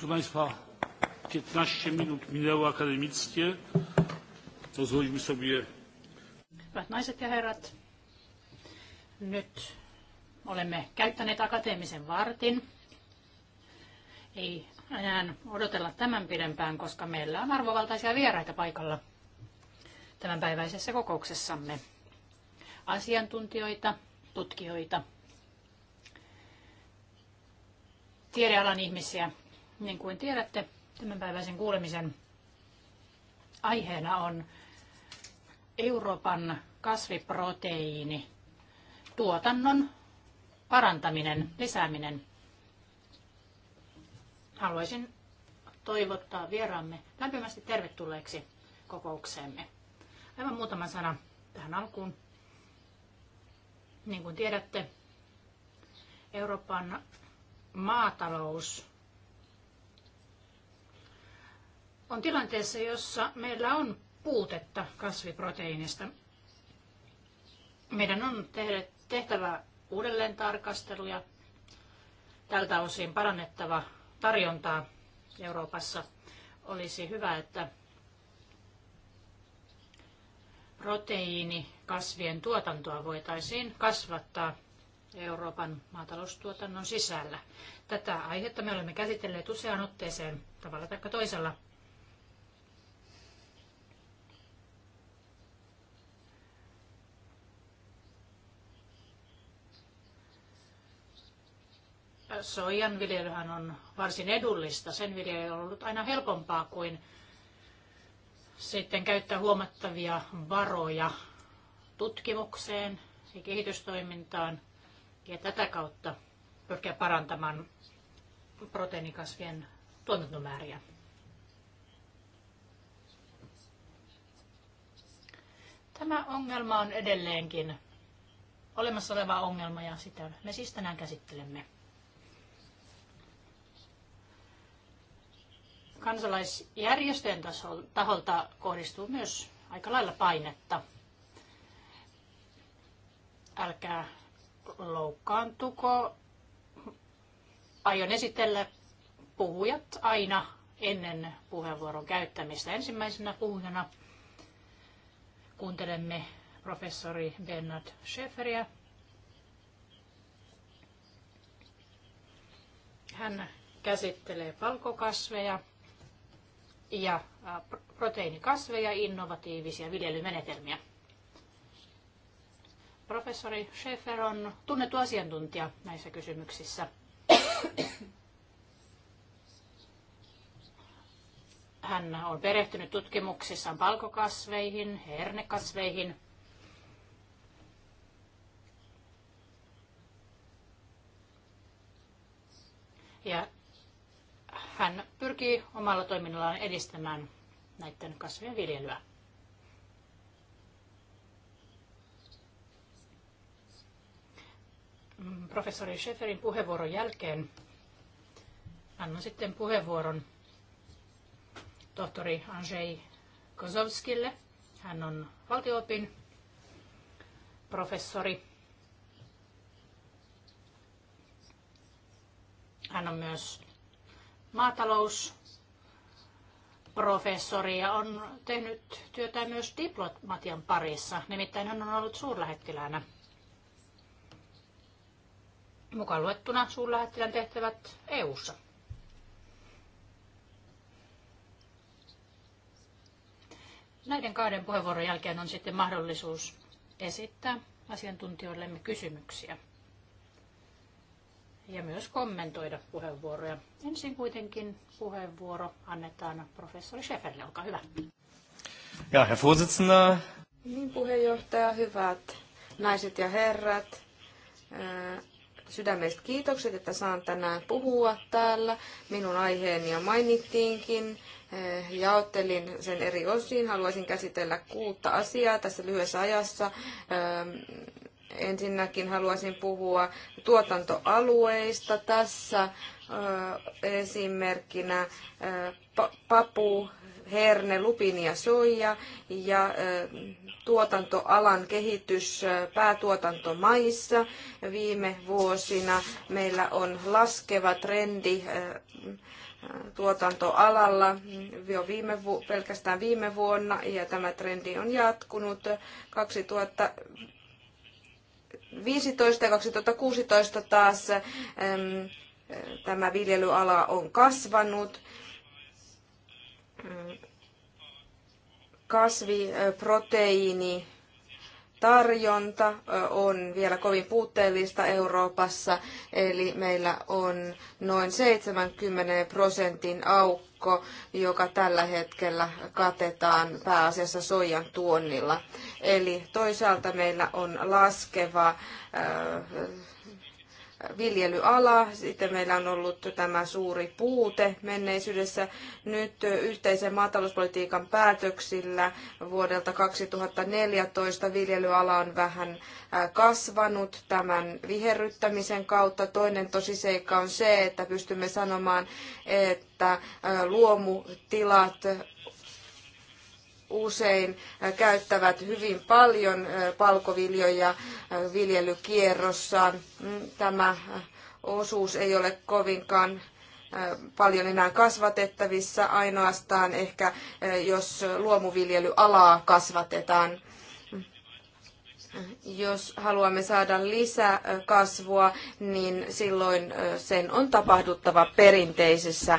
Proszę Państwa, 15 minut minęło akademickie. Pozwolimy sobie... naiset ja herrat, nyt olemme käyttäneet akateemisen vartin. Ei enää odotella tämän pidempään, koska meillä on arvovaltaisia vieraita paikalla tämänpäiväisessä kokouksessamme. Asiantuntijoita, tutkijoita, tiedealan ihmisiä niin kuin tiedätte, tämänpäiväisen kuulemisen aiheena on Euroopan kasviproteiini, tuotannon parantaminen, lisääminen. Haluaisin toivottaa vieraamme lämpimästi tervetulleeksi kokoukseemme. Aivan muutama sana tähän alkuun. Niin kuin tiedätte, Euroopan maatalous on tilanteessa, jossa meillä on puutetta kasviproteiinista. Meidän on tehtävä uudelleen tarkasteluja, tältä osin parannettava tarjontaa Euroopassa. Olisi hyvä, että proteiini kasvien tuotantoa voitaisiin kasvattaa Euroopan maataloustuotannon sisällä. Tätä aihetta me olemme käsitelleet useaan otteeseen tavalla tai toisella soijan viljelyhän on varsin edullista. Sen viljely on ollut aina helpompaa kuin sitten käyttää huomattavia varoja tutkimukseen ja kehitystoimintaan ja tätä kautta pyrkiä parantamaan proteiinikasvien tuotantomääriä. Tämä ongelma on edelleenkin olemassa oleva ongelma ja sitä me siis tänään käsittelemme. Kansalaisjärjestöjen taholta kohdistuu myös aika lailla painetta. Älkää loukkaantuko. Aion esitellä puhujat aina ennen puheenvuoron käyttämistä. Ensimmäisenä puhujana kuuntelemme professori Bernard Schäferiä. Hän käsittelee palkokasveja ja proteiinikasveja, innovatiivisia viljelymenetelmiä. Professori Schäfer on tunnettu asiantuntija näissä kysymyksissä. Hän on perehtynyt tutkimuksissaan palkokasveihin, hernekasveihin. Ja hän pyrkii omalla toiminnallaan edistämään näiden kasvien viljelyä. Professori Schäferin puheenvuoron jälkeen annan sitten puheenvuoron tohtori Andrzej Kozovskille. Hän on valtioopin professori. Hän on myös maatalousprofessori ja on tehnyt työtä myös diplomatian parissa. Nimittäin hän on ollut suurlähettiläänä. Mukaan luettuna suurlähettilän tehtävät EU:ssa. Näiden kahden puheenvuoron jälkeen on sitten mahdollisuus esittää asiantuntijoillemme kysymyksiä ja myös kommentoida puheenvuoroja. Ensin kuitenkin puheenvuoro annetaan professori Schäferille. Olkaa hyvä. Ja, herr Vorsitzender. Niin, puheenjohtaja, hyvät naiset ja herrat. Äh, Sydämestä kiitokset, että saan tänään puhua täällä. Minun aiheeni jo mainittiinkin. Äh, jaottelin sen eri osiin. Haluaisin käsitellä kuutta asiaa tässä lyhyessä ajassa äh, Ensinnäkin haluaisin puhua tuotantoalueista. Tässä esimerkkinä papu, herne, lupini ja soija ja tuotantoalan kehitys päätuotantomaissa. Viime vuosina meillä on laskeva trendi tuotantoalalla jo viime, pelkästään viime vuonna ja tämä trendi on jatkunut 2000 2015 ja 2016 taas tämä viljelyala on kasvanut. Kasviproteiini tarjonta on vielä kovin puutteellista Euroopassa, eli meillä on noin 70 prosentin aukko, joka tällä hetkellä katetaan pääasiassa soijan tuonnilla. Eli toisaalta meillä on laskeva viljelyala, sitten meillä on ollut tämä suuri puute menneisyydessä. Nyt yhteisen maatalouspolitiikan päätöksillä vuodelta 2014 viljelyala on vähän kasvanut tämän viherryttämisen kautta. Toinen tosiseikka on se, että pystymme sanomaan, että luomutilat usein käyttävät hyvin paljon palkoviljoja viljelykierrossaan. Mm, tämä osuus ei ole kovinkaan paljon enää kasvatettavissa, ainoastaan ehkä jos luomuviljelyalaa kasvatetaan. Jos haluamme saada lisäkasvua, niin silloin sen on tapahduttava perinteisessä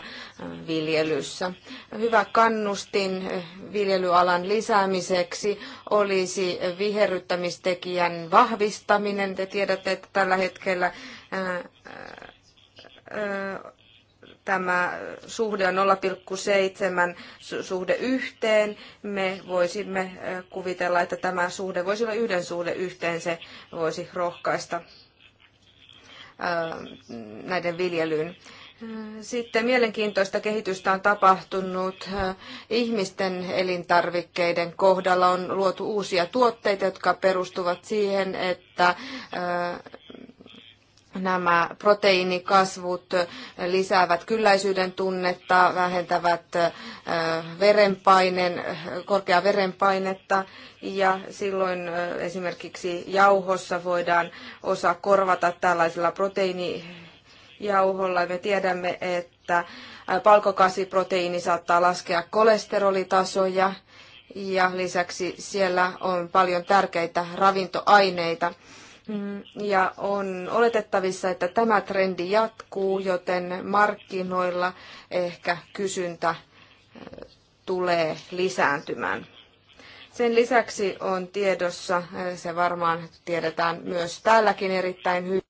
viljelyssä. Hyvä kannustin viljelyalan lisäämiseksi olisi viherryttämistekijän vahvistaminen. Te tiedätte, että tällä hetkellä tämä suhde on 0,7 suhde yhteen. Me voisimme kuvitella, että tämä suhde voisi olla yhden suhde yhteen, se voisi rohkaista näiden viljelyyn. Sitten mielenkiintoista kehitystä on tapahtunut ihmisten elintarvikkeiden kohdalla. On luotu uusia tuotteita, jotka perustuvat siihen, että nämä proteiinikasvut lisäävät kylläisyyden tunnetta, vähentävät verenpainen, korkeaa verenpainetta ja silloin esimerkiksi jauhossa voidaan osa korvata tällaisella proteiinijauholla. Me tiedämme, että palkokasviproteiini saattaa laskea kolesterolitasoja ja lisäksi siellä on paljon tärkeitä ravintoaineita. Mm, ja on oletettavissa, että tämä trendi jatkuu, joten markkinoilla ehkä kysyntä tulee lisääntymään. Sen lisäksi on tiedossa, se varmaan tiedetään myös täälläkin erittäin hyvin,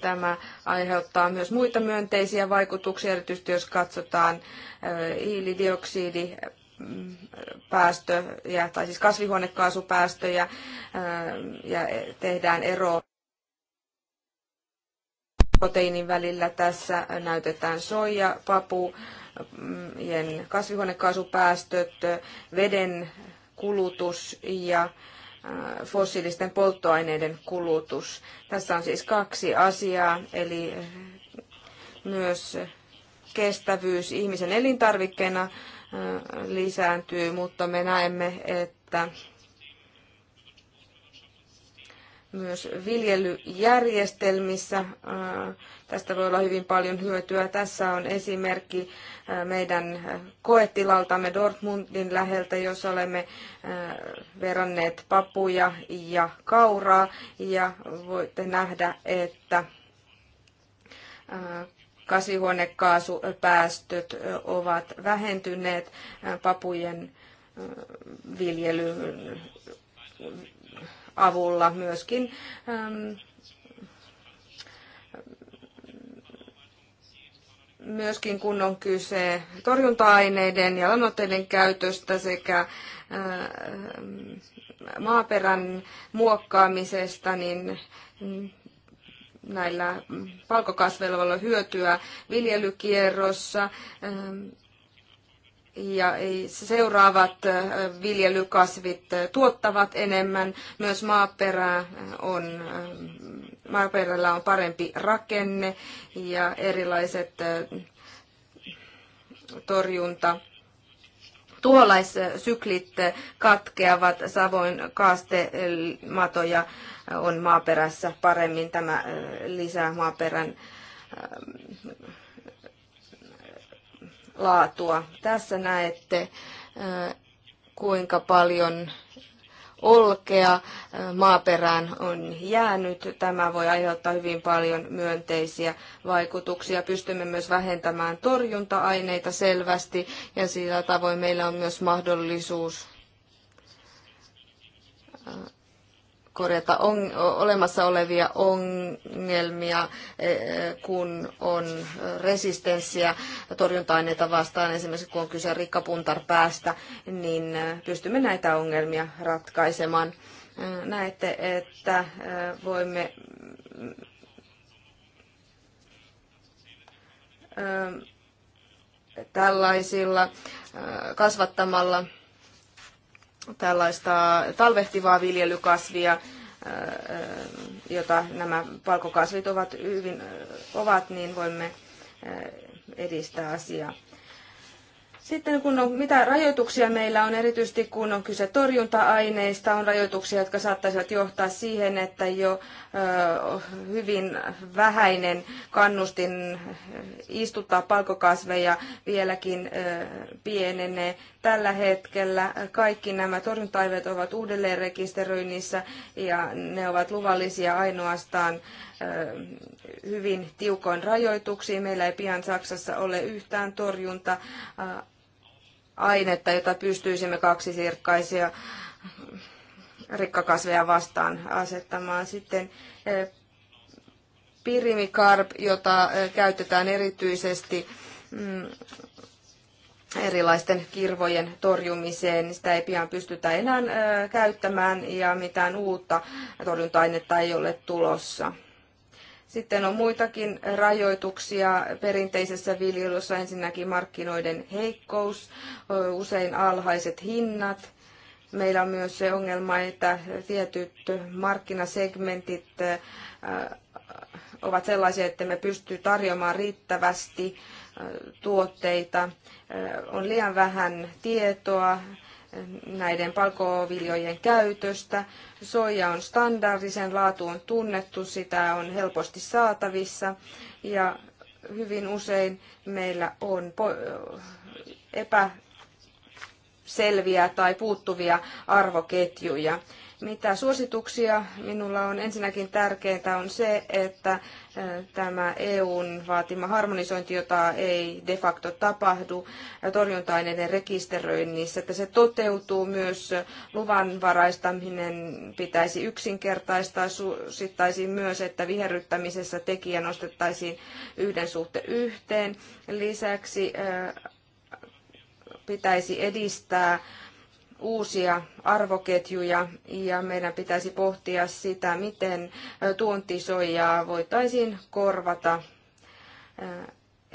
Tämä aiheuttaa myös muita myönteisiä vaikutuksia, erityisesti jos katsotaan hiilidioksidi päästöjä, tai siis kasvihuonekaasupäästöjä, ja tehdään ero proteiinin välillä. Tässä näytetään soija, papu, mm, kasvihuonekaasupäästöt, veden kulutus ja fossiilisten polttoaineiden kulutus. Tässä on siis kaksi asiaa, eli myös kestävyys ihmisen elintarvikkeena lisääntyy, mutta me näemme, että myös viljelyjärjestelmissä. Tästä voi olla hyvin paljon hyötyä. Tässä on esimerkki meidän koetilaltamme Dortmundin läheltä, jossa olemme verranneet papuja ja kauraa. Ja voitte nähdä, että kasvihuonekaasupäästöt ovat vähentyneet papujen viljelyn avulla myöskin myöskin kun on kyse torjunta-aineiden ja lannoitteiden käytöstä sekä maaperän muokkaamisesta, niin näillä palkokasveilla olla hyötyä viljelykierrossa ehm, ja seuraavat ehm, viljelykasvit tuottavat enemmän. Myös maaperä eh, on, ehm, maaperällä on parempi rakenne ja erilaiset eh, torjunta Tuholaissyklit katkeavat, savoin kaastematoja on maaperässä paremmin. Tämä lisää maaperän laatua. Tässä näette, kuinka paljon olkea maaperään on jäänyt. Tämä voi aiheuttaa hyvin paljon myönteisiä vaikutuksia. Pystymme myös vähentämään torjunta-aineita selvästi ja sillä tavoin meillä on myös mahdollisuus korjata on, olemassa olevia ongelmia, e, e, kun on resistenssiä torjunta-aineita vastaan, esimerkiksi kun on kyse rikkapuntarpäästä, niin e, pystymme näitä ongelmia ratkaisemaan. Näette, että voimme tällaisilla kasvattamalla – tällaista talvehtivaa viljelykasvia, äh, äh, jota nämä palkokasvit ovat, hyvin, äh, ovat niin voimme edistää asiaa. Sitten kun on, mitä rajoituksia meillä on, erityisesti kun on kyse torjunta-aineista, on rajoituksia, jotka saattaisivat johtaa siihen, että jo ö, hyvin vähäinen kannustin istuttaa palkokasveja vieläkin ö, pienenee. Tällä hetkellä kaikki nämä torjunta ovat uudelleen rekisteröinnissä ja ne ovat luvallisia ainoastaan hyvin tiukoin rajoituksiin. Meillä ei pian Saksassa ole yhtään torjunta ainetta, jota pystyisimme kaksisirkkaisia rikkakasveja vastaan asettamaan. Sitten pirimikarp, jota käytetään erityisesti mm, erilaisten kirvojen torjumiseen, niin sitä ei pian pystytä enää käyttämään ja mitään uutta torjunta-ainetta ei ole tulossa. Sitten on muitakin rajoituksia perinteisessä viljelyssä, ensinnäkin markkinoiden heikkous, usein alhaiset hinnat. Meillä on myös se ongelma, että tietyt markkinasegmentit äh, ovat sellaisia, että me pysty tarjoamaan riittävästi äh, tuotteita. Äh, on liian vähän tietoa näiden palkoviljojen käytöstä. Soija on standardisen laatu on tunnettu, sitä on helposti saatavissa ja hyvin usein meillä on epäselviä tai puuttuvia arvoketjuja. Mitä suosituksia minulla on? Ensinnäkin tärkeintä on se, että tämä EUn vaatima harmonisointi, jota ei de facto tapahdu torjunta-aineiden rekisteröinnissä, että se toteutuu myös luvanvaraistaminen pitäisi yksinkertaistaa, Suosittaisin myös, että viherryttämisessä tekijä nostettaisiin yhden suhte yhteen. Lisäksi pitäisi edistää uusia arvoketjuja ja meidän pitäisi pohtia sitä, miten tuontisoijaa voitaisiin korvata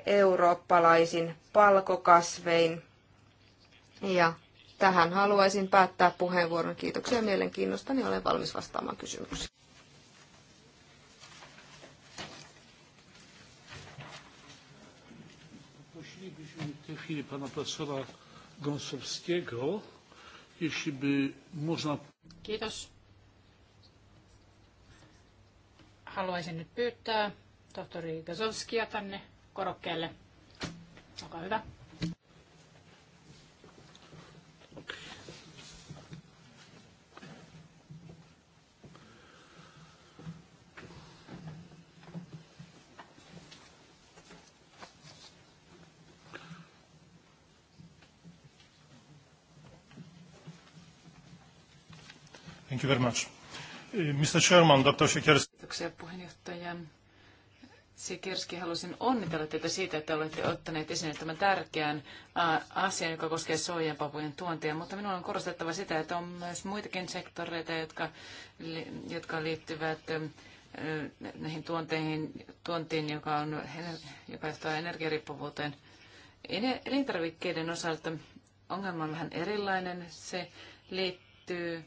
eurooppalaisin palkokasvein. Ja tähän haluaisin päättää puheenvuoron. Kiitoksia mielenkiinnosta, niin Olen valmis vastaamaan kysymyksiin. Prosilibyśmy jeśli by można... Kiitos. Haluaisin nyt pyytää tohtori Gazowskia tänne korokkeelle. Olkaa hyvä. Thank you very much. Eh, Mr. Chairman, Dr. Sikerski. Kiitoksia puheenjohtaja. Sikerski, haluaisin onnitella teitä siitä, että olette ottaneet esille tämän tärkeän asian, joka koskee soijapapujen tuontia, mutta minun on korostettava sitä, että on myös muitakin sektoreita, jotka, jotka liittyvät näihin tuonteihin, tuontiin, joka, on, joka johtaa energiariippuvuuteen. Elintarvikkeiden osalta ongelma on vähän erilainen. Se liittyy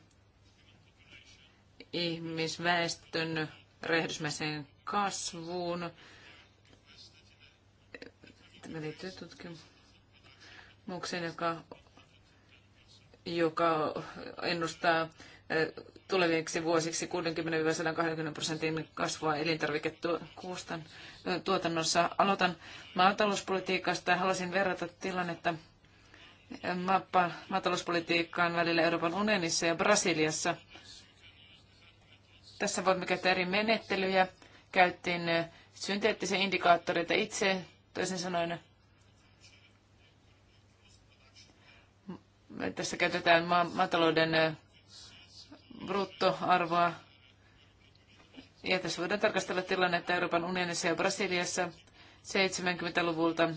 ihmisväestön räjähdysmäiseen kasvuun. Tämä liittyy tutkimukseen, joka, joka ennustaa tuleviksi vuosiksi 60-120 prosentin kasvua elintarviketuotannossa. Aloitan maatalouspolitiikasta. Haluaisin verrata tilannetta maatalouspolitiikkaan välillä Euroopan unionissa ja Brasiliassa. Tässä voimme käyttää eri menettelyjä. Käyttiin synteettisiä indikaattoreita itse, toisin sanoen tässä käytetään maatalouden bruttoarvoa. Ja tässä voidaan tarkastella tilannetta Euroopan unionissa ja Brasiliassa 70-luvulta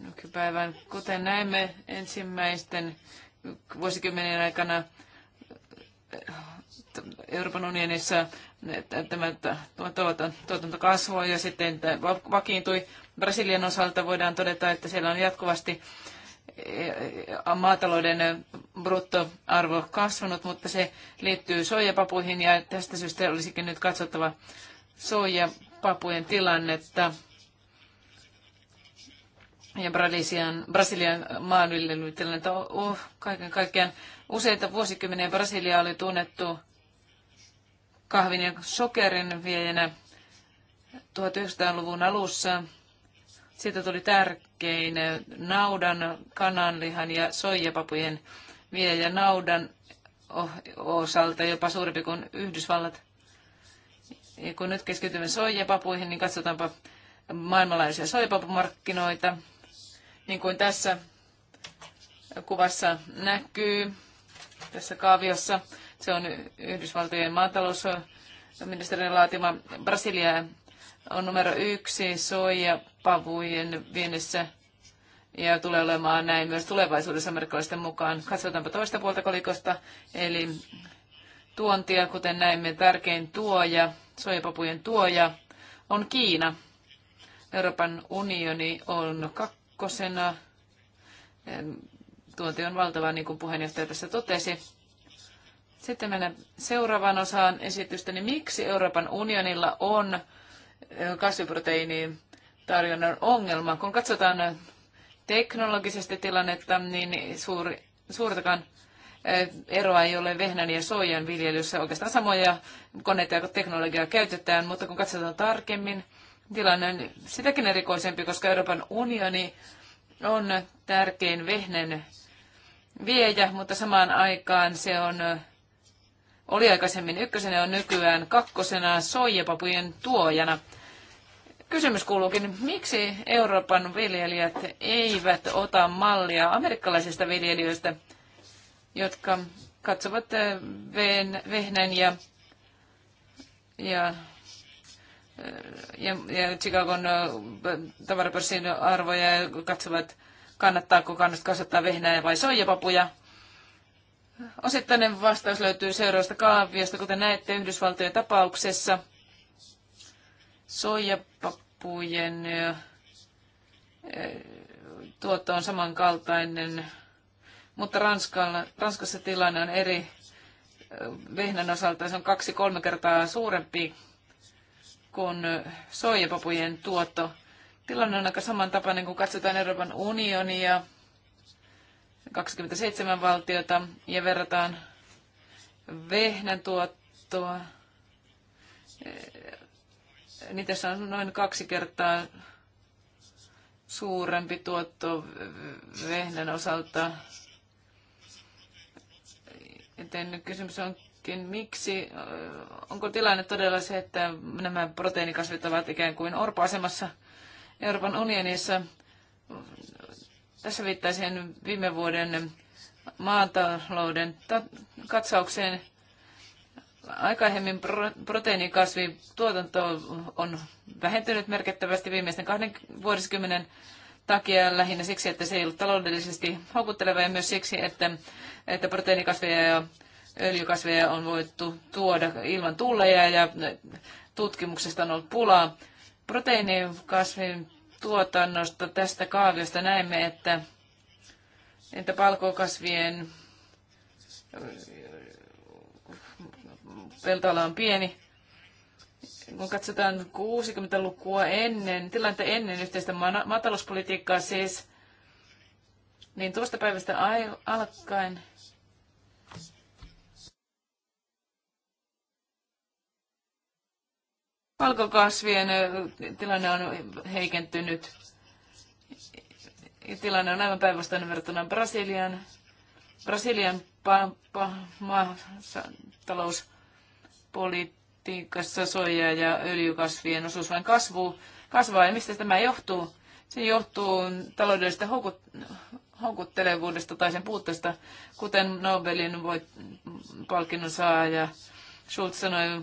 nykypäivän. Kuten näemme ensimmäisten vuosikymmenien aikana Euroopan unionissa tämä tuotanto kasvoi ja sitten vakiintui. Brasilian osalta voidaan todeta, että siellä on jatkuvasti eh, maatalouden bruttoarvo kasvanut, mutta se liittyy soijapapuihin ja tästä syystä olisikin nyt katsottava soijapapujen tilannetta. Ja Brasilian, Brasilian maanviljelytilannetta oh, oh kaiken kaikkiaan useita vuosikymmeniä Brasilia oli tunnettu kahvin ja sokerin viejänä 1900-luvun alussa. Siitä tuli tärkein naudan, kananlihan ja soijapapujen viejä naudan osalta jopa suurempi kuin Yhdysvallat. Ja kun nyt keskitymme soijapapuihin, niin katsotaanpa maailmanlaajuisia soijapapumarkkinoita. Niin kuin tässä kuvassa näkyy, tässä kaaviossa se on Yhdysvaltojen maatalousministerin laatima. Brasilia on numero yksi soijapavujen viennissä ja tulee olemaan näin myös tulevaisuudessa amerikkalaisten mukaan. Katsotaanpa toista puolta kolikosta, eli tuontia, kuten näimme, tärkein tuoja, soijapapujen tuoja on Kiina. Euroopan unioni on kakkosena. Tuonti on valtava, niin kuin puheenjohtaja tässä totesi. Sitten mennään seuraavaan osaan esitystä, niin miksi Euroopan unionilla on kasviproteiinin tarjonnan ongelma. Kun katsotaan teknologisesti tilannetta, niin suuri, suurtakaan eroa ei ole vehnän ja soijan viljelyssä. Oikeastaan samoja koneita ja teknologiaa käytetään, mutta kun katsotaan tarkemmin, tilanne on sitäkin erikoisempi, koska Euroopan unioni on tärkein vehnän viejä, mutta samaan aikaan se on oli aikaisemmin ykkösenä, on nykyään kakkosena soijapapujen tuojana. Kysymys kuuluukin, miksi Euroopan viljelijät eivät ota mallia amerikkalaisista viljelijöistä, jotka katsovat eh, vehnän ja, ja eh, ja, ja Chicagon eh, tavarapörssin arvoja ja katsovat, kannattaako kannattaa kasvattaa vehnää vai soijapapuja. Osittainen vastaus löytyy seuraavasta kaaviosta, kuten näette Yhdysvaltojen tapauksessa. Soijapapujen tuotto on samankaltainen, mutta Ranskalla, Ranskassa tilanne on eri vehnän osalta. Se on kaksi-kolme kertaa suurempi kuin soijapapujen tuotto. Tilanne on aika samantapainen, kun katsotaan Euroopan unionia 27 valtiota ja verrataan vehnän tuottoa, niin tässä on noin kaksi kertaa suurempi tuotto vehnän osalta. Joten kysymys onkin, miksi, onko tilanne todella se, että nämä proteiinikasvit ovat ikään kuin orpoasemassa Euroopan unionissa? Tässä viittaisin viime vuoden maatalouden katsaukseen. Aikaisemmin proteiinikasvin tuotanto on vähentynyt merkittävästi viimeisten kahden vuosikymmenen takia lähinnä siksi, että se ei ollut taloudellisesti houkutteleva ja myös siksi, että, että proteiinikasveja ja öljykasveja on voitu tuoda ilman tulleja ja tutkimuksesta on ollut pulaa. Proteiinikasvin tuotannosta tästä kaaviosta näemme, että, että palkokasvien äh, peltoala on pieni. Kun katsotaan 60-lukua ennen, tilannetta ennen yhteistä maatalouspolitiikkaa siis, niin tuosta päivästä alkaen valkokasvien tilanne on heikentynyt. Tilanne on aivan päinvastainen verrattuna Brasilian. Brasilian pa- pa- maassa, talouspolitiikassa soja- ja öljykasvien osuus vain kasvuu, kasvaa. Ja mistä tämä johtuu? Se johtuu taloudellisesta houkut- houkuttelevuudesta tai sen puutteesta, kuten Nobelin voit- palkinnon saaja Schultz sanoi,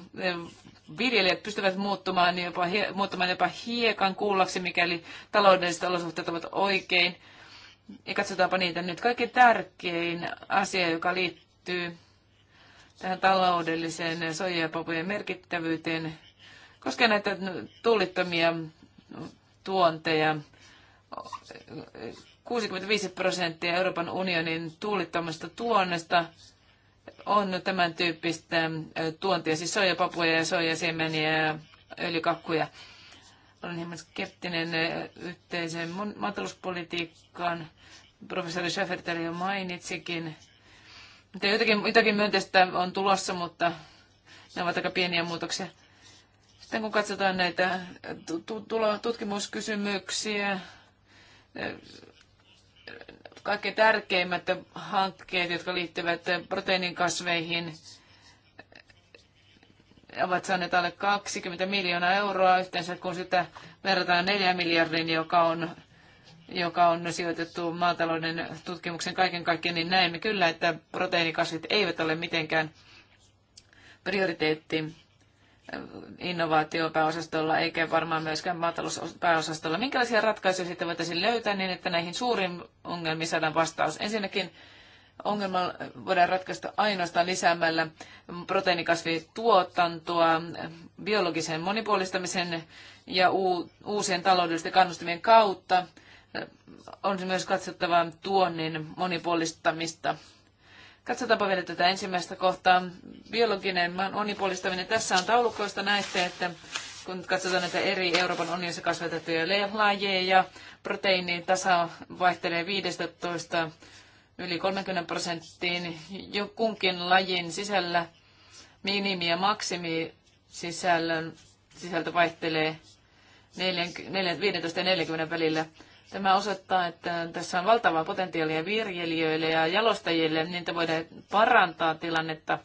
viljelijät pystyvät muuttumaan jopa, muuttumaan jopa hiekan kuullaksi, mikäli taloudelliset olosuhteet ovat oikein. Ja katsotaanpa niitä nyt. Kaikki tärkein asia, joka liittyy tähän taloudelliseen soijapapujen merkittävyyteen, koskee näitä tullittomia tuonteja. 65 prosenttia Euroopan unionin tuulittomasta tuonnesta on tämän tyyppistä tuontia, siis soijapapuja ja soijasiemeniä ja öljykakkuja. Olen hieman skeptinen yhteiseen maatalouspolitiikkaan. Professori Schäfer jo mainitsikin. jotakin, jotakin myönteistä on tulossa, mutta ne ovat aika pieniä muutoksia. Sitten kun katsotaan näitä tutkimuskysymyksiä, kaikkein tärkeimmät hankkeet, jotka liittyvät proteiinikasveihin, ovat saaneet alle 20 miljoonaa euroa yhteensä, kun sitä verrataan 4 miljardin, joka on, joka on sijoitettu maatalouden tutkimuksen kaiken kaikkiaan, niin näemme kyllä, että proteiinikasvit eivät ole mitenkään prioriteetti innovaatiopääosastolla eikä varmaan myöskään maatalouspääosastolla. Minkälaisia ratkaisuja sitten voitaisiin löytää niin, että näihin suurin ongelmiin saadaan vastaus? Ensinnäkin ongelma voidaan ratkaista ainoastaan lisäämällä proteiinikasvituotantoa, biologisen monipuolistamisen ja uusien taloudellisten kannustimien kautta. On myös katsottava tuonnin monipuolistamista Katsotaanpa vielä tätä ensimmäistä kohtaa. Biologinen monipuolistaminen. Tässä on taulukoista näette, että kun katsotaan näitä eri Euroopan unionissa kasvatettuja lajeja, proteiinin tasa vaihtelee 15 yli 30 prosenttiin jo kunkin lajin sisällä minimi- ja maksimi sisällön sisältö vaihtelee 15 ja 40 välillä. Tämä osoittaa, että tässä on valtavaa potentiaalia viljelijöille ja jalostajille, niin että voidaan parantaa tilannetta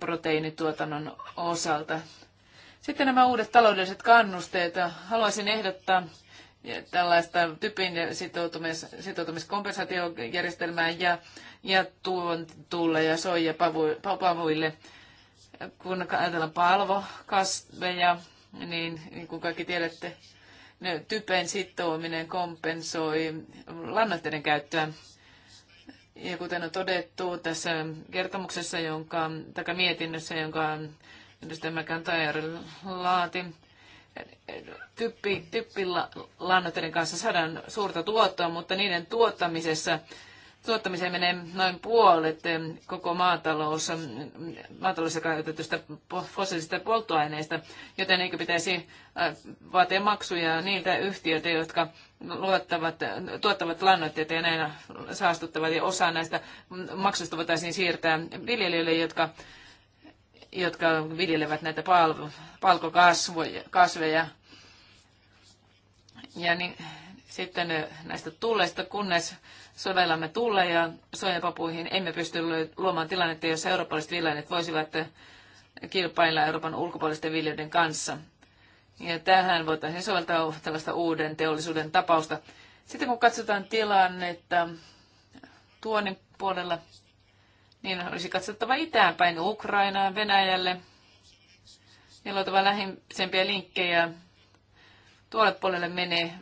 proteiinituotannon osalta. Sitten nämä uudet taloudelliset kannusteet. Haluaisin ehdottaa tällaista typin sitoutumis, sitoutumiskompensaatiojärjestelmää ja, ja tuon tulle ja soija pavuille. Kun ajatellaan palvokasveja, niin, niin kuin kaikki tiedätte, typen sitouminen kompensoi lannoitteiden käyttöä. Ja kuten on todettu tässä kertomuksessa, jonka, tai mietinnössä, jonka edustaja McIntyre laati, typpi, typpillä lannoitteiden kanssa saadaan suurta tuottoa, mutta niiden tuottamisessa tuottamiseen menee noin puolet eh, koko maatalous, eh, maataloudessa käytetystä fossiilisista polttoaineista, joten eikö pitäisi eh, vaatia maksuja niiltä yhtiöiltä, jotka luottavat, tuottavat lannoitteita ja näin saastuttavat, ja osa näistä maksusta voitaisiin siirtää viljelijöille, jotka, jotka viljelevät näitä palkokasveja. Ja niin, sitten eh, näistä tulleista, kunnes sovellamme tulleja suojapapuihin, emme pysty luomaan tilannetta, jossa eurooppalaiset viljelijät voisivat eh, kilpailla Euroopan ulkopuolisten viljelijöiden kanssa. Ja tähän voitaisiin soveltaa tällaista uuden teollisuuden tapausta. Sitten kun katsotaan tilannetta tuonin puolella, niin olisi katsottava itään päin Ukrainaan, Venäjälle ja luotava lähimpiä linkkejä tuolle puolelle menee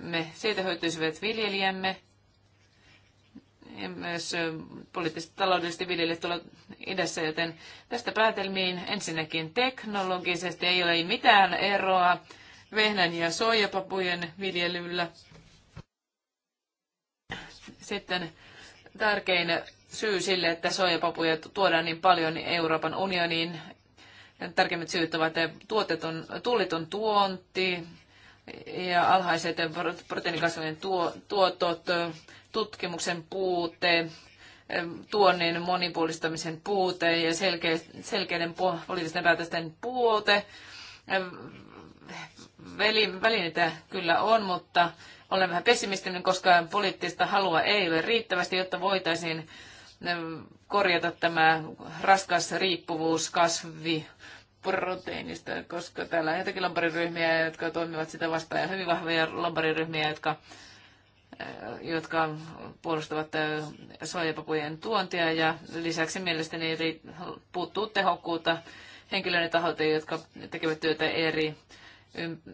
me Siitä hyötyisivät viljelijämme ja myös poliittisesti taloudellisesti viljelijät tuolla idässä, joten tästä päätelmiin ensinnäkin teknologisesti ei ole mitään eroa vehnän ja soijapapujen viljelyllä. Sitten tärkein syy sille, että soijapapuja tuodaan niin paljon Euroopan unioniin, Tärkeimmät syyt ovat eh, tuotetun, tullitun tuonti ja alhaiset eh, proteiinikasvien tuotot, eh, tutkimuksen puute, tuonnin monipuolistamisen puute ja selkeä, selkeiden poliittisten päätösten puute. Veli, välineitä kyllä on, mutta olen vähän pessimistinen, koska poliittista halua ei ole riittävästi, jotta voitaisiin korjata tämä raskas riippuvuus kasvi proteiinista, koska täällä on jotakin lompariryhmiä, jotka toimivat sitä vastaan, ja hyvin vahvoja lompariryhmiä, jotka, eh, jotka puolustavat eh, soijapapujen tuontia, ja lisäksi mielestäni puuttuu tehokkuutta henkilöiden taholta, jotka tekevät työtä eri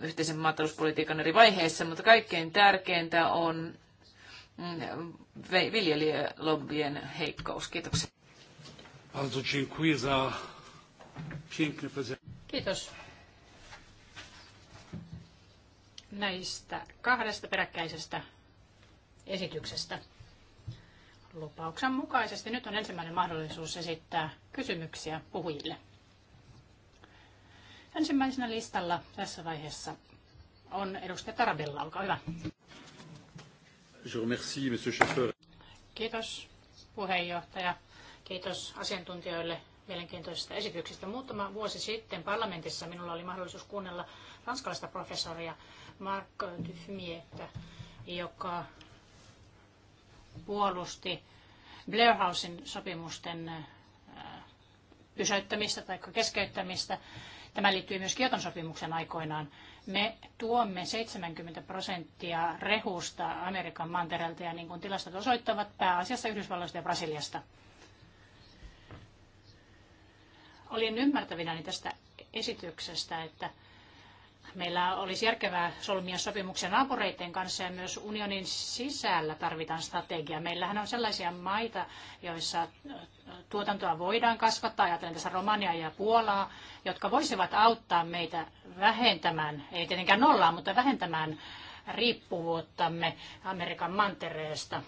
yhteisen maatalouspolitiikan eri vaiheissa, mutta kaikkein tärkeintä on Mm, viljelijälobbien heikkous. Kiitoksia. Bardzo dziękuję za Kiitos näistä kahdesta peräkkäisestä esityksestä lupauksen mukaisesti. Nyt on ensimmäinen mahdollisuus esittää kysymyksiä puhujille. Ensimmäisenä listalla tässä vaiheessa on edustaja Tarabella, olkaa hyvä. Je remercie, monsieur Kiitos puheenjohtaja. Kiitos asiantuntijoille mielenkiintoisista esityksistä. Muutama vuosi sitten parlamentissa minulla oli mahdollisuus kuunnella ranskalaista professoria Marc Dufmiettä, joka puolusti Blairhausin sopimusten äh, pysäyttämistä tai keskeyttämistä. Tämä liittyy myös Kioton sopimuksen aikoinaan. Me tuomme 70 prosenttia rehusta Amerikan mantereelta ja niin kuin tilastot osoittavat, pääasiassa Yhdysvalloista ja Brasiliasta. Olin ymmärtävinäni tästä esityksestä, että meillä olisi järkevää solmia sopimuksia naapureiden kanssa ja myös unionin sisällä tarvitaan strategia. Meillähän on sellaisia maita, joissa tuotantoa voidaan kasvattaa, ajatellen tässä Romania ja Puolaa, jotka voisivat auttaa meitä vähentämään, ei tietenkään nollaa, mutta vähentämään riippuvuuttamme Amerikan mantereesta,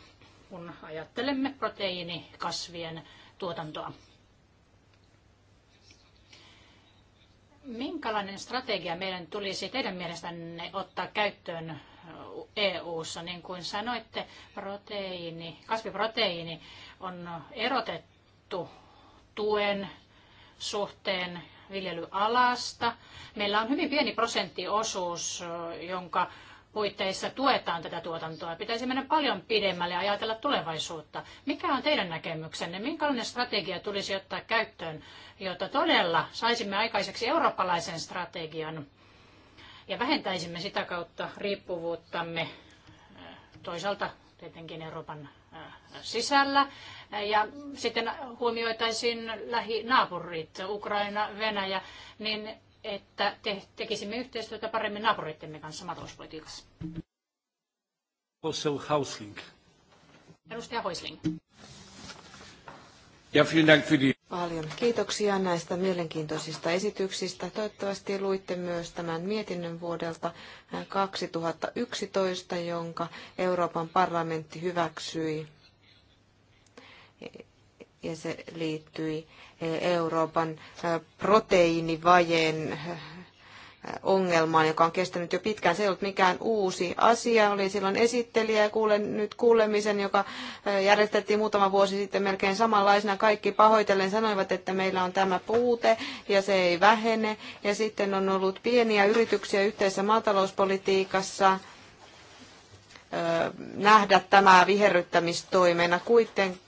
kun ajattelemme proteiinikasvien tuotantoa. Minkälainen strategia meidän tulisi teidän mielestänne ottaa käyttöön EU-ssa? Niin kuin sanoitte, proteiini, kasviproteiini on erotettu tuen suhteen viljelyalasta. Meillä on hyvin pieni prosenttiosuus, jonka puitteissa tuetaan tätä tuotantoa. Pitäisi mennä paljon pidemmälle ja ajatella tulevaisuutta. Mikä on teidän näkemyksenne? Minkälainen strategia tulisi ottaa käyttöön, jotta todella saisimme aikaiseksi eurooppalaisen strategian ja vähentäisimme sitä kautta riippuvuuttamme äh, toisaalta tietenkin Euroopan äh, sisällä. Äh, ja sitten huomioitaisiin lähinaapurit, Ukraina, Venäjä, niin että te, tekisimme yhteistyötä paremmin naapurittemme kanssa maatalouspolitiikassa. Edustaja Hoisling. Ja vielen Paljon kiitoksia näistä mielenkiintoisista esityksistä. Toivottavasti luitte myös tämän mietinnön vuodelta 2011, äh, jonka Euroopan parlamentti hyväksyi ja se liittyi eh, Euroopan eh, proteiinivajeen eh, ongelmaan, joka on kestänyt jo pitkään. Se ei ollut mikään uusi asia. Oli silloin esittelijä ja kuulen nyt kuulemisen, joka järjestettiin muutama vuosi sitten melkein samanlaisena. Kaikki pahoitellen sanoivat, että meillä on tämä puute ja se ei vähene. Ja sitten on ollut pieniä yrityksiä yhteisessä maatalouspolitiikassa nähdä tämä viherryttämistoimena. Kuitenkin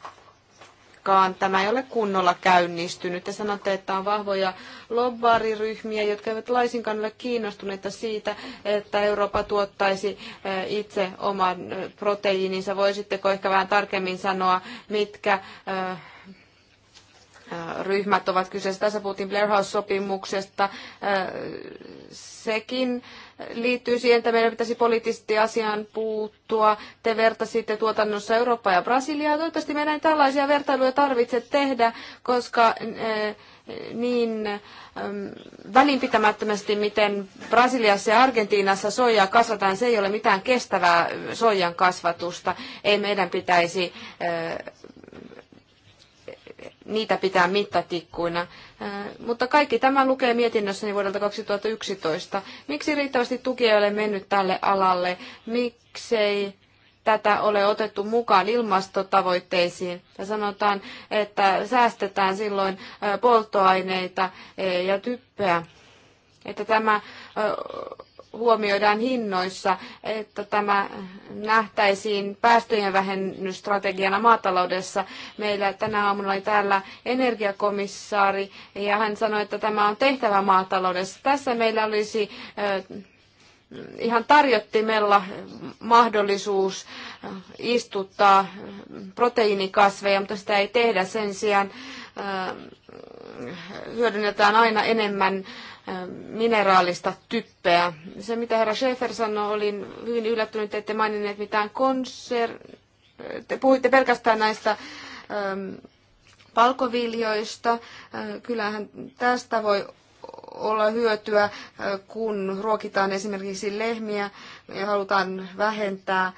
koskakaan tämä ei ole kunnolla käynnistynyt. Te sanotte, että on vahvoja lobbariryhmiä, jotka eivät laisinkaan ole kiinnostuneita siitä, että Eurooppa tuottaisi eh, itse oman eh, proteiininsa. Voisitteko ehkä vähän tarkemmin sanoa, mitkä eh, Äh, ryhmät ovat kyseessä. Tässä puhuttiin Blair House-sopimuksesta. Äh, sekin liittyy siihen, että meidän pitäisi poliittisesti asiaan puuttua. Te vertasitte tuotannossa Eurooppaa ja Brasiliaa. Toivottavasti meidän ei tällaisia vertailuja tarvitse tehdä, koska äh, niin ähm, välinpitämättömästi, miten Brasiliassa ja Argentiinassa soijaa kasvataan, se ei ole mitään kestävää soijan kasvatusta. Ei meidän pitäisi niitä pitää mittatikkuina. Mutta kaikki tämä lukee mietinnössäni vuodelta 2011. Miksi riittävästi tukia ei ole mennyt tälle alalle? Miksei tätä ole otettu mukaan ilmastotavoitteisiin. Ja sanotaan, että säästetään silloin polttoaineita ja typpeä. Että tämä huomioidaan hinnoissa, että tämä nähtäisiin päästöjen vähennysstrategiana maataloudessa. Meillä tänä aamuna oli täällä energiakomissaari ja hän sanoi, että tämä on tehtävä maataloudessa. Tässä meillä olisi ihan tarjottimella mahdollisuus istuttaa proteiinikasveja, mutta sitä ei tehdä sen sijaan hyödynnetään aina enemmän mineraalista typpeä. Se, mitä herra Schäfer sanoi, olin hyvin yllättynyt, että maininneet mitään konser... Te puhuitte pelkästään näistä ähm, palkoviljoista. Äh, kyllähän tästä voi olla hyötyä, äh, kun ruokitaan esimerkiksi lehmiä ja halutaan vähentää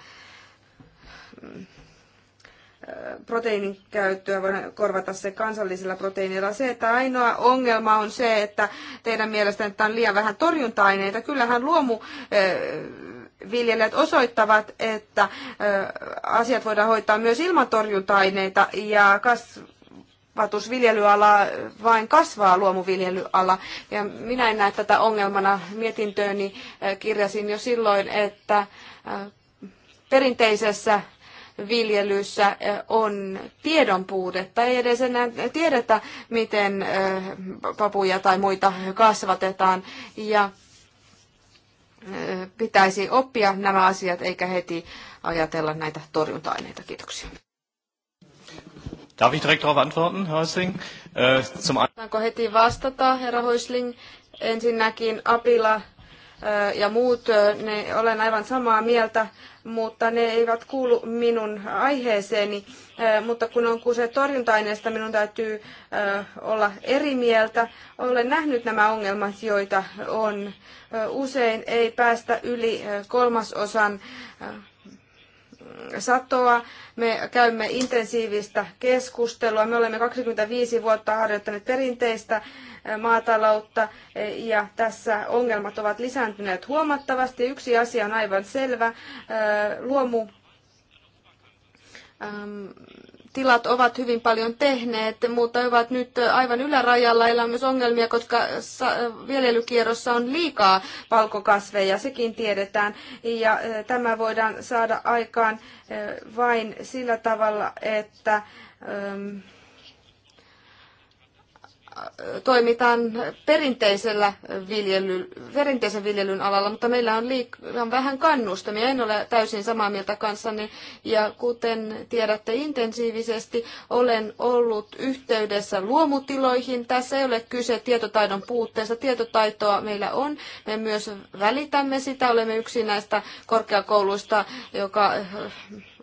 proteiinin käyttöä voidaan korvata se kansallisella proteiinilla. Se, että ainoa ongelma on se, että teidän mielestänne on liian vähän torjunta-aineita. Kyllähän luomu viljelijät osoittavat, että asiat voidaan hoitaa myös ilman torjunta-aineita ja kasvatusviljelyala vain kasvaa luomuviljelyala. Ja minä en näe tätä ongelmana. Mietintööni kirjasin jo silloin, että perinteisessä viljelyssä on tiedon puutetta. Ei edes enää tiedetä, miten papuja tai muita kasvatetaan. Ja pitäisi oppia nämä asiat eikä heti ajatella näitä torjunta-aineita. Kiitoksia. Darf ich direkt darauf antworten, Häusling? Äh, zum heti vastata, herra Häusling? Ensinnäkin Apila ja muut, ne, olen aivan samaa mieltä, mutta ne eivät kuulu minun aiheeseeni. Mutta kun on kyse torjunta-aineesta, minun täytyy olla eri mieltä. Olen nähnyt nämä ongelmat, joita on. Usein ei päästä yli kolmasosan satoa. Me käymme intensiivistä keskustelua. Me olemme 25 vuotta harjoittaneet perinteistä maataloutta ja tässä ongelmat ovat lisääntyneet huomattavasti. Yksi asia on aivan selvä. Luomu tilat ovat hyvin paljon tehneet, mutta ovat nyt aivan ylärajalla. Heillä on myös ongelmia, koska viljelykierrossa on liikaa palkokasveja, sekin tiedetään. Ja tämä voidaan saada aikaan vain sillä tavalla, että toimitaan perinteisellä viljely, perinteisen viljelyn alalla, mutta meillä on liian vähän kannustamia. En ole täysin samaa mieltä kanssanne. Ja kuten tiedätte intensiivisesti, olen ollut yhteydessä luomutiloihin. Tässä ei ole kyse tietotaidon puutteesta. Tietotaitoa meillä on. Me myös välitämme sitä. Olemme yksi näistä korkeakouluista, joka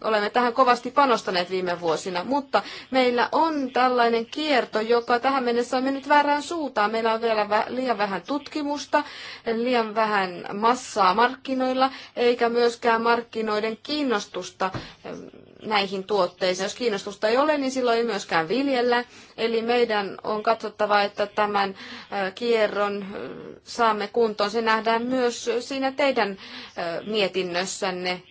Olemme tähän kovasti panostaneet viime vuosina, mutta meillä on tällainen kierto, joka tähän mennessä on mennyt väärään suuntaan. Meillä on vielä liian vähän tutkimusta, liian vähän massaa markkinoilla, eikä myöskään markkinoiden kiinnostusta näihin tuotteisiin. Jos kiinnostusta ei ole, niin silloin ei myöskään viljellä. Eli meidän on katsottava, että tämän kierron saamme kuntoon. Se nähdään myös siinä teidän mietinnössänne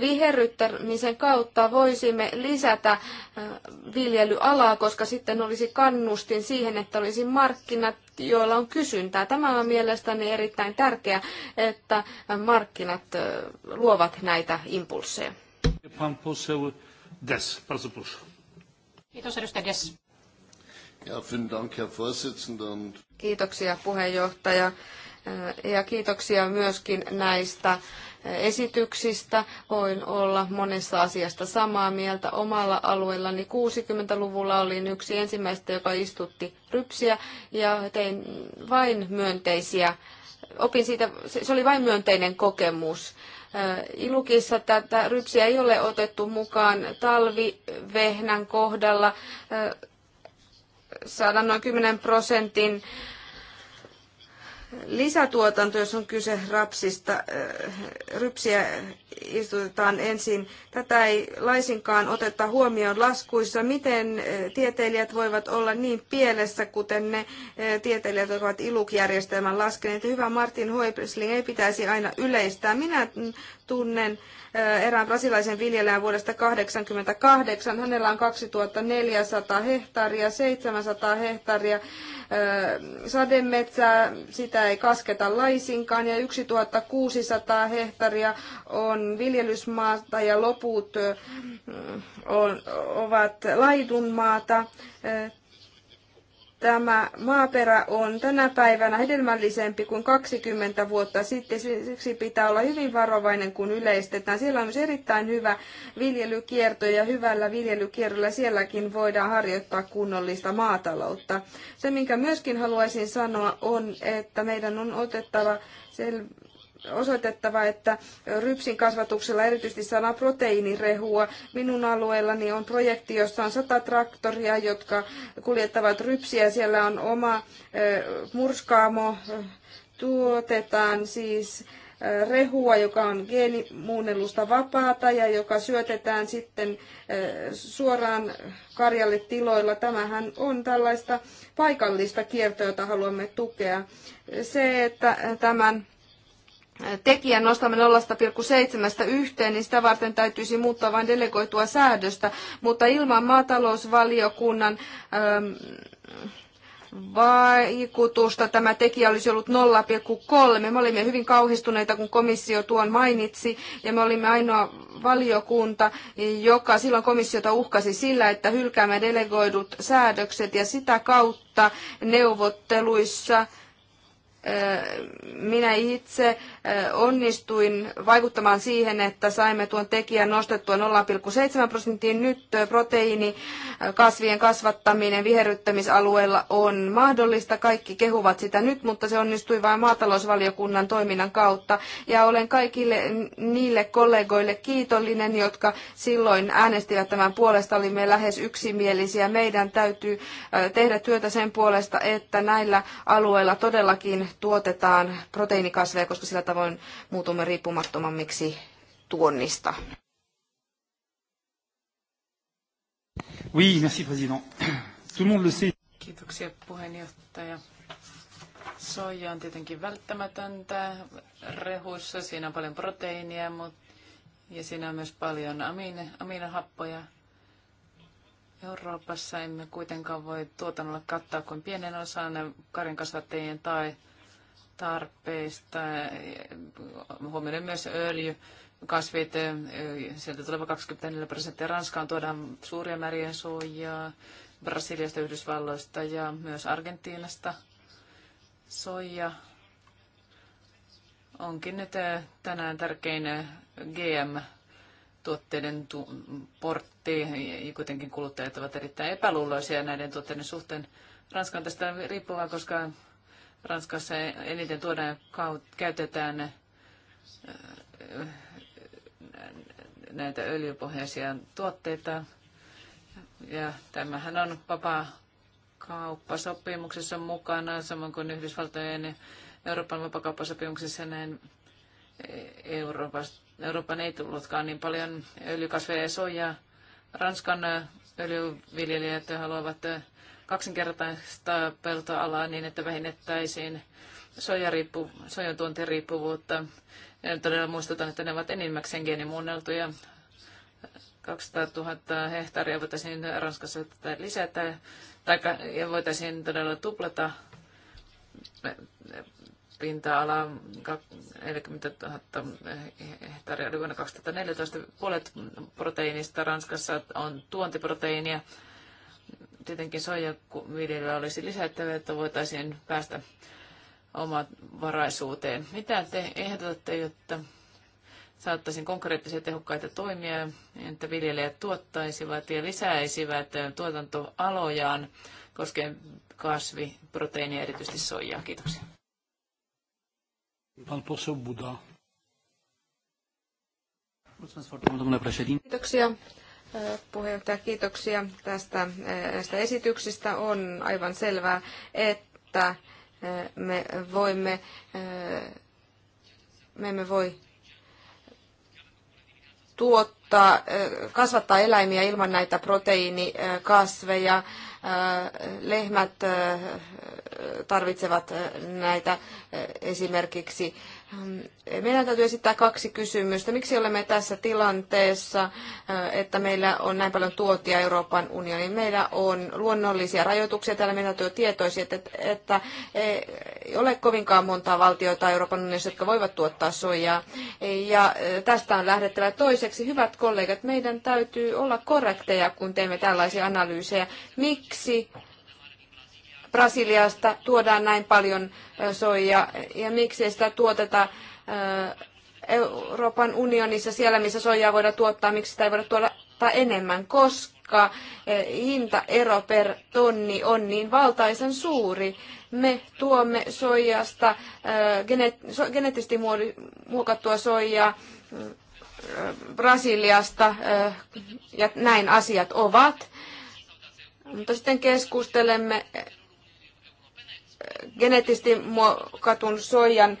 viherryttämisen kautta voisimme lisätä äh, viljelyalaa, koska sitten olisi kannustin siihen, että olisi markkinat, joilla on kysyntää. Tämä on mielestäni erittäin tärkeää, että markkinat äh, luovat näitä impulseja. Kiitos edustaja Des. Ja, vielen Dank, Herr Vorsitzender. Kiitoksia puheenjohtaja äh, ja kiitoksia myöskin näistä esityksistä. Voin olla monessa asiasta samaa mieltä. Omalla alueellani 60-luvulla olin yksi ensimmäistä, joka istutti rypsiä ja tein vain myönteisiä. Opin siitä, se oli vain myönteinen kokemus. Äh, Ilukissa tätä rypsiä ei ole otettu mukaan talvivehnän kohdalla. Äh, saadaan noin 10 prosentin lisätuotanto, jos on kyse rapsista, eh, rypsiä istutetaan ensin. Tätä ei laisinkaan oteta huomioon laskuissa. Miten eh, tieteilijät voivat olla niin pielessä, kuten ne eh, tieteilijät, jotka ovat ilukjärjestelmän laskeneet. Hyvä Martin Hoibsling ei pitäisi aina yleistää. Minä tunnen eh, erään brasilaisen viljelijän vuodesta 1988. Hänellä on 2400 hehtaaria, 700 hehtaaria sademetsää, sitä ei kasketa laisinkaan, ja 1600 hehtaaria on on viljelysmaata ja loput ovat laidunmaata. Tämä maaperä on tänä päivänä hedelmällisempi kuin 20 vuotta sitten. Siksi pitää olla hyvin varovainen, kun yleistetään. Siellä on myös erittäin hyvä viljelykierto ja hyvällä viljelykierrolla sielläkin voidaan harjoittaa kunnollista maataloutta. Se, minkä myöskin haluaisin sanoa, on, että meidän on otettava sel- osoitettava, että rypsin kasvatuksella erityisesti saadaan proteiinirehua. Minun alueellani on projekti, jossa on sata traktoria, jotka kuljettavat rypsiä. Siellä on oma murskaamo, tuotetaan siis rehua, joka on geenimuunnellusta vapaata ja joka syötetään sitten suoraan karjalle tiloilla. Tämähän on tällaista paikallista kiertoa, jota haluamme tukea. Se, että tämän tekijän nostamme 0,7 yhteen, niin sitä varten täytyisi muuttaa vain delegoitua säädöstä, mutta ilman maatalousvaliokunnan ähm, vaikutusta tämä tekijä olisi ollut 0,3. Me olimme hyvin kauhistuneita, kun komissio tuon mainitsi, ja me olimme ainoa valiokunta, joka silloin komissiota uhkasi sillä, että hylkäämme delegoidut säädökset, ja sitä kautta neuvotteluissa minä itse onnistuin vaikuttamaan siihen, että saimme tuon tekijän nostettua 0,7 prosenttiin. Nyt proteiini kasvien kasvattaminen viherryttämisalueella on mahdollista. Kaikki kehuvat sitä nyt, mutta se onnistui vain maatalousvaliokunnan toiminnan kautta. Ja olen kaikille niille kollegoille kiitollinen, jotka silloin äänestivät tämän puolesta. Olimme lähes yksimielisiä. Meidän täytyy tehdä työtä sen puolesta, että näillä alueilla todellakin tuotetaan proteiinikasveja, koska sillä tavoin muutumme riippumattomammiksi tuonnista. Oui, merci président. Tout le monde le sait. Kiitoksia puheenjohtaja. Soija on tietenkin välttämätöntä rehussa. Siinä on paljon proteiinia mut, ja siinä on myös paljon amine, aminohappoja. Euroopassa emme kuitenkaan voi tuotannolla kattaa kuin pienen osan karjankasvattajien tai tarpeista. Huomioiden myös öljy, kasvit, sieltä tuleva 24 prosenttia. Ranskaan tuodaan suuria määriä soijaa, Brasiliasta, Yhdysvalloista ja myös Argentiinasta. Soija onkin nyt tänään tärkein GM tuotteiden tu- portti. Kuitenkin kuluttajat ovat erittäin epäluuloisia näiden tuotteiden suhteen. Ranska on tästä riippuvaa, koska Ranskassa eniten tuodaan ja käytetään näitä öljypohjaisia tuotteita. Ja tämähän on vapaa kauppasopimuksessa mukana, samoin kuin Yhdysvaltojen ja Euroopan vapakauppasopimuksessa näin Euroopan Euroopan ei tullutkaan niin paljon öljykasveja ja soijaa. Ranskan öljyviljelijät haluavat kaksinkertaista peltoalaa niin, että vähennettäisiin sojariippu, sojan tuontiriippuvuutta. Todella muistutan, että ne ovat enimmäkseen geenimuunneltuja 200 000 hehtaaria voitaisiin Ranskassa tätä lisätä, tai ja voitaisiin todella tuplata pinta-alaa 40 000 hehtaaria oli vuonna 2014. Puolet proteiinista Ranskassa on tuontiproteiinia tietenkin soijaviljelyä olisi lisättävä, että voitaisiin päästä omaan varaisuuteen. Mitä te ehdotatte, jotta saattaisiin konkreettisia tehokkaita toimia, että viljelijät tuottaisivat ja lisäisivät tuotantoalojaan koskien kasvi, proteiinia, erityisesti soijaa. Kiitoksia. Kiitoksia, Puheenjohtaja, kiitoksia tästä, eh, näistä esityksistä. On aivan selvää, että eh, me voimme, eh, me emme voi tuottaa, kasvattaa eläimiä ilman näitä proteiinikasveja. Lehmät tarvitsevat näitä esimerkiksi Ähm, meidän täytyy esittää kaksi kysymystä. Miksi olemme tässä tilanteessa, äh, että meillä on näin paljon tuotia Euroopan unioniin? Meillä on luonnollisia rajoituksia. Täällä meidän täytyy tietoisia, että, että eh, ei ole kovinkaan montaa valtiota Euroopan unionissa, jotka voivat tuottaa soijaa. Ja eh, tästä on lähdettävä toiseksi. Hyvät kollegat, meidän täytyy olla korrekteja, kun teemme tällaisia analyysejä. Miksi Brasiliasta tuodaan näin paljon soijaa ja miksi sitä tuoteta Euroopan unionissa siellä, missä soijaa voidaan tuottaa, miksi sitä ei voida tuottaa enemmän, koska hintaero per tonni on niin valtaisen suuri. Me tuomme soijasta geneettisesti muokattua soijaa Brasiliasta ja näin asiat ovat. Mutta sitten keskustelemme geneettisesti muokatun soijan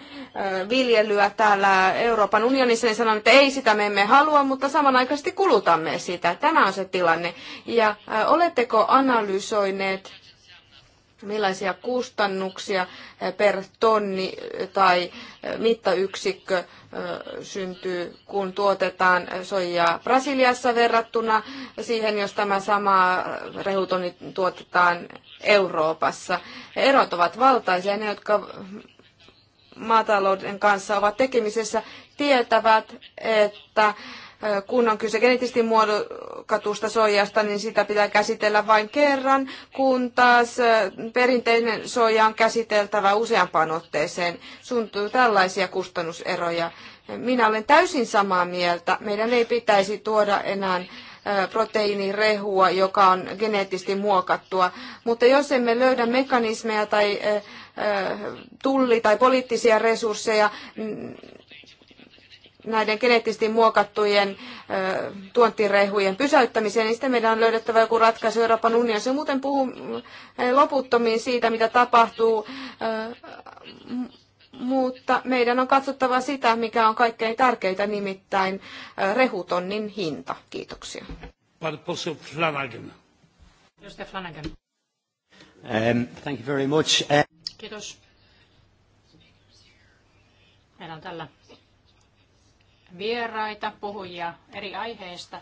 viljelyä täällä Euroopan unionissa, niin sanon, että ei sitä me emme halua, mutta samanaikaisesti kulutamme sitä. Tämä on se tilanne. Ja oletteko analysoineet millaisia kustannuksia per tonni tai mittayksikkö syntyy, kun tuotetaan soijaa Brasiliassa verrattuna siihen, jos tämä sama rehutonni tuotetaan Euroopassa. Erot ovat valtaisia. Ne, jotka maatalouden kanssa ovat tekemisessä, tietävät, että kun on kyse geneettisesti muodokatusta soijasta, niin sitä pitää käsitellä vain kerran, kun taas perinteinen soija on käsiteltävä useampaan otteeseen. Suuntuu tällaisia kustannuseroja. Minä olen täysin samaa mieltä. Meidän ei pitäisi tuoda enää proteiinirehua, joka on geneettisesti muokattua. Mutta jos emme löydä mekanismeja tai tulli- tai poliittisia resursseja näiden geneettisesti muokattujen ö, tuontirehujen pysäyttämiseen, niin sitten meidän on löydettävä joku ratkaisu Euroopan unionissa. Muuten puhuu loputtomiin siitä, mitä tapahtuu, ö, mutta meidän on katsottava sitä, mikä on kaikkein tärkeintä, nimittäin ö, rehutonnin hinta. Kiitoksia. Flanagan. Flanagan. Um, thank you very much. Uh, Kiitos. Meillä on tällä vieraita, puhujia eri aiheista,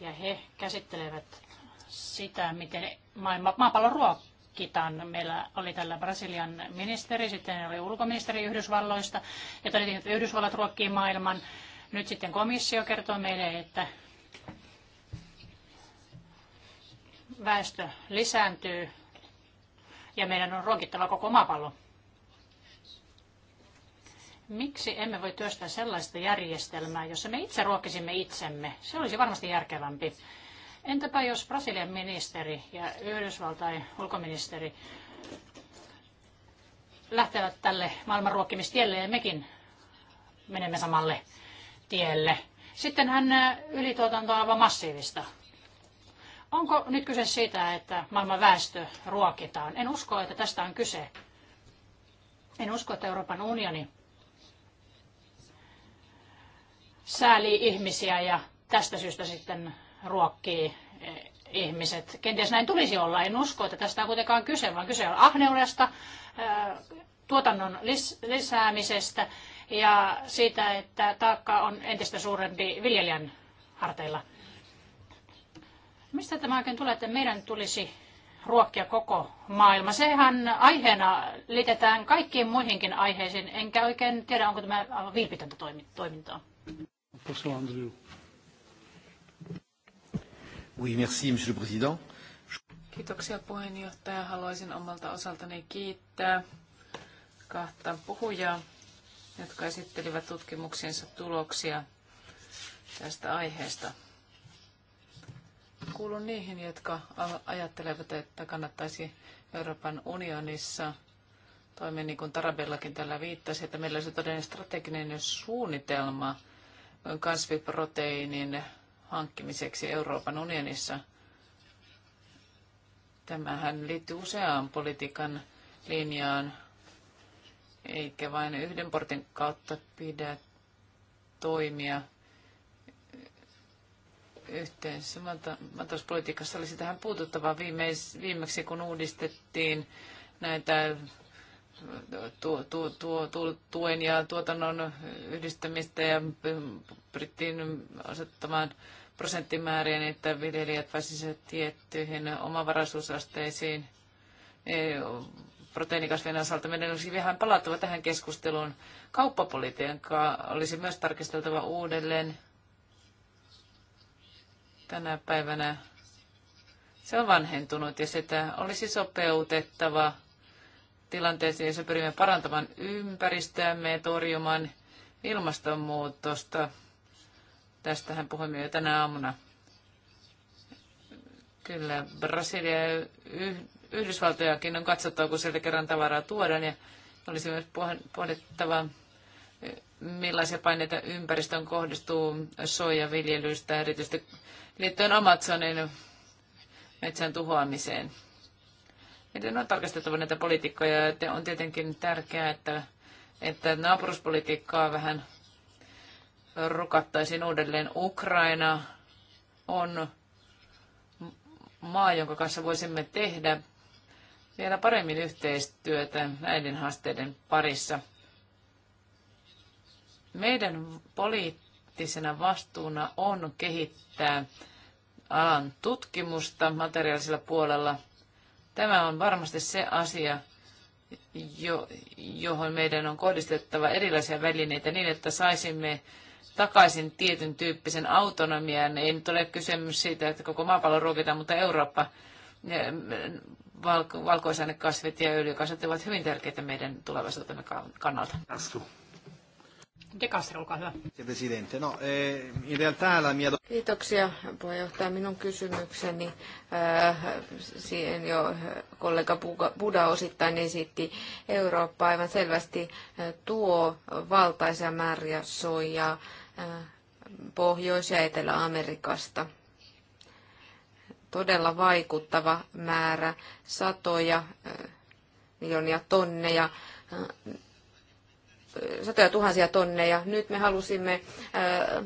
ja he käsittelevät sitä, miten maailma, maapallo ruokitaan. Meillä oli tällä Brasilian ministeri, sitten oli ulkoministeri Yhdysvalloista, ja todettiin, että Yhdysvallat ruokkii maailman. Nyt sitten komissio kertoo meille, että väestö lisääntyy ja meidän on ruokittava koko maapallo. Miksi emme voi työstää sellaista järjestelmää, jossa me itse ruokisimme itsemme? Se olisi varmasti järkevämpi. Entäpä jos Brasilian ministeri ja Yhdysvaltain ulkoministeri lähtevät tälle maailman ruokkimistielle ja mekin menemme samalle tielle. Sitten hän äh, ylituotanto on aivan massiivista. Onko nyt kyse siitä, että maailman väestö ruokitaan? En usko, että tästä on kyse. En usko, että Euroopan unioni sääli ihmisiä ja tästä syystä sitten ruokkii eh, ihmiset. Kenties näin tulisi olla, en usko, että tästä on kuitenkaan kyse, vaan kyse on ahneudesta, eh, tuotannon lisäämisestä ja siitä, että taakka on entistä suurempi viljelijän harteilla. Mistä tämä oikein tulee, että meidän tulisi ruokkia koko maailma? Sehän aiheena liitetään kaikkiin muihinkin aiheisiin, enkä oikein tiedä, onko tämä aivan vilpitöntä toimintaa poseł Andriu. Oui, merci, monsieur le président. Kiitoksia puheenjohtaja. Haluaisin omalta osaltani kiittää kahta puhujaa, jotka esittelivät tutkimuksensa tuloksia tästä aiheesta. Kuulun niihin, jotka ajattelevat, että kannattaisi Euroopan unionissa toimia niin kuin Tarabellakin tällä viittasi, että meillä olisi todellinen strateginen suunnitelma – kasviproteiinin hankkimiseksi Euroopan unionissa. Tämähän liittyy useaan politiikan linjaan, eikä vain yhden portin kautta pidä toimia yhteensä. Maatalouspolitiikassa olisi tähän puututtava viimeksi, kun uudistettiin näitä tu, tu, tu, tu, tuen ja tuotannon yhdistämistä ja pyrittiin asettamaan prosenttimääriä, niin että viljelijät pääsisivät tiettyihin omavaraisuusasteisiin. E, proteiinikasvien osalta meidän olisi vähän palattava tähän keskusteluun. Kauppapolitiikkaa olisi myös tarkisteltava uudelleen tänä päivänä. Se on vanhentunut ja sitä olisi sopeutettava tilanteeseen, jossa pyrimme parantamaan ympäristöämme ja torjumaan ilmastonmuutosta. Tästähän puhuimme jo tänä aamuna. Kyllä, Brasilia ja Yhdysvaltojakin on katsottava, kun sieltä kerran tavaraa tuodaan. Ja olisi myös pohdittava, millaisia paineita ympäristön kohdistuu soijaviljelystä, erityisesti liittyen Amazonin metsän tuhoamiseen miten on tarkasteltava näitä poliitikkoja. On tietenkin tärkeää, että, että naapuruspolitiikkaa vähän rukattaisiin uudelleen. Ukraina on maa, jonka kanssa voisimme tehdä vielä paremmin yhteistyötä näiden haasteiden parissa. Meidän poliittisena vastuuna on kehittää alan tutkimusta materiaalisella puolella – Tämä on varmasti se asia, jo, johon meidän on kohdistettava erilaisia välineitä niin, että saisimme takaisin tietyn tyyppisen autonomian. Ei nyt ole kysymys siitä, että koko maapallo ruokitaan, mutta Eurooppa, mm, valko, valkoisainekasvit ja öljykasvit ovat hyvin tärkeitä meidän tulevaisuutemme kannalta. De Castro, olkaa hyvä. Presidente. No, eh, in realtà la mia... Kiitoksia puheenjohtaja. Minun kysymykseni eh, siihen jo eh, kollega Buda osittain esitti. Eurooppa aivan selvästi tuo valtaisia määriä soijaa Pohjois- ja Etelä-Amerikasta todella vaikuttava määrä, satoja miljoonia tonneja satoja tuhansia tonneja. Nyt me halusimme äh,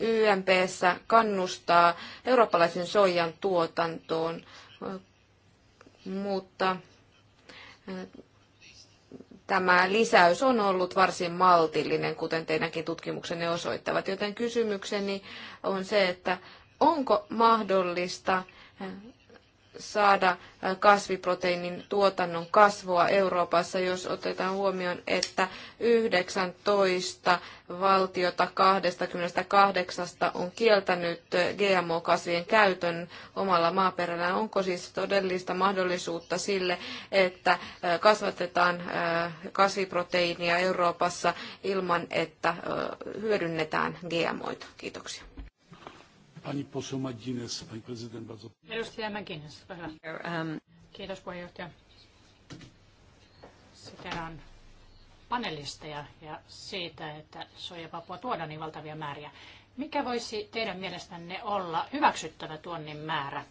YMPssä kannustaa eurooppalaisen soijan tuotantoon, mutta äh, tämä lisäys on ollut varsin maltillinen, kuten teidänkin tutkimuksenne osoittavat. Joten kysymykseni on se, että onko mahdollista äh, saada kasviproteiinin tuotannon kasvua Euroopassa, jos otetaan huomioon, että 19 valtiota 28 on kieltänyt GMO-kasvien käytön omalla maaperällään. Onko siis todellista mahdollisuutta sille, että kasvatetaan kasviproteiinia Euroopassa ilman, että hyödynnetään GMOita? Kiitoksia. Pani poseł Magines, pani prezydent, bardzo Edustaja Magines, um, Kiitos puheenjohtaja. Siteraan panelisteja ja siitä, että soijapapua tuodaan niin valtavia määriä. Mikä voisi teidän mielestänne olla hyväksyttävä tuonnin määrä?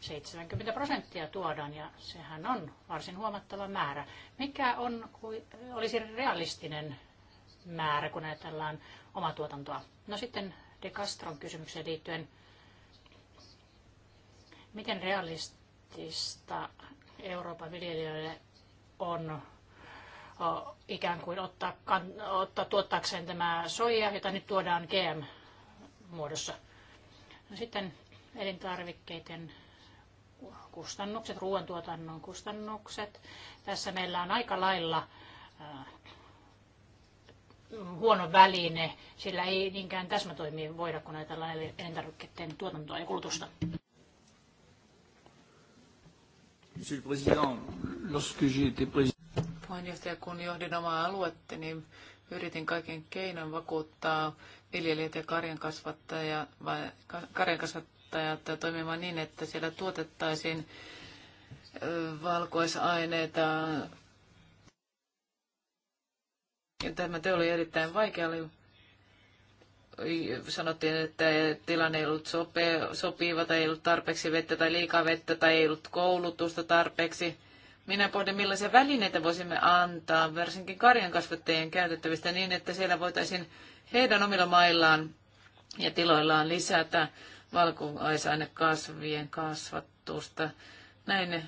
70 prosenttia tuodaan ja sehän on varsin huomattava määrä. Mikä on, olisi realistinen määrä, kun ajatellaan omaa tuotantoa? No sitten De Castron kysymykseen liittyen. Miten realistista Euroopan viljelijöille on ikään kuin ottaa, ottaa tuottaakseen tämä soija, jota nyt tuodaan GM-muodossa? No sitten elintarvikkeiden kustannukset, ruoantuotannon kustannukset. Tässä meillä on aika lailla huono väline, sillä ei niinkään täsmätoimia voida, kun ajatellaan elintarvikkeiden tuotantoa ja kulutusta. Monsieur le Président, lorsque j'ai été président... Puheenjohtaja, kun johdin omaa aluetta, niin yritin kaiken keinon vakuuttaa viljelijät ja karjankasvattajia, vai karjankasvattajat toimimaan niin, että siellä tuotettaisiin valkoisaineita, Tämä työ oli erittäin vaikea. Oli, sanottiin, että tilanne ei ollut sopea, sopiva tai ei ollut tarpeeksi vettä tai liikaa vettä tai ei ollut koulutusta tarpeeksi. Minä pohdin, millaisia välineitä voisimme antaa, varsinkin karjankasvattajien käytettävistä, niin että siellä voitaisiin heidän omilla maillaan ja tiloillaan lisätä valkuaisainekasvien kasvatusta. Näin,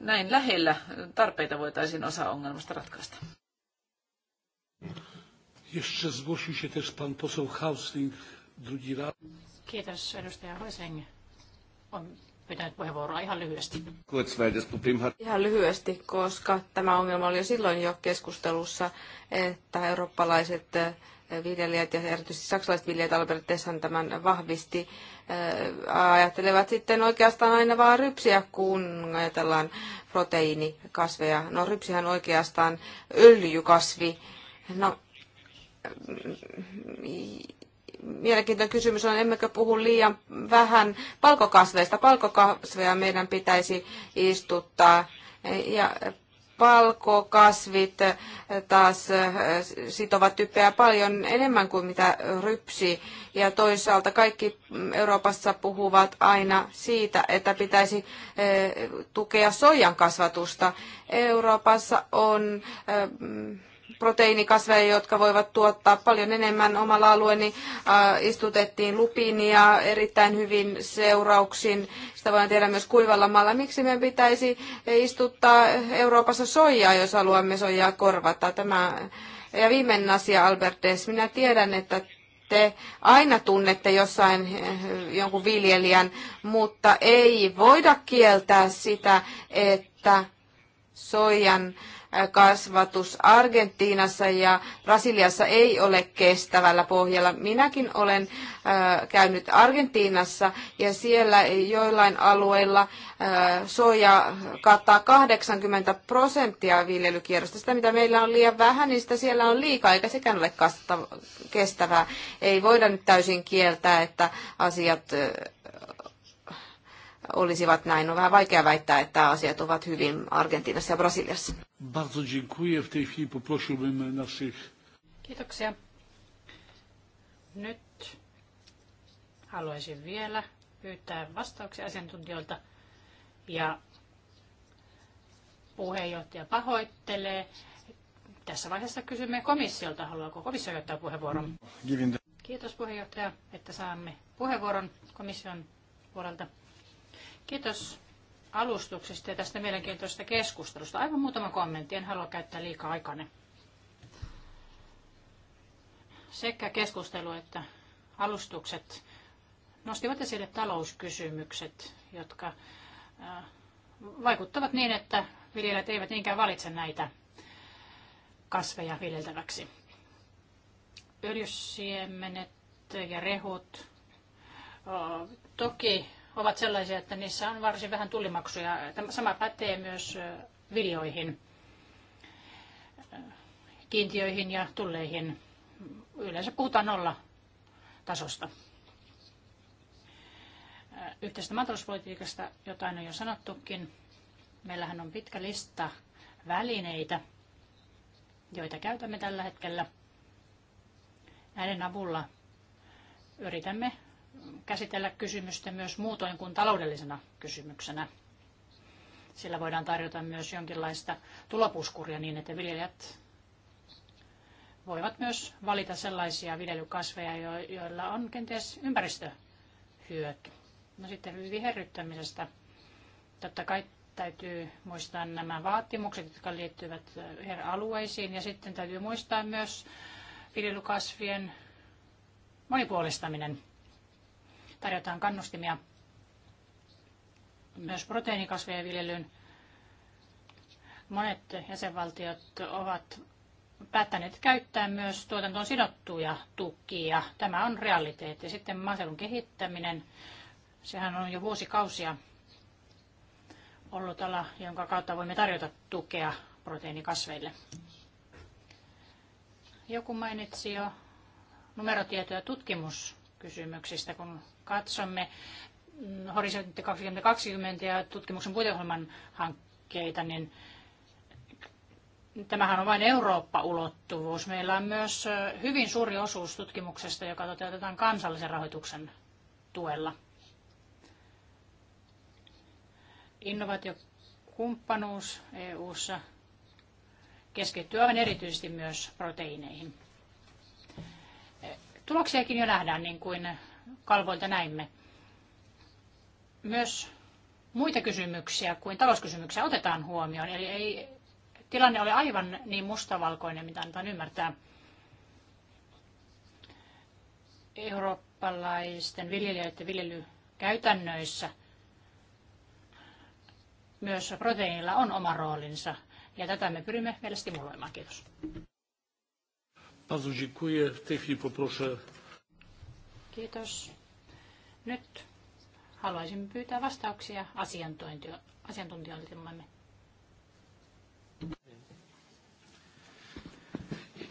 näin lähellä tarpeita voitaisiin osa ongelmasta ratkaista. Jeszcze zgłosił się też pan poseł Hausling drugi raz. Kiitos, edustaja Hoisling. On pitänyt puheenvuoroa ihan lyhyesti. Ihan lyhyesti, koska tämä ongelma oli jo silloin jo keskustelussa, että eurooppalaiset eh, viljelijät ja erityisesti saksalaiset viljelijät Albert Tessan tämän vahvisti eh, ajattelevat sitten oikeastaan aina vain rypsiä, kun ajatellaan proteiinikasveja. No rypsihän oikeastaan öljykasvi. No mielenkiintoinen kysymys on, emmekö puhu liian vähän palkokasveista. Palkokasveja meidän pitäisi istuttaa ja palkokasvit taas sitovat typpeä paljon enemmän kuin mitä rypsi. Ja toisaalta kaikki Euroopassa puhuvat aina siitä, että pitäisi eh, tukea soijan kasvatusta. Euroopassa on eh, proteiinikasveja, jotka voivat tuottaa paljon enemmän omalla alueeni. Äh, istutettiin lupinia erittäin hyvin seurauksin. Sitä voidaan tehdä myös kuivalla maalla. Miksi meidän pitäisi istuttaa Euroopassa soijaa, jos haluamme soijaa korvata? Tämä ja viimeinen asia, Albertes. Minä tiedän, että te aina tunnette jossain eh, jonkun viljelijän, mutta ei voida kieltää sitä, että soijan äh, kasvatus Argentiinassa ja Brasiliassa ei ole kestävällä pohjalla. Minäkin olen käynyt Argentiinassa ja siellä joillain alueilla soja kattaa 80 prosenttia viljelykierrosta. Sitä, mitä meillä on liian vähän, niin sitä siellä on liikaa, eikä sekään ole kestävää. Ei voida nyt täysin kieltää, että asiat olisivat näin. On vähän vaikea väittää, että asiat ovat hyvin Argentiinassa ja Brasiliassa. Kiitoksia. Nyt haluaisin vielä pyytää vastauksia asiantuntijoilta. Ja puheenjohtaja pahoittelee. Tässä vaiheessa kysymme komissiolta, haluaako komissio ottaa puheenvuoron. Kiitos puheenjohtaja, että saamme puheenvuoron komission puolelta. Kiitos alustuksesta ja tästä mielenkiintoisesta keskustelusta. Aivan muutama kommentti, en halua käyttää liikaa aikana. Sekä keskustelu että alustukset nostivat esille talouskysymykset, jotka äh, vaikuttavat niin, että viljelijät eivät niinkään valitse näitä kasveja viljeltäväksi. Öljysiemenet ja rehut äh, toki ovat sellaisia, että niissä on varsin vähän tullimaksuja. Tämä sama pätee myös viljoihin, kiintiöihin ja tulleihin. Yleensä puhutaan nolla tasosta. Yhteistä maatalouspolitiikasta jotain on jo sanottukin. Meillähän on pitkä lista välineitä, joita käytämme tällä hetkellä. Näiden avulla yritämme käsitellä kysymystä myös muutoin kuin taloudellisena kysymyksenä. Sillä voidaan tarjota myös jonkinlaista tulopuskuria niin, että viljelijät voivat myös valita sellaisia viljelykasveja, joilla on kenties ympäristöhyöty. No sitten viherryttämisestä. Totta kai täytyy muistaa nämä vaatimukset, jotka liittyvät alueisiin ja sitten täytyy muistaa myös viljelykasvien monipuolistaminen tarjotaan kannustimia myös proteiinikasvien viljelyyn. Monet jäsenvaltiot ovat päättäneet käyttää myös tuotantoon sidottuja tukia. Tämä on realiteetti. Sitten maaseudun kehittäminen, sehän on jo vuosikausia ollut ala, jonka kautta voimme tarjota tukea proteiinikasveille. Joku mainitsi jo numerotietoja tutkimus kysymyksistä, kun katsomme Horisontti 2020 ja tutkimuksen puiteohjelman hankkeita, niin tämähän on vain Eurooppa-ulottuvuus. Meillä on myös hyvin suuri osuus tutkimuksesta, joka toteutetaan kansallisen rahoituksen tuella. Innovaatiokumppanuus EU-ssa keskittyy aivan erityisesti myös proteiineihin. Tuloksiakin jo nähdään, niin kuin kalvoilta näimme. Myös muita kysymyksiä kuin talouskysymyksiä otetaan huomioon. Eli ei tilanne ole aivan niin mustavalkoinen, mitä annetaan ymmärtää. Eurooppalaisten viljelijöiden viljelykäytännöissä myös proteiinilla on oma roolinsa, ja tätä me pyrimme vielä stimuloimaan. Kiitos. Bardzo dziękuję. W tej chwili poproszę. Kiitos. Nyt haluaisin pyytää vastauksia asiantuntijoiltamme.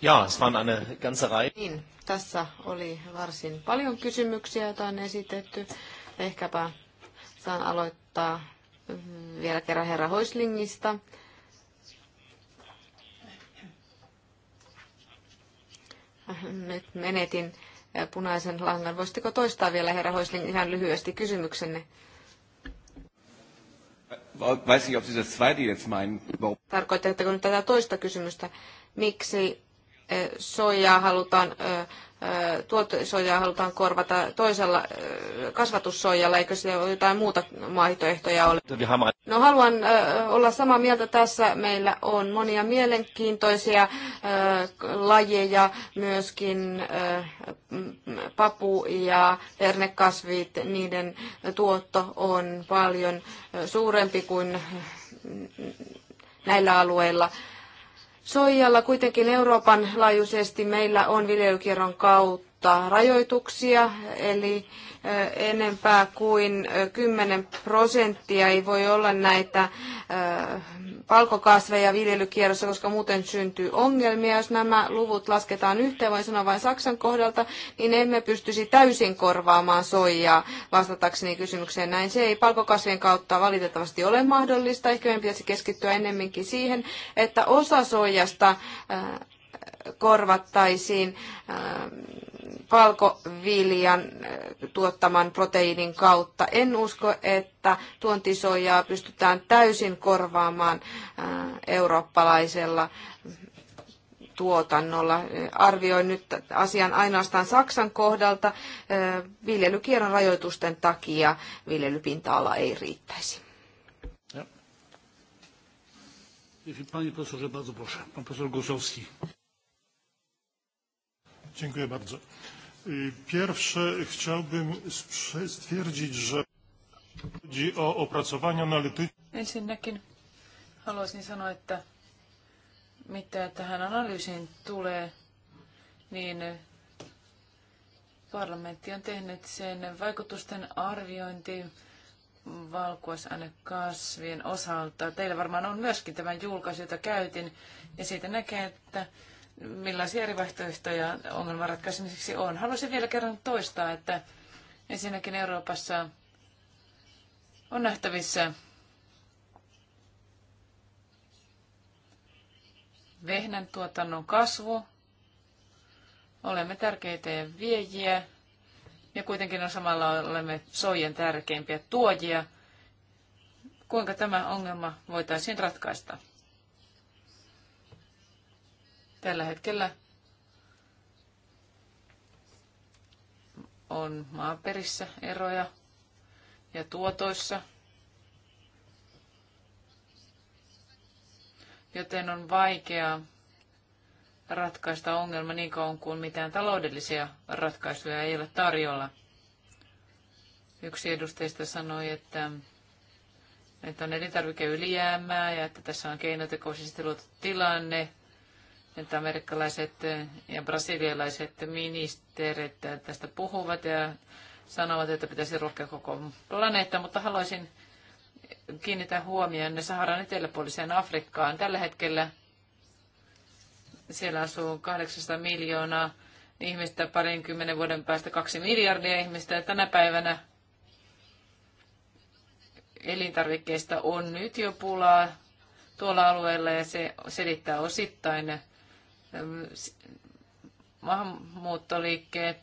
Ja, es waren eine ganze Reihe. Niin, tässä oli varsin paljon kysymyksiä, joita on esitetty. Ehkäpä saan aloittaa vielä kerran herra Hoislingista. Nyt menetin punaisen langan. Voisitteko toistaa vielä, herra Hoisling, ihan lyhyesti kysymyksenne? Äh, weiß nicht, ob Sie das zweite jetzt meinen. Tarkoitatteko nyt tätä toista kysymystä? Miksi soijaa halutaan tuotesoijaa halutaan korvata toisella kasvatussoijalla, eikö siellä jotain muuta vaihtoehtoja ole? No haluan olla samaa mieltä tässä. Meillä on monia mielenkiintoisia lajeja, myöskin papu- ja pernekasvit, niiden tuotto on paljon suurempi kuin näillä alueilla. Soijalla kuitenkin Euroopan laajuisesti meillä on viljelykierron kautta rajoituksia, eli enempää kuin 10 prosenttia ei voi olla näitä valkokasveja viljelykierrossa, koska muuten syntyy ongelmia. Jos nämä luvut lasketaan yhteen, voin sanoa vain Saksan kohdalta, niin emme pystyisi täysin korvaamaan soijaa vastatakseni kysymykseen näin. Se ei palkokasvien kautta valitettavasti ole mahdollista. Ehkä meidän pitäisi keskittyä ennemminkin siihen, että osa soijasta korvattaisiin ähm, palkoviljan äh, tuottaman proteiinin kautta. En usko, että tuontisojaa pystytään täysin korvaamaan äh, eurooppalaisella tuotannolla. Arvioin nyt asian ainoastaan Saksan kohdalta. Äh, viljelykierron rajoitusten takia viljelypinta-ala ei riittäisi. Panie profesorze, bardzo proszę. Pan profesor Gosowski. Dziękuję bardzo. Pierwsze chciałbym stwierdzić, że chodzi o opracowanie analityczne. Ensinnäkin haluaisin sanoa, että mitä tähän analyysiin tulee, niin parlamentti on tehnyt sen vaikutusten arviointi valkuaisainekasvien osalta. Teillä varmaan on myöskin tämä julkaisu, jota käytin, ja siitä näkee, että millaisia eri vaihtoehtoja ongelman ratkaisemiseksi on. Haluaisin vielä kerran toistaa, että ensinnäkin Euroopassa on nähtävissä vehnän tuotannon kasvu. Olemme tärkeitä viejiä ja kuitenkin on samalla olemme soijan tärkeimpiä tuojia. Kuinka tämä ongelma voitaisiin ratkaista? Tällä hetkellä on maaperissä eroja ja tuotoissa, joten on vaikeaa ratkaista ongelma niin kauan kuin mitään taloudellisia ratkaisuja ei ole tarjolla. Yksi edustajista sanoi, että, että on elintarvikeylijäämää ja että tässä on keinotekoisesti luotu tilanne, että amerikkalaiset ja brasilialaiset ministerit tästä puhuvat ja sanovat, että pitäisi ruokkia koko planeetta, mutta haluaisin kiinnittää huomioon Saharan eteläpuoliseen Afrikkaan. Tällä hetkellä siellä asuu 800 miljoonaa ihmistä, kymmenen vuoden päästä kaksi miljardia ihmistä. Tänä päivänä elintarvikkeista on nyt jo pulaa tuolla alueella ja se selittää osittain maahanmuuttoliikkeet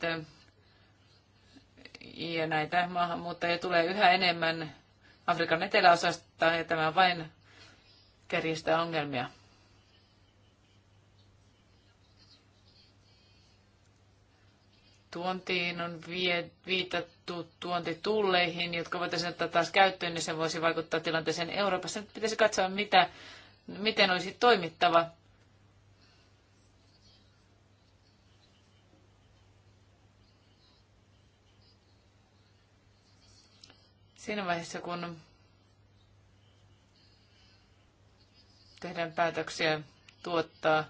ja näitä maahanmuuttajia tulee yhä enemmän Afrikan eteläosasta ja tämä vain kärjistää ongelmia. tuontiin on viitattu tuontitulleihin, jotka voitaisiin ottaa taas käyttöön, niin se voisi vaikuttaa tilanteeseen Euroopassa. Nyt pitäisi katsoa, mitä, miten olisi toimittava. Siinä vaiheessa, kun tehdään päätöksiä tuottaa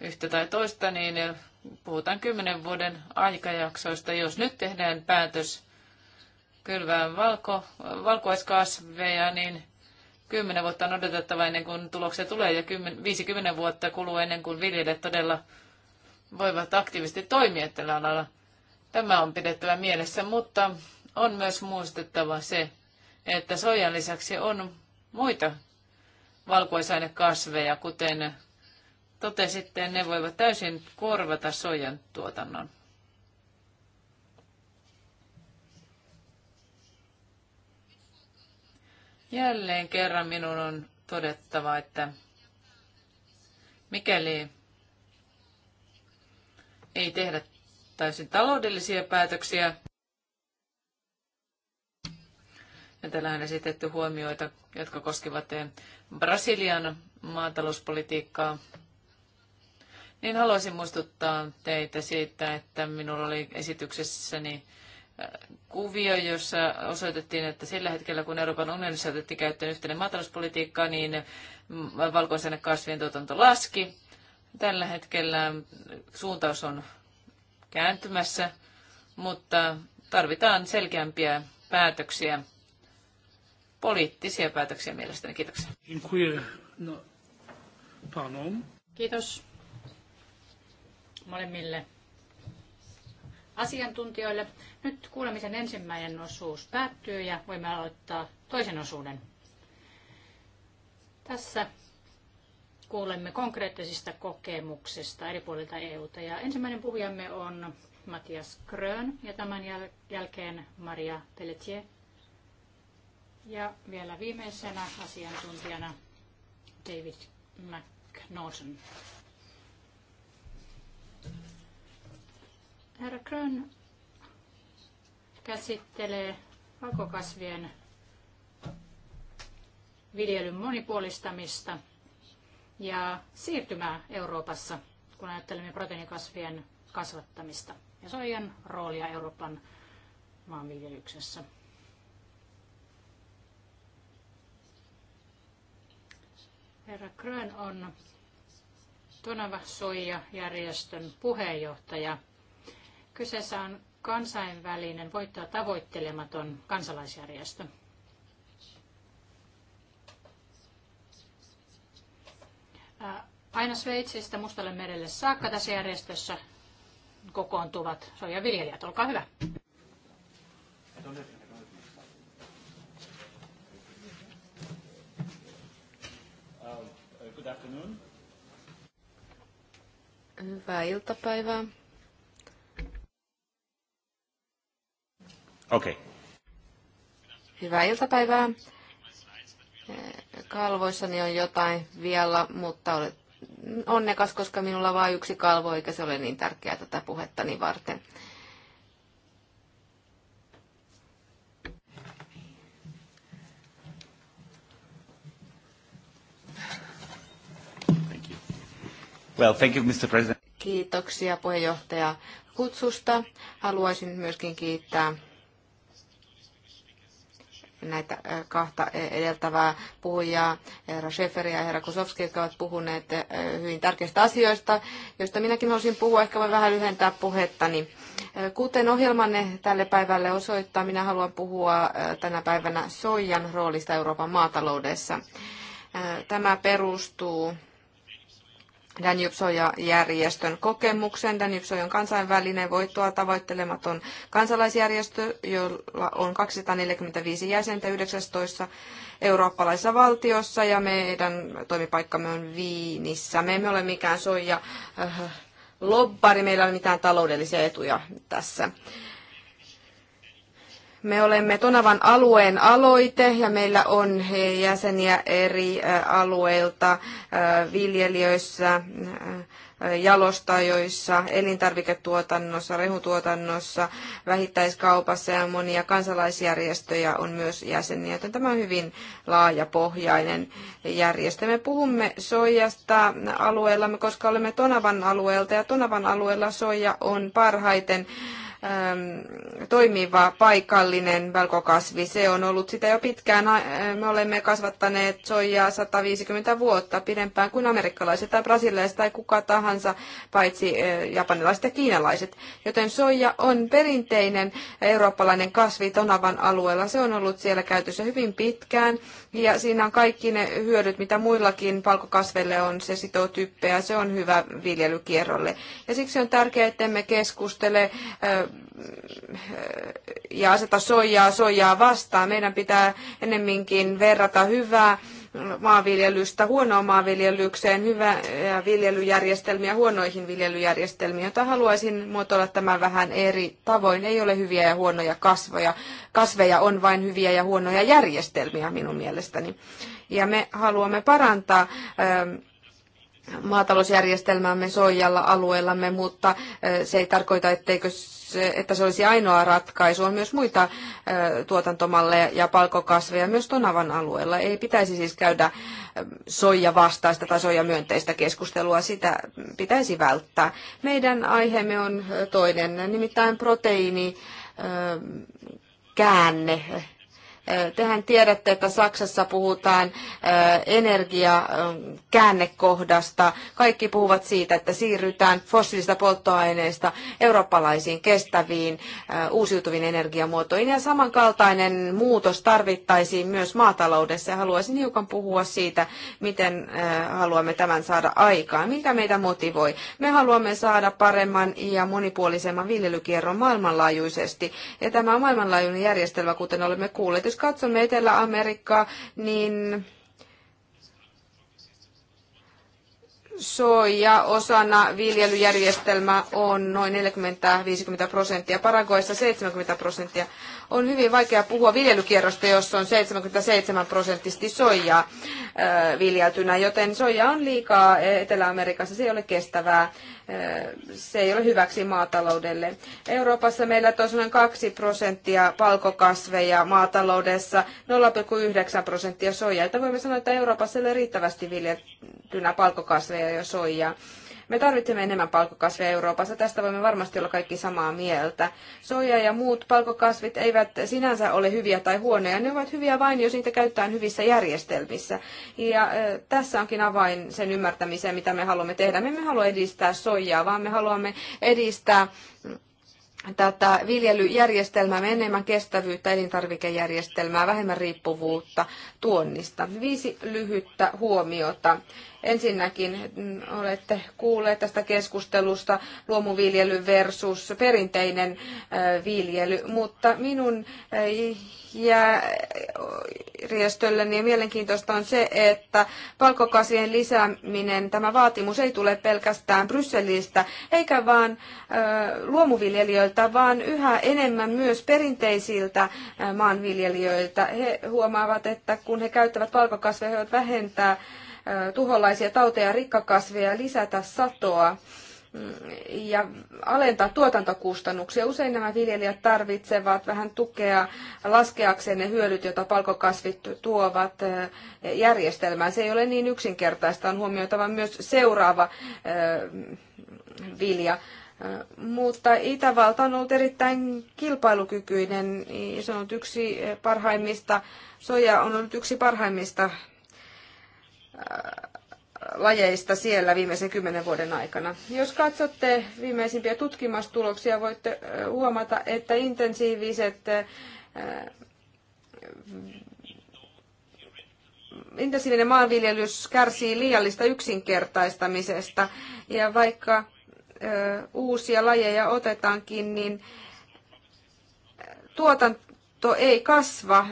yhtä tai toista, niin puhutaan kymmenen vuoden aikajaksoista. Jos nyt tehdään päätös kylvää valko, valkoiskasveja, niin kymmenen vuotta on odotettava ennen kuin tuloksia tulee ja 10, 50 vuotta kuluu ennen kuin viljelijät todella voivat aktiivisesti toimia tällä alalla. Tämä on pidettävä mielessä, mutta on myös muistettava se, että sojan lisäksi on muita valkuaisainekasveja, kuten totesitte, ne voivat täysin korvata sojan tuotannon. Jälleen kerran minun on todettava, että mikäli ei tehdä täysin taloudellisia päätöksiä, Täällä on esitetty huomioita, jotka koskevat Brasilian maatalouspolitiikkaa. Niin haluaisin muistuttaa teitä siitä, että minulla oli esityksessäni äh, kuvio, jossa osoitettiin, että sillä hetkellä, kun Euroopan unionissa otettiin käyttöön yhteinen maatalouspolitiikka, niin valkoisen kasvien tuotanto laski. Tällä hetkellä suuntaus on kääntymässä, mutta tarvitaan selkeämpiä päätöksiä poliittisia päätöksiä mielestäni. Kiitoksia. No, Kiitos molemmille asiantuntijoille. Nyt kuulemisen ensimmäinen osuus päättyy ja voimme aloittaa toisen osuuden. Tässä kuulemme konkreettisista kokemuksista eri puolilta EUta. Ja ensimmäinen puhujamme on Matias Krön ja tämän jäl- jälkeen Maria Pelletier ja vielä viimeisenä asiantuntijana David McNaughton. Herra Krön käsittelee pakokasvien viljelyn monipuolistamista ja siirtymää Euroopassa, kun ajattelemme proteiinikasvien kasvattamista ja soijan roolia Euroopan maanviljelyksessä. Herra Krön on Tonava Soija-järjestön puheenjohtaja. Kyseessä on kansainvälinen voittoa tavoittelematon kansalaisjärjestö. Aina Sveitsistä Mustalle merelle saakka tässä järjestössä kokoontuvat soijaviljelijät. Olkaa hyvä. Don't Hyvää iltapäivää. Okei. Okay. Hyvää iltapäivää. Kalvoissani on jotain vielä, mutta olet onnekas, koska minulla on vain yksi kalvo, eikä se ole niin tärkeää tätä puhettani varten. Well, thank you, Mr. President. Kiitoksia puheenjohtaja kutsusta. Haluaisin myöskin kiittää näitä äh, kahta edeltävää puhujaa, herra Schäferi ja herra Kosovski, jotka ovat puhuneet äh, hyvin tärkeistä asioista, joista minäkin haluaisin puhua. Ehkä voin vähän lyhentää puhettani. Äh, kuten ohjelmanne tälle päivälle osoittaa, minä haluan puhua tänä päivänä soijan roolista Euroopan maataloudessa. Tämä perustuu Danjupsoja-järjestön kokemuksen. Danjupsoja on kansainvälinen voittoa tavoittelematon kansalaisjärjestö, jolla on 245 jäsentä 19 eurooppalaisessa valtiossa ja meidän toimipaikkamme on Viinissä. Me emme ole mikään soija äh, lobbari, meillä ei ole mitään taloudellisia etuja tässä. Me olemme Tonavan alueen aloite ja meillä on jäseniä eri alueilta viljelijöissä, jalostajoissa, elintarviketuotannossa, rehutuotannossa, vähittäiskaupassa ja monia kansalaisjärjestöjä on myös jäseniä, joten tämä on hyvin laajapohjainen järjestö. Me puhumme soijasta alueellamme, koska olemme Tonavan alueelta ja Tonavan alueella soija on parhaiten Ähm, toimiva paikallinen valkokasvi. Se on ollut sitä jo pitkään. Äh, me olemme kasvattaneet soijaa 150 vuotta pidempään kuin amerikkalaiset tai brasilialaiset tai kuka tahansa, paitsi äh, japanilaiset ja kiinalaiset. Joten soija on perinteinen eurooppalainen kasvi Tonavan alueella. Se on ollut siellä käytössä hyvin pitkään. Ja siinä on kaikki ne hyödyt, mitä muillakin palkokasveille on. Se sitoo typpeä, se on hyvä viljelykierrolle. Ja siksi on tärkeää, että me keskustele ja aseta soijaa soijaa vastaan. Meidän pitää ennemminkin verrata hyvää maanviljelystä huonoon maanviljelykseen, hyvää viljelyjärjestelmiä huonoihin viljelyjärjestelmiin, jota haluaisin muotoilla tämän vähän eri tavoin. Ei ole hyviä ja huonoja kasvoja. Kasveja on vain hyviä ja huonoja järjestelmiä minun mielestäni. Ja me haluamme parantaa maatalousjärjestelmäämme soijalla alueellamme, mutta se ei tarkoita, etteikö se, että se olisi ainoa ratkaisu. On myös muita tuotantomalleja ja palkokasveja myös Tonavan alueella. Ei pitäisi siis käydä soija vastaista tai soija myönteistä keskustelua. Sitä pitäisi välttää. Meidän aiheemme on toinen, nimittäin proteiini käänne Tehän tiedätte, että Saksassa puhutaan energiakäännekohdasta. Kaikki puhuvat siitä, että siirrytään fossiilista polttoaineista eurooppalaisiin kestäviin uusiutuviin energiamuotoihin. Ja samankaltainen muutos tarvittaisiin myös maataloudessa. Haluaisin hiukan puhua siitä, miten haluamme tämän saada aikaan. Mikä meitä motivoi? Me haluamme saada paremman ja monipuolisemman viljelykierron maailmanlaajuisesti. Ja tämä maailmanlaajuinen järjestelmä, kuten olemme kuulleet. Jos katsomme Etelä-Amerikkaa, niin soja osana viljelyjärjestelmää on noin 40-50 prosenttia, Paraguayssa 70 prosenttia on hyvin vaikea puhua viljelykierrosta, jossa on 77 prosenttisesti soijaa äh, viljeltynä, joten soija on liikaa Etelä-Amerikassa, se ei ole kestävää, äh, se ei ole hyväksi maataloudelle. Euroopassa meillä on 2 prosenttia palkokasveja maataloudessa, 0,9 prosenttia soijaa, että voimme sanoa, että Euroopassa ei ole riittävästi viljeltynä palkokasveja ja soijaa. Me tarvitsemme enemmän palkokasveja Euroopassa, tästä voimme varmasti olla kaikki samaa mieltä. Soja ja muut palkokasvit eivät sinänsä ole hyviä tai huonoja, ne ovat hyviä vain, jos niitä käytetään hyvissä järjestelmissä. Ja äh, tässä onkin avain sen ymmärtämiseen, mitä me haluamme tehdä. Me emme halua edistää soijaa, vaan me haluamme edistää mm, tätä viljelyjärjestelmää, enemmän kestävyyttä, elintarvikejärjestelmää, vähemmän riippuvuutta tuonnista. Viisi lyhyttä huomiota. Ensinnäkin olette kuulleet tästä keskustelusta luomuviljely versus perinteinen viljely, mutta minun järjestölleni ja mielenkiintoista on se, että palkokasvien lisääminen, tämä vaatimus ei tule pelkästään Brysselistä, eikä vaan luomuviljelijöiltä, vaan yhä enemmän myös perinteisiltä maanviljelijöiltä. He huomaavat, että kun he käyttävät palkokasveja, he voivat vähentää Äh, tuholaisia tauteja, rikkakasveja, lisätä satoa mm, ja alentaa tuotantokustannuksia. Usein nämä viljelijät tarvitsevat vähän tukea laskeakseen ne hyödyt, joita palkokasvit tuovat äh, järjestelmään. Se ei ole niin yksinkertaista, on huomioitava myös seuraava äh, vilja. Mutta Itävalta on ollut erittäin kilpailukykyinen, se on ollut yksi parhaimmista, soja on ollut yksi parhaimmista lajeista siellä viimeisen kymmenen vuoden aikana. Jos katsotte viimeisimpiä tutkimustuloksia, voitte huomata, että intensiiviset intensiivinen maanviljelys kärsii liiallista yksinkertaistamisesta. Ja vaikka uusia lajeja otetaankin, niin tuotan, tuotto ei kasva,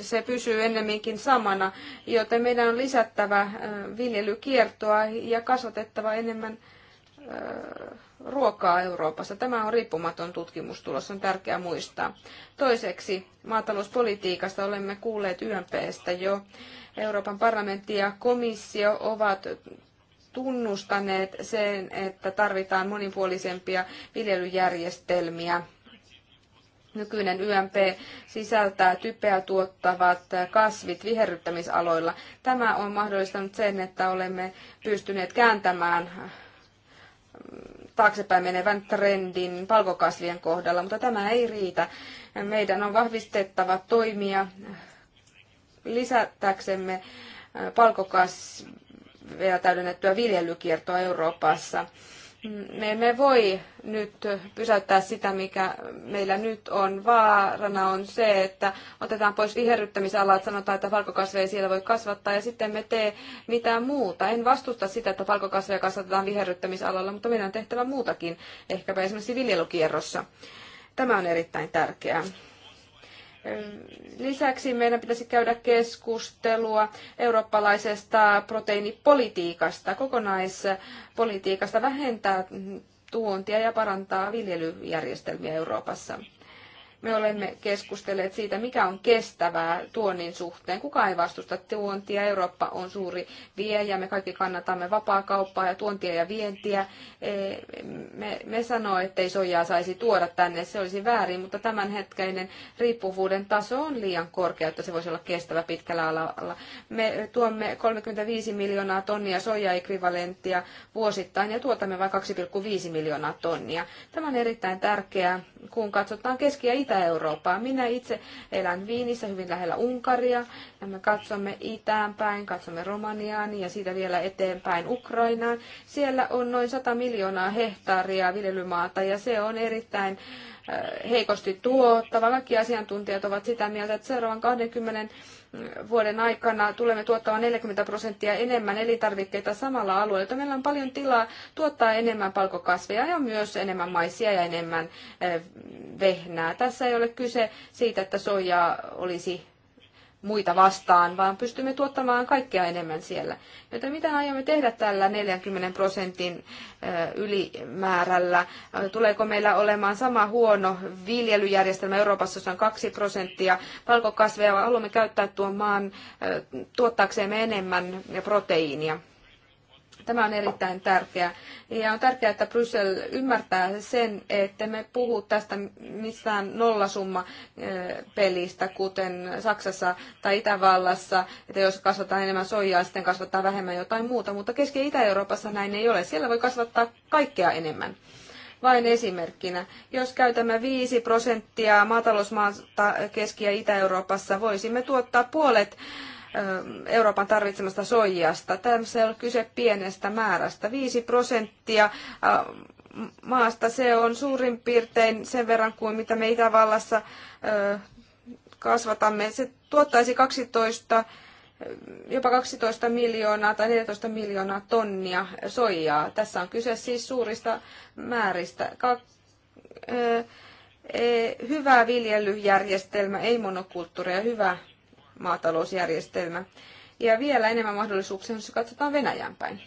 se pysyy ennemminkin samana, joten meidän on lisättävä viljelykiertoa ja kasvatettava enemmän ruokaa Euroopassa. Tämä on riippumaton tutkimustulos, on tärkeää muistaa. Toiseksi maatalouspolitiikasta olemme kuulleet YMPstä jo. Euroopan parlamentti ja komissio ovat tunnustaneet sen, että tarvitaan monipuolisempia viljelyjärjestelmiä Nykyinen YMP sisältää typeä tuottavat kasvit viherryttämisaloilla. Tämä on mahdollistanut sen, että olemme pystyneet kääntämään mm, taaksepäin menevän trendin palkokasvien kohdalla, mutta tämä ei riitä. Meidän on vahvistettava toimia lisätäksemme äh, palkokasveja täydennettyä viljelykiertoa Euroopassa. Me emme voi nyt pysäyttää sitä, mikä meillä nyt on. Vaarana on se, että otetaan pois viherryttämisalat, sanotaan, että valkokasveja ei siellä voi kasvattaa, ja sitten me tee mitään muuta. En vastusta sitä, että valkokasveja kasvatetaan viherryttämisalalla, mutta meidän on tehtävä muutakin, ehkäpä esimerkiksi viljelykierrossa. Tämä on erittäin tärkeää. Lisäksi meidän pitäisi käydä keskustelua eurooppalaisesta proteiinipolitiikasta, kokonaispolitiikasta, vähentää tuontia ja parantaa viljelyjärjestelmiä Euroopassa. Me olemme keskustelleet siitä, mikä on kestävää tuonnin suhteen. Kuka ei vastusta tuontia. Eurooppa on suuri viejä. Me kaikki kannatamme vapaa kauppaa ja tuontia ja vientiä. E, me, me sanoo, ei sojaa saisi tuoda tänne. Se olisi väärin, mutta tämänhetkeinen riippuvuuden taso on liian korkea, että se voisi olla kestävä pitkällä alalla. Me tuomme 35 miljoonaa tonnia soijaekvivalenttia vuosittain ja tuotamme vain 2,5 miljoonaa tonnia. Tämä on erittäin tärkeää, kun katsotaan Keski- ja Itä-Eurooppaa. Minä itse elän Viinissä hyvin lähellä Unkaria ja me katsomme itään päin, katsomme Romaniaan ja siitä vielä eteenpäin Ukrainaan. Siellä on noin 100 miljoonaa hehtaaria viljelymaata ja se on erittäin äh, heikosti tuottava. Kaikki asiantuntijat ovat sitä mieltä, että seuraavan 20 vuoden aikana tulemme tuottamaan 40 prosenttia enemmän elintarvikkeita samalla alueella. Meillä on paljon tilaa tuottaa enemmän palkokasveja ja myös enemmän maisia ja enemmän eh, vehnää. Tässä ei ole kyse siitä, että soijaa olisi muita vastaan, vaan pystymme tuottamaan kaikkea enemmän siellä. Joten mitä aiomme tehdä tällä 40 prosentin ylimäärällä? Tuleeko meillä olemaan sama huono viljelyjärjestelmä Euroopassa, jossa on 2 prosenttia valkokasveja, vai haluamme käyttää tuon maan tuottaaksemme enemmän proteiinia? Tämä on erittäin tärkeää. Ja on tärkeää, että Bryssel ymmärtää sen, että me puhu tästä mistään nollasumma eh, pelistä, kuten Saksassa tai Itävallassa, että jos kasvataan enemmän soijaa, sitten kasvattaa vähemmän jotain muuta, mutta Keski- ja Itä-Euroopassa näin ei ole. Siellä voi kasvattaa kaikkea enemmän vain esimerkkinä. Jos käytämme 5 prosenttia maatalousmaata Keski- ja Itä-Euroopassa, voisimme tuottaa puolet Euroopan tarvitsemasta soijasta. Tässä ei ole kyse pienestä määrästä. 5 prosenttia maasta se on suurin piirtein sen verran kuin mitä me Itävallassa kasvatamme. Se tuottaisi 12 jopa 12 miljoonaa tai 14 miljoonaa tonnia soijaa. Tässä on kyse siis suurista määristä. Ka- e, hyvä viljelyjärjestelmä, ei monokulttuuria, hyvä maatalousjärjestelmä. Ja vielä enemmän mahdollisuuksia, jos katsotaan Venäjän päin.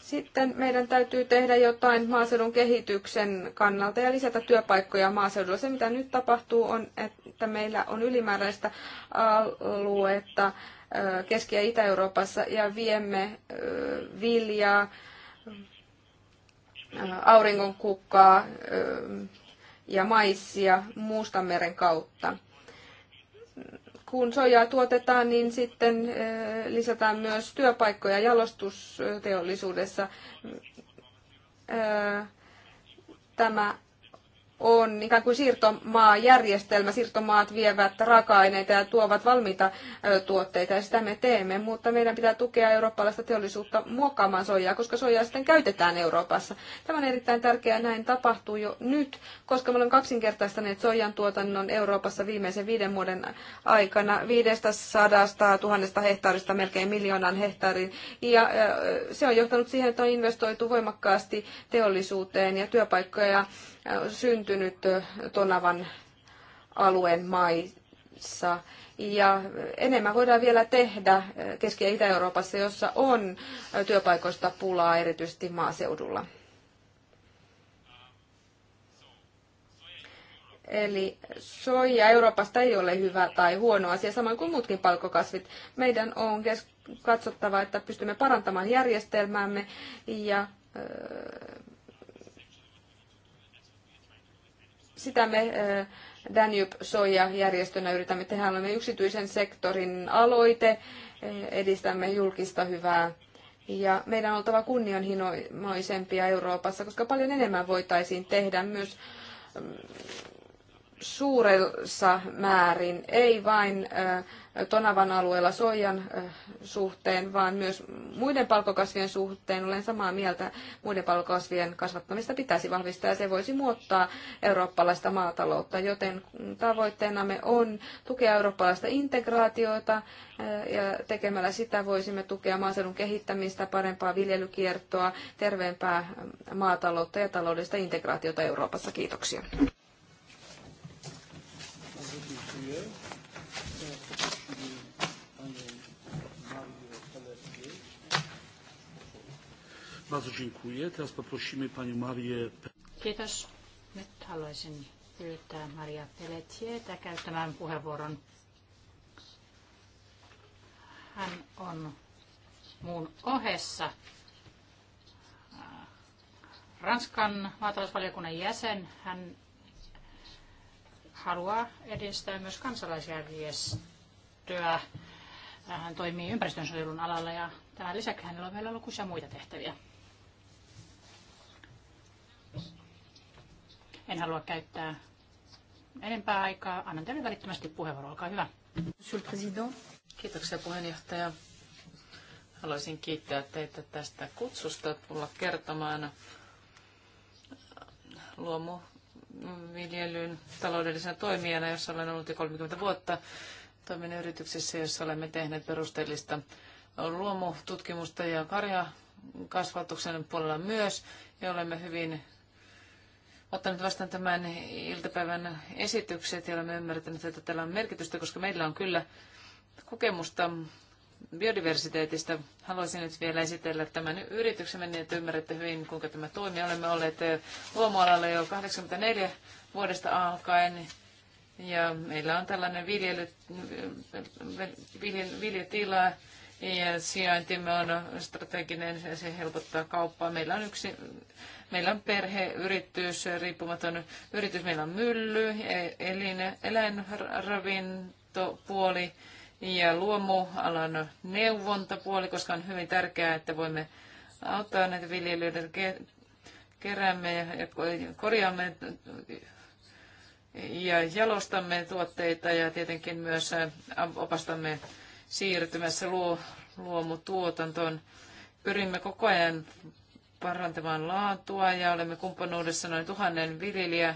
Sitten meidän täytyy tehdä jotain maaseudun kehityksen kannalta ja lisätä työpaikkoja maaseudulla. Se, mitä nyt tapahtuu, on, että meillä on ylimääräistä aluetta Keski- ja Itä-Euroopassa ja viemme viljaa, auringonkukkaa ja maissia Muustanmeren kautta kun soijaa tuotetaan, niin sitten lisätään myös työpaikkoja jalostusteollisuudessa. Tämä on ikään kuin siirtomaajärjestelmä. Siirtomaat vievät raaka-aineita ja tuovat valmiita tuotteita ja sitä me teemme, mutta meidän pitää tukea eurooppalaista teollisuutta muokkaamaan soijaa, koska soijaa sitten käytetään Euroopassa. Tämä on erittäin tärkeää, näin tapahtuu jo nyt, koska me olemme kaksinkertaistaneet soijan tuotannon Euroopassa viimeisen viiden vuoden aikana 500 000 hehtaarista melkein miljoonan hehtaarin. Ja se on johtanut siihen, että on investoitu voimakkaasti teollisuuteen ja työpaikkoja syntynyt Tonavan alueen maissa. Ja enemmän voidaan vielä tehdä Keski- ja Itä-Euroopassa, jossa on työpaikoista pulaa erityisesti maaseudulla. Eli soija Euroopasta ei ole hyvä tai huono asia, samoin kuin muutkin palkokasvit. Meidän on katsottava, että pystymme parantamaan järjestelmäämme ja sitä me Danube Soja järjestönä yritämme tehdä. Olemme yksityisen sektorin aloite, edistämme julkista hyvää ja meidän on oltava kunnianhimoisempia Euroopassa, koska paljon enemmän voitaisiin tehdä myös mm, suuressa määrin, ei vain äh, Tonavan alueella soijan suhteen, vaan myös muiden palkokasvien suhteen. Olen samaa mieltä, muiden palkokasvien kasvattamista pitäisi vahvistaa ja se voisi muuttaa eurooppalaista maataloutta, joten tavoitteenamme on tukea eurooppalaista integraatiota ja tekemällä sitä voisimme tukea maaseudun kehittämistä, parempaa viljelykiertoa, terveempää maataloutta ja taloudellista integraatiota Euroopassa. Kiitoksia. Bardzo dziękuję. Teraz poprosimy panią Marię. Kiitos. Nyt haluaisin pyytää Maria Peletietä käyttämään puheenvuoron. Hän on muun ohessa Ranskan maatalousvaliokunnan jäsen. Hän haluaa edistää myös kansalaisjärjestöä. Hän toimii ympäristönsuojelun alalla ja tämän lisäksi hänellä on vielä lukuisia muita tehtäviä. En halua käyttää enempää aikaa. Annan teille välittömästi puheenvuoro. Olkaa hyvä. Monsieur le Président. Kiitoksia puheenjohtaja. Haluaisin kiittää teitä tästä kutsusta tulla kertomaan luomuviljelyn taloudellisena toimijana, jossa olen ollut jo 30 vuotta. Toimin yrityksessä, jossa olemme tehneet perusteellista luomututkimusta ja karjakasvatuksen puolella myös, ja olemme hyvin ottanut vastaan tämän iltapäivän esitykset ja olemme ymmärtäneet, että tällä on merkitystä, koska meillä on kyllä kokemusta biodiversiteetistä. Haluaisin nyt vielä esitellä tämän yrityksemme niin, että ymmärrätte hyvin, kuinka tämä toimii. Olemme olleet luomualalla jo 84 vuodesta alkaen. Ja meillä on tällainen viljely, ja sijaintimme on strateginen, se helpottaa kauppaa. Meillä on yksi, meillä on perheyritys, riippumaton yritys, meillä on mylly, e- elin, eläinravintopuoli ja luomualan neuvontapuoli, koska on hyvin tärkeää, että voimme auttaa näitä viljelijöitä keräämme ja korjaamme ja jalostamme tuotteita ja tietenkin myös opastamme siirtymässä luo, luomutuotantoon. Pyrimme koko ajan parantamaan laatua ja olemme kumppanuudessa noin tuhannen viljelijä,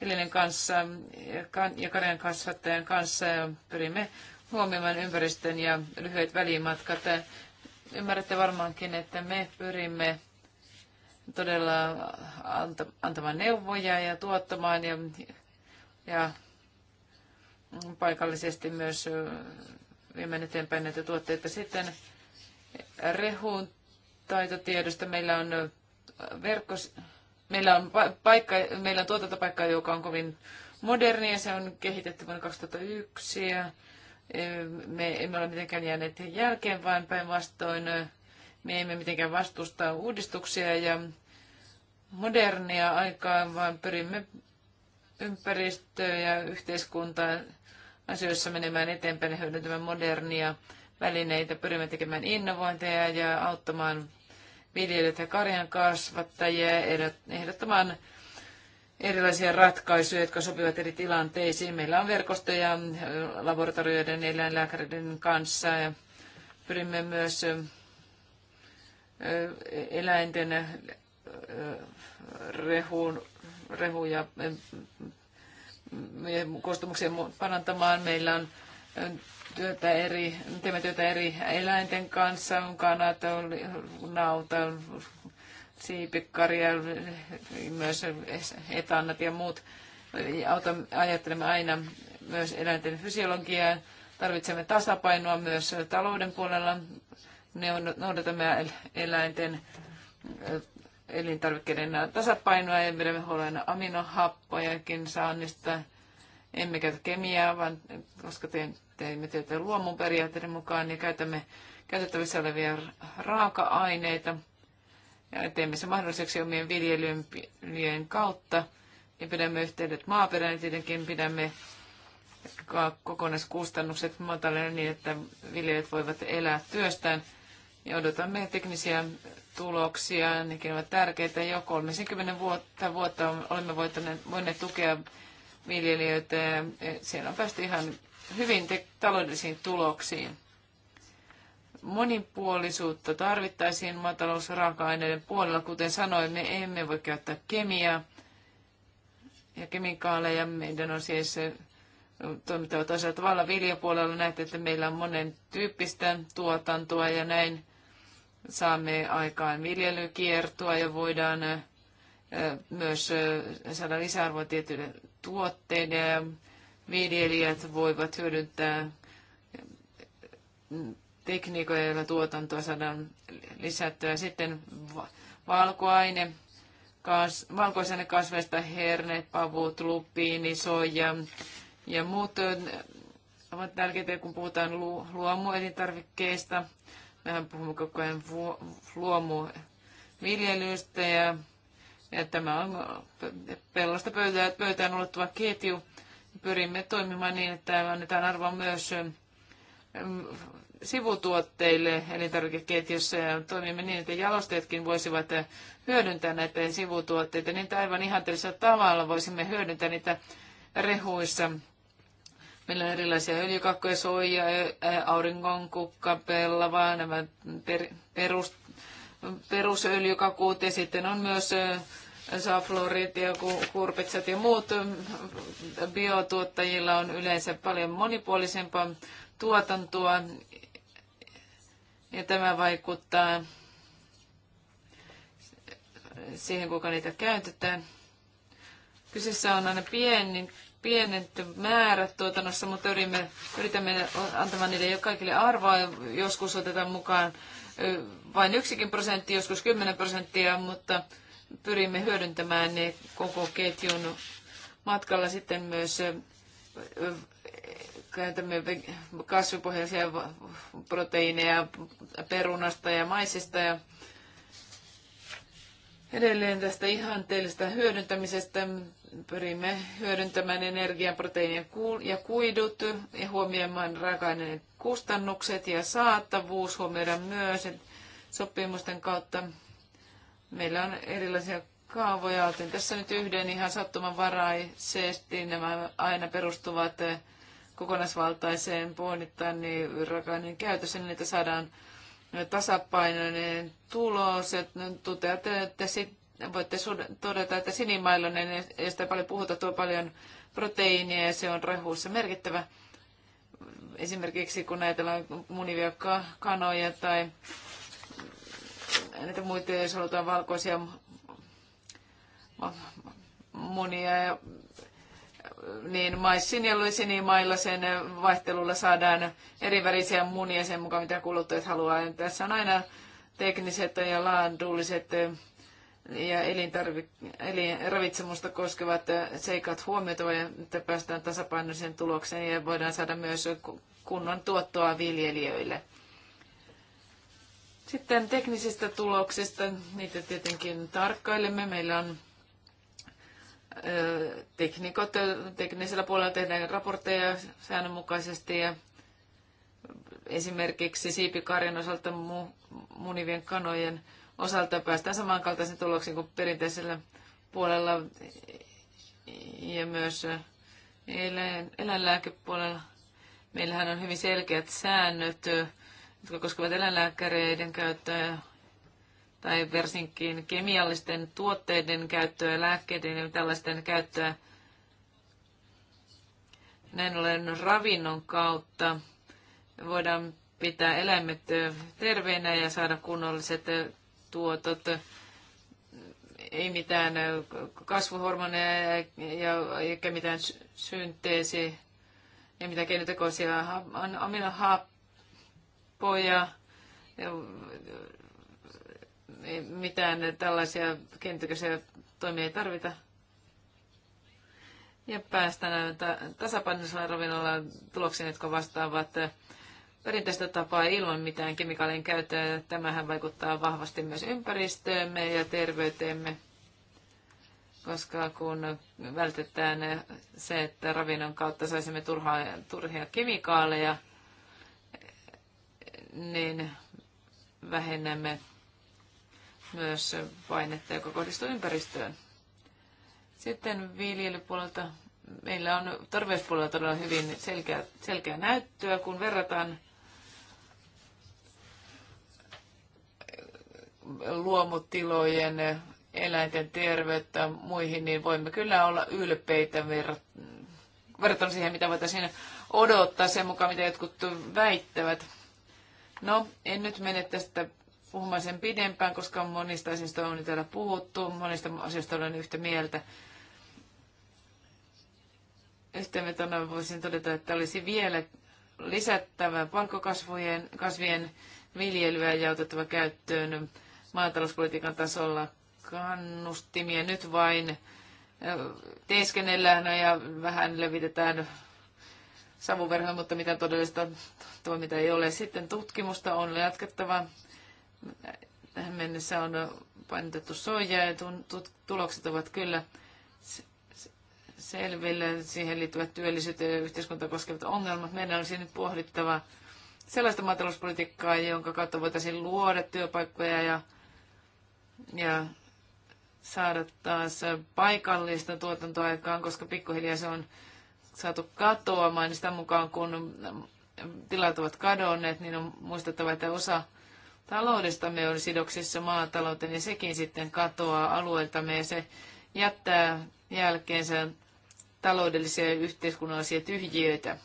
viljelijän kanssa ja karjan kasvattajan kanssa ja pyrimme huomioimaan ympäristön ja lyhyet välimatkat. Ymmärrätte varmaankin, että me pyrimme todella antamaan neuvoja ja tuottamaan ja, ja paikallisesti myös viemään eteenpäin näitä tuotteita. Sitten rehun taitotiedosta meillä on verkkos, meillä on paikka, meillä on tuotantopaikka, joka on kovin moderni ja se on kehitetty vuonna 2001 ja me emme ole mitenkään jääneet jälkeen, vaan päinvastoin me emme mitenkään vastusta uudistuksia ja modernia aikaa, vaan pyrimme ympäristöön ja yhteiskuntaa asioissa menemään eteenpäin ja hyödyntämään modernia välineitä. Pyrimme tekemään innovointeja ja auttamaan viljelijöitä ja karjan kasvattajia ehdottamaan erilaisia ratkaisuja, jotka sopivat eri tilanteisiin. Meillä on verkostoja laboratorioiden ja eläinlääkäreiden kanssa ja pyrimme myös eläinten rehuun, rehuja Mm, koostumuksen parantamaan. Meillä on työtä eri, teemme työtä eri eläinten kanssa, on kanat, on nauta, siipikkaria, myös etannat ja muut. Ajattelemme aina myös eläinten fysiologiaa. Tarvitsemme tasapainoa myös talouden puolella. Ne noudatamme eläinten elintarvikkeiden tasapainoa, ja meidän huolen aminohappojakin saannista, emme käytä kemiaa, vaan koska teemme työtä luomun periaatteiden mukaan, niin käytämme käytettävissä olevia raaka-aineita ja teemme se mahdolliseksi omien viljelyjen kautta ja pidämme yhteydet maaperään ja tietenkin pidämme kokonaiskustannukset matalina niin, että viljelijät voivat elää työstään. Ja odotamme teknisiä tuloksia, nekin ovat tärkeitä. Jo 30 vuotta, vuotta olemme voineet, voineet tukea viljelijöitä ja siellä on päästy ihan hyvin te- taloudellisiin tuloksiin. Monipuolisuutta tarvittaisiin maatalousraaka-aineiden puolella. Kuten sanoin, me emme voi käyttää kemiaa ja kemikaaleja. Meidän on siis toimittavat asiat tavalla viljapuolella. Näette, että meillä on monen tyyppistä tuotantoa ja näin saamme aikaan viljelykiertoa ja voidaan myös saada lisäarvoa tietyille tuotteille ja viljelijät voivat hyödyntää mm, tekniikoja, joilla tuotantoa saadaan lisättyä. Sitten valkoaine, kas, valkoisena kasveista herneet, pavut, lupiini, soja ja muut ovat tärkeitä, kun puhutaan luomuelintarvikkeista. Mehän puhumme koko ajan luomuviljelystä ja, ja tämä on pellosta pöytään, pöytään ulottuva ketju. Pyrimme toimimaan niin, että annetaan arvoa myös sivutuotteille elintarvikeketjussa ja toimimme niin, että jalosteetkin voisivat hyödyntää näitä sivutuotteita. Niitä aivan ihanteellisella tavalla voisimme hyödyntää niitä rehuissa Meillä on erilaisia öljykakkoja, soija, aurinkonkukka, pellava, nämä per, perus, perusöljykakut ja sitten on myös saflorit ja kurpitsat ja muut. Biotuottajilla on yleensä paljon monipuolisempaa tuotantoa ja tämä vaikuttaa siihen, kuinka niitä käytetään. Kyseessä on aina pieni pienenty määrät tuotannossa, mutta yritämme, yritämme antamaan niille jo kaikille arvoa. Joskus otetaan mukaan vain yksikin prosentti, joskus 10 prosenttia, mutta pyrimme hyödyntämään ne koko ketjun matkalla sitten myös käytämme kasvipohjaisia proteiineja perunasta ja maisista ja edelleen tästä ihanteellisesta hyödyntämisestä Pyrimme hyödyntämään energian, proteiinien ja kuidut ja huomioimaan raaka-aineen kustannukset ja saatavuus. Huomioidaan myös että sopimusten kautta. Meillä on erilaisia kaavoja. Otin tässä nyt yhden ihan sattumanvaraisesti. Nämä aina perustuvat kokonaisvaltaiseen pohdintaan niin raaka-aineen käytössä, niin että saadaan tasapainoinen tulos. Toteatte, että sitten voitte todeta, että sinimailonen, josta paljon puhuta, tuo paljon proteiinia ja se on rehussa merkittävä. Esimerkiksi kun ajatellaan munivia kanoja tai näitä muita, jos halutaan valkoisia munia, niin maissin ja sinimailla sen vaihtelulla saadaan erivärisiä munia sen mukaan, mitä kuluttajat haluaa. Ja tässä on aina tekniset ja laadulliset ja elintarvik- eli ravitsemusta koskevat äh, seikat huomioitava, että päästään tasapainoiseen tulokseen ja voidaan saada myös kunnon tuottoa viljelijöille. Sitten teknisistä tuloksista, niitä tietenkin tarkkailemme. Meillä on äh, teknikot, äh, teknisellä puolella tehdään raportteja säännönmukaisesti ja esimerkiksi siipikarjan osalta munivien kanojen osalta päästään samankaltaisen tuloksiin kuin perinteisellä puolella ja myös äh, eläinlääkepuolella. Meillähän on hyvin selkeät säännöt, äh, jotka koskevat eläinlääkäreiden käyttöä tai varsinkin kemiallisten tuotteiden käyttöä, lääkkeiden ja tällaisten käyttöä. Näin ollen ravinnon kautta voidaan pitää eläimet äh, terveinä ja saada kunnolliset tuotot, ei mitään kasvuhormoneja ja eikä mitään synteesi, ei mitään keinotekoisia aminohappoja, mitään tällaisia keinotekoisia toimia ei tarvita. Ja päästään tasapainoisella ravinnolla tuloksiin, jotka vastaavat perinteistä tapaa ilman mitään kemikaalien käyttöä. Tämähän vaikuttaa vahvasti myös ympäristöömme ja terveyteemme, koska kun vältetään se, että ravinnon kautta saisimme turhaa, turhia kemikaaleja, niin vähennämme myös painetta, joka kohdistuu ympäristöön. Sitten viljelypuolelta meillä on terveyspuolella todella hyvin selkeä, selkeä näyttöä, kun verrataan luomutilojen eläinten terveyttä muihin, niin voimme kyllä olla ylpeitä verrattuna siihen, mitä voitaisiin odottaa sen mukaan, mitä jotkut väittävät. No, en nyt mene tästä puhumaan sen pidempään, koska monista asioista on täällä puhuttu, monista asioista olen yhtä mieltä. Yhteenvetona voisin todeta, että olisi vielä lisättävä palkokasvien kasvien viljelyä ja otettava käyttöön maatalouspolitiikan tasolla kannustimia. Nyt vain teeskennellään ja vähän levitetään savuverhoja, mutta mitä todellista toimintaa ei ole. Sitten tutkimusta on jatkettava. Tähän mennessä on painotettu soijaa ja tulokset ovat kyllä selville. Siihen liittyvät työllisyyttä ja yhteiskuntaa koskevat ongelmat. Meidän olisi nyt pohdittava sellaista maatalouspolitiikkaa, jonka kautta voitaisiin luoda työpaikkoja ja ja saada taas paikallista tuotantoaikaan, koska pikkuhiljaa se on saatu katoamaan. Sitä mukaan, kun tilat ovat kadonneet, niin on muistettava, että osa taloudestamme on sidoksissa maatalouteen ja sekin sitten katoaa alueeltamme ja se jättää jälkeensä taloudellisia ja yhteiskunnallisia tyhjiöitä.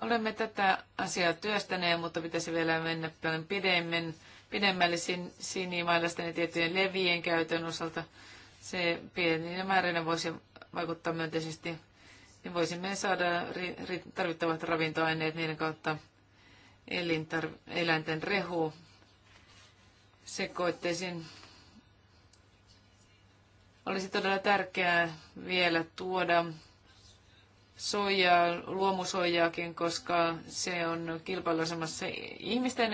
Olemme tätä asiaa työstäneet, mutta pitäisi vielä mennä paljon pidemmin pidemmälle sin, ja tiettyjen levien käytön osalta. Se pieninä määrinä voisi vaikuttaa myönteisesti, niin voisimme saada ri, ri, tarvittavat ravintoaineet niiden kautta elintar, eläinten rehu sekoitteisiin. Olisi todella tärkeää vielä tuoda soijaa, luomusoijaakin, koska se on kilpailuasemassa ihmisten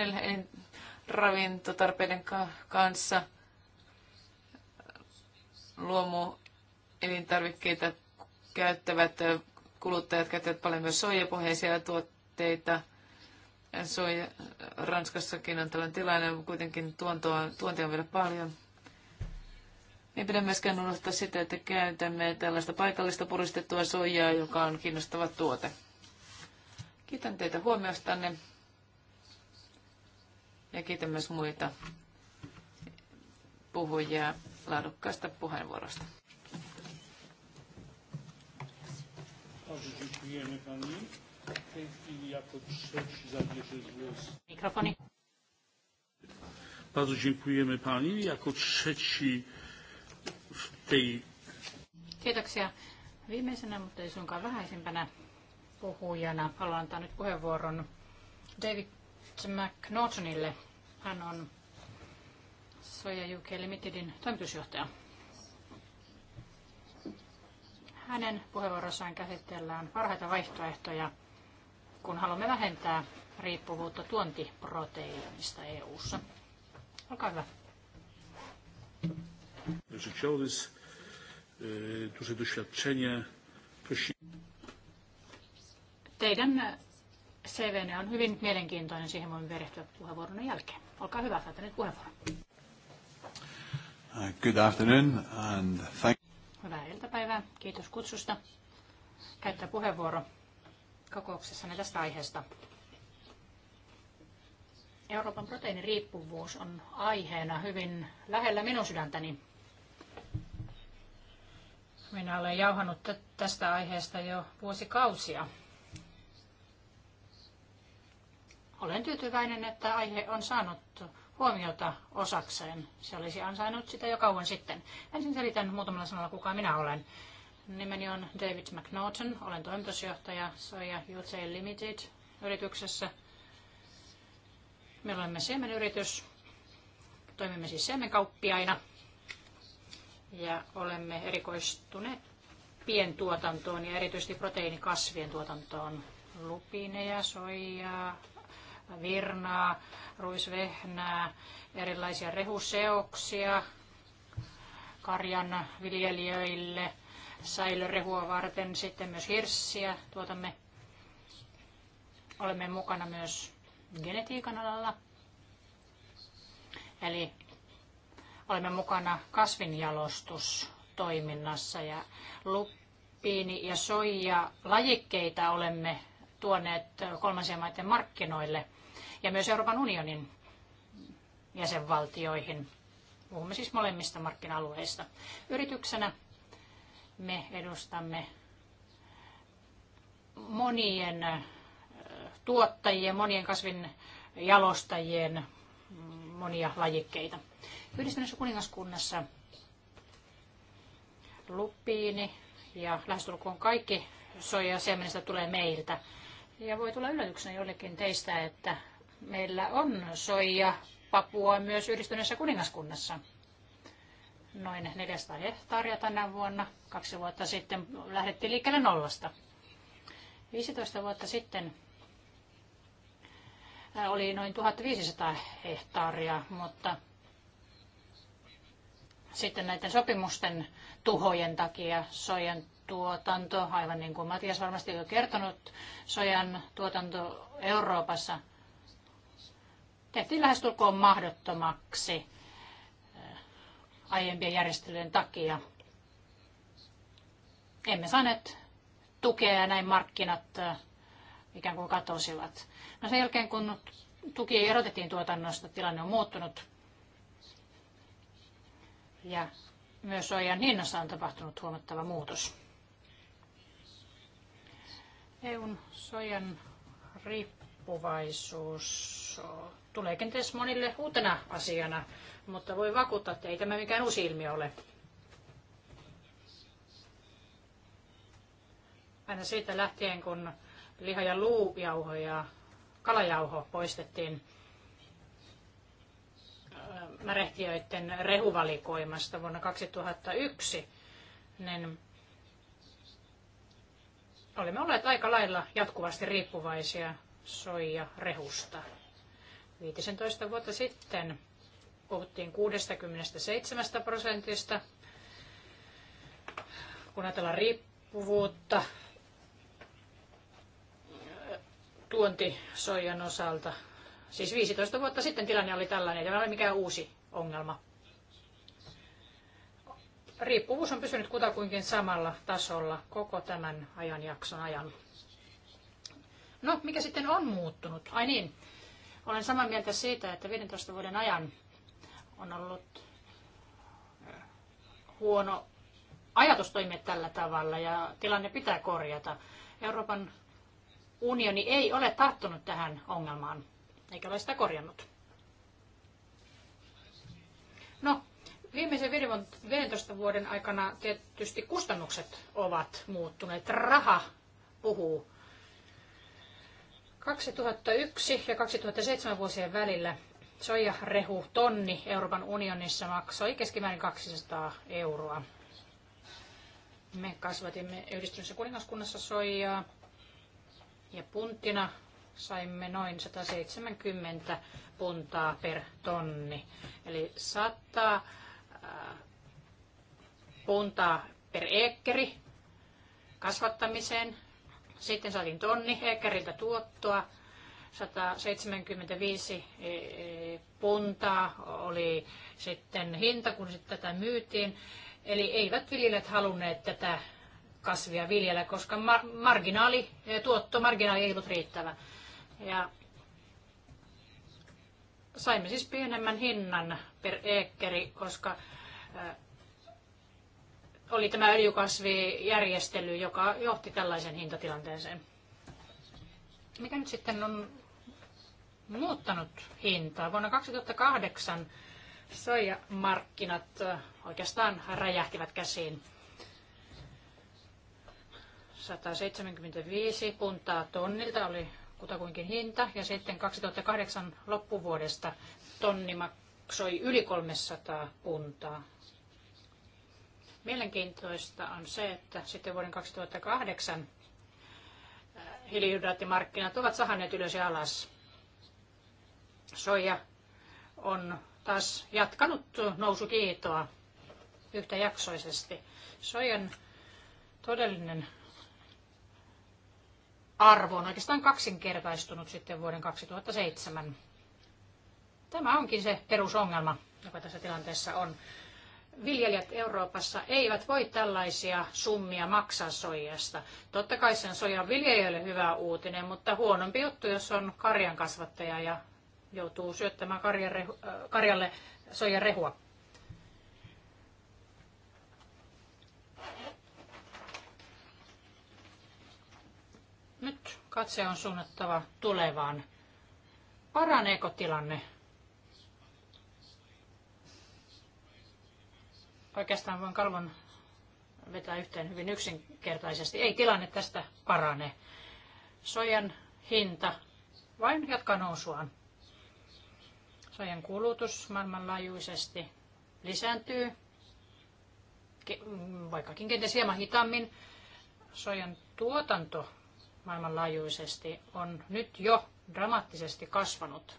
ravintotarpeiden kanssa. Luomu elintarvikkeita käyttävät kuluttajat käyttävät paljon myös soijapohjaisia tuotteita. Soija, Ranskassakin on tällainen tilanne, mutta kuitenkin tuontoa, tuontia on vielä paljon. Ei pidä myöskään unohtaa sitä, että käytämme tällaista paikallista puristettua soijaa, joka on kiinnostava tuote. Kiitän teitä huomiostanne ja kiitän myös muita puhujia laadukkaasta puheenvuorosta. Mikrofoni. Bardzo dziękujemy Pani. Jako trzeci w tej... Kiitoksia. Viimeisenä, mutta ei suinkaan vähäisimpänä puhujana haluan antaa nyt puheenvuoron David McNaughtonille. Hän on Soja UK Limitedin toimitusjohtaja. Hänen puheenvuorossaan käsitellään parhaita vaihtoehtoja, kun haluamme vähentää riippuvuutta tuontiproteiinista EU-ssa. Olkaa hyvä. E, Teidän CVN on hyvin mielenkiintoinen, siihen voimme perehtyä puheenvuoron jälkeen. Olkaa hyvä, saatte nyt puheenvuoron. Uh, good afternoon and thank Hyvää iltapäivää, kiitos kutsusta käyttää puheenvuoro kokouksessanne tästä aiheesta. Euroopan proteiiniriippuvuus on aiheena hyvin lähellä minun sydäntäni. Minä olen jauhannut tästä aiheesta jo vuosikausia. Olen tyytyväinen, että aihe on saanut huomiota osakseen. Se olisi ansainnut sitä jo kauan sitten. Ensin selitän muutamalla sanalla, kuka minä olen. Nimeni on David McNaughton, olen toimitusjohtaja Soja UTA Limited yrityksessä. Me olemme siemenyritys, toimimme siis siemenkauppiaina ja olemme erikoistuneet pientuotantoon ja erityisesti proteiinikasvien tuotantoon. Lupineja, soijaa, virnaa, ruisvehnää, erilaisia rehuseoksia karjan viljelijöille, säilörehua varten sitten myös hirssiä tuotamme. Olemme mukana myös genetiikan alalla. Eli olemme mukana kasvinjalostustoiminnassa ja luppiini- ja soija lajikkeita olemme tuoneet kolmansien maiden markkinoille – ja myös Euroopan unionin jäsenvaltioihin. Puhumme siis molemmista markkina-alueista. Yrityksenä me edustamme monien tuottajien, monien kasvin jalostajien monia lajikkeita. Yhdistyneessä kuningaskunnassa lupiini ja lähestulkoon kaikki soijasiemenestä tulee meiltä. Ja voi tulla yllätyksenä jollekin teistä, että Meillä on soija papua myös yhdistyneessä kuningaskunnassa. Noin 400 hehtaaria tänä vuonna. Kaksi vuotta sitten lähdettiin liikkeelle nollasta. 15 vuotta sitten äh, oli noin 1500 hehtaaria, mutta sitten näiden sopimusten tuhojen takia soijan tuotanto, aivan niin kuin Matias varmasti jo kertonut, sojan tuotanto Euroopassa tehtiin lähestulkoon mahdottomaksi eh, aiempien järjestelyjen takia. Emme saaneet tukea ja näin markkinat eh, ikään kuin katosivat. No sen jälkeen kun tuki erotettiin tuotannosta, tilanne on muuttunut. Ja myös ojan hinnassa on tapahtunut huomattava muutos. EUn sojan riippuvaisuus tulee kenties monille uutena asiana, mutta voi vakuuttaa, että ei tämä mikään uusi ilmiö ole. Aina siitä lähtien, kun liha- ja luujauho ja kalajauho poistettiin äh, märehtiöiden rehuvalikoimasta vuonna 2001, niin olemme olleet aika lailla jatkuvasti riippuvaisia soija rehusta. 15 vuotta sitten puhuttiin 67 prosentista. Kun ajatellaan riippuvuutta tuontisoijan osalta, siis 15 vuotta sitten tilanne oli tällainen, ei ole mikään uusi ongelma. Riippuvuus on pysynyt kutakuinkin samalla tasolla koko tämän ajanjakson ajan. No, mikä sitten on muuttunut? Ai niin, olen samaa mieltä siitä, että 15 vuoden ajan on ollut eh, huono ajatus toimia tällä tavalla ja tilanne pitää korjata. Euroopan unioni ei ole tarttunut tähän ongelmaan, eikä ole sitä korjannut. No, viimeisen 15 vuoden aikana tietysti kustannukset ovat muuttuneet. Raha puhuu 2001 ja 2007 vuosien välillä soijarehu tonni Euroopan unionissa maksoi keskimäärin 200 euroa. Me kasvatimme yhdistyneessä kuningaskunnassa soijaa ja puntina saimme noin 170 puntaa per tonni. Eli 100 äh, puntaa per eekkeri kasvattamiseen sitten saatiin tonni Ekkäriltä tuottoa. 175 e, e, puntaa oli sitten hinta, kun sitten tätä myytiin. Eli eivät viljelijät halunneet tätä kasvia viljellä, koska marginaali, e, tuotto, marginaali ei ollut riittävä. Ja saimme siis pienemmän hinnan per eekkeri, koska oli tämä öljykasvijärjestely, joka johti tällaisen hintatilanteeseen. Mikä nyt sitten on muuttanut hintaa? Vuonna 2008 soijamarkkinat äh, oikeastaan räjähtivät käsiin. 175 puntaa tonnilta oli kutakuinkin hinta ja sitten 2008 loppuvuodesta tonni maksoi yli 300 puntaa Mielenkiintoista on se, että sitten vuoden 2008 äh, hiilihydraattimarkkinat ovat sahanneet ylös ja alas. Soja on taas jatkanut nousukiitoa yhtäjaksoisesti. Sojan todellinen arvo on oikeastaan kaksinkertaistunut sitten vuoden 2007. Tämä onkin se perusongelma, joka tässä tilanteessa on viljelijät Euroopassa eivät voi tällaisia summia maksaa soijasta. Totta kai sen soijan viljelijöille hyvä uutinen, mutta huonompi juttu, jos on karjan kasvattaja ja joutuu syöttämään äh, karjalle soijan rehua. Nyt katse on suunnattava tulevaan. Paraneeko tilanne Oikeastaan voin kalvon vetää yhteen hyvin yksinkertaisesti. Ei tilanne tästä parane. Sojan hinta vain jatkaa nousuaan. Sojan kulutus maailmanlaajuisesti lisääntyy, vaikkakin kenties hieman hitaammin. Sojan tuotanto maailmanlaajuisesti on nyt jo dramaattisesti kasvanut.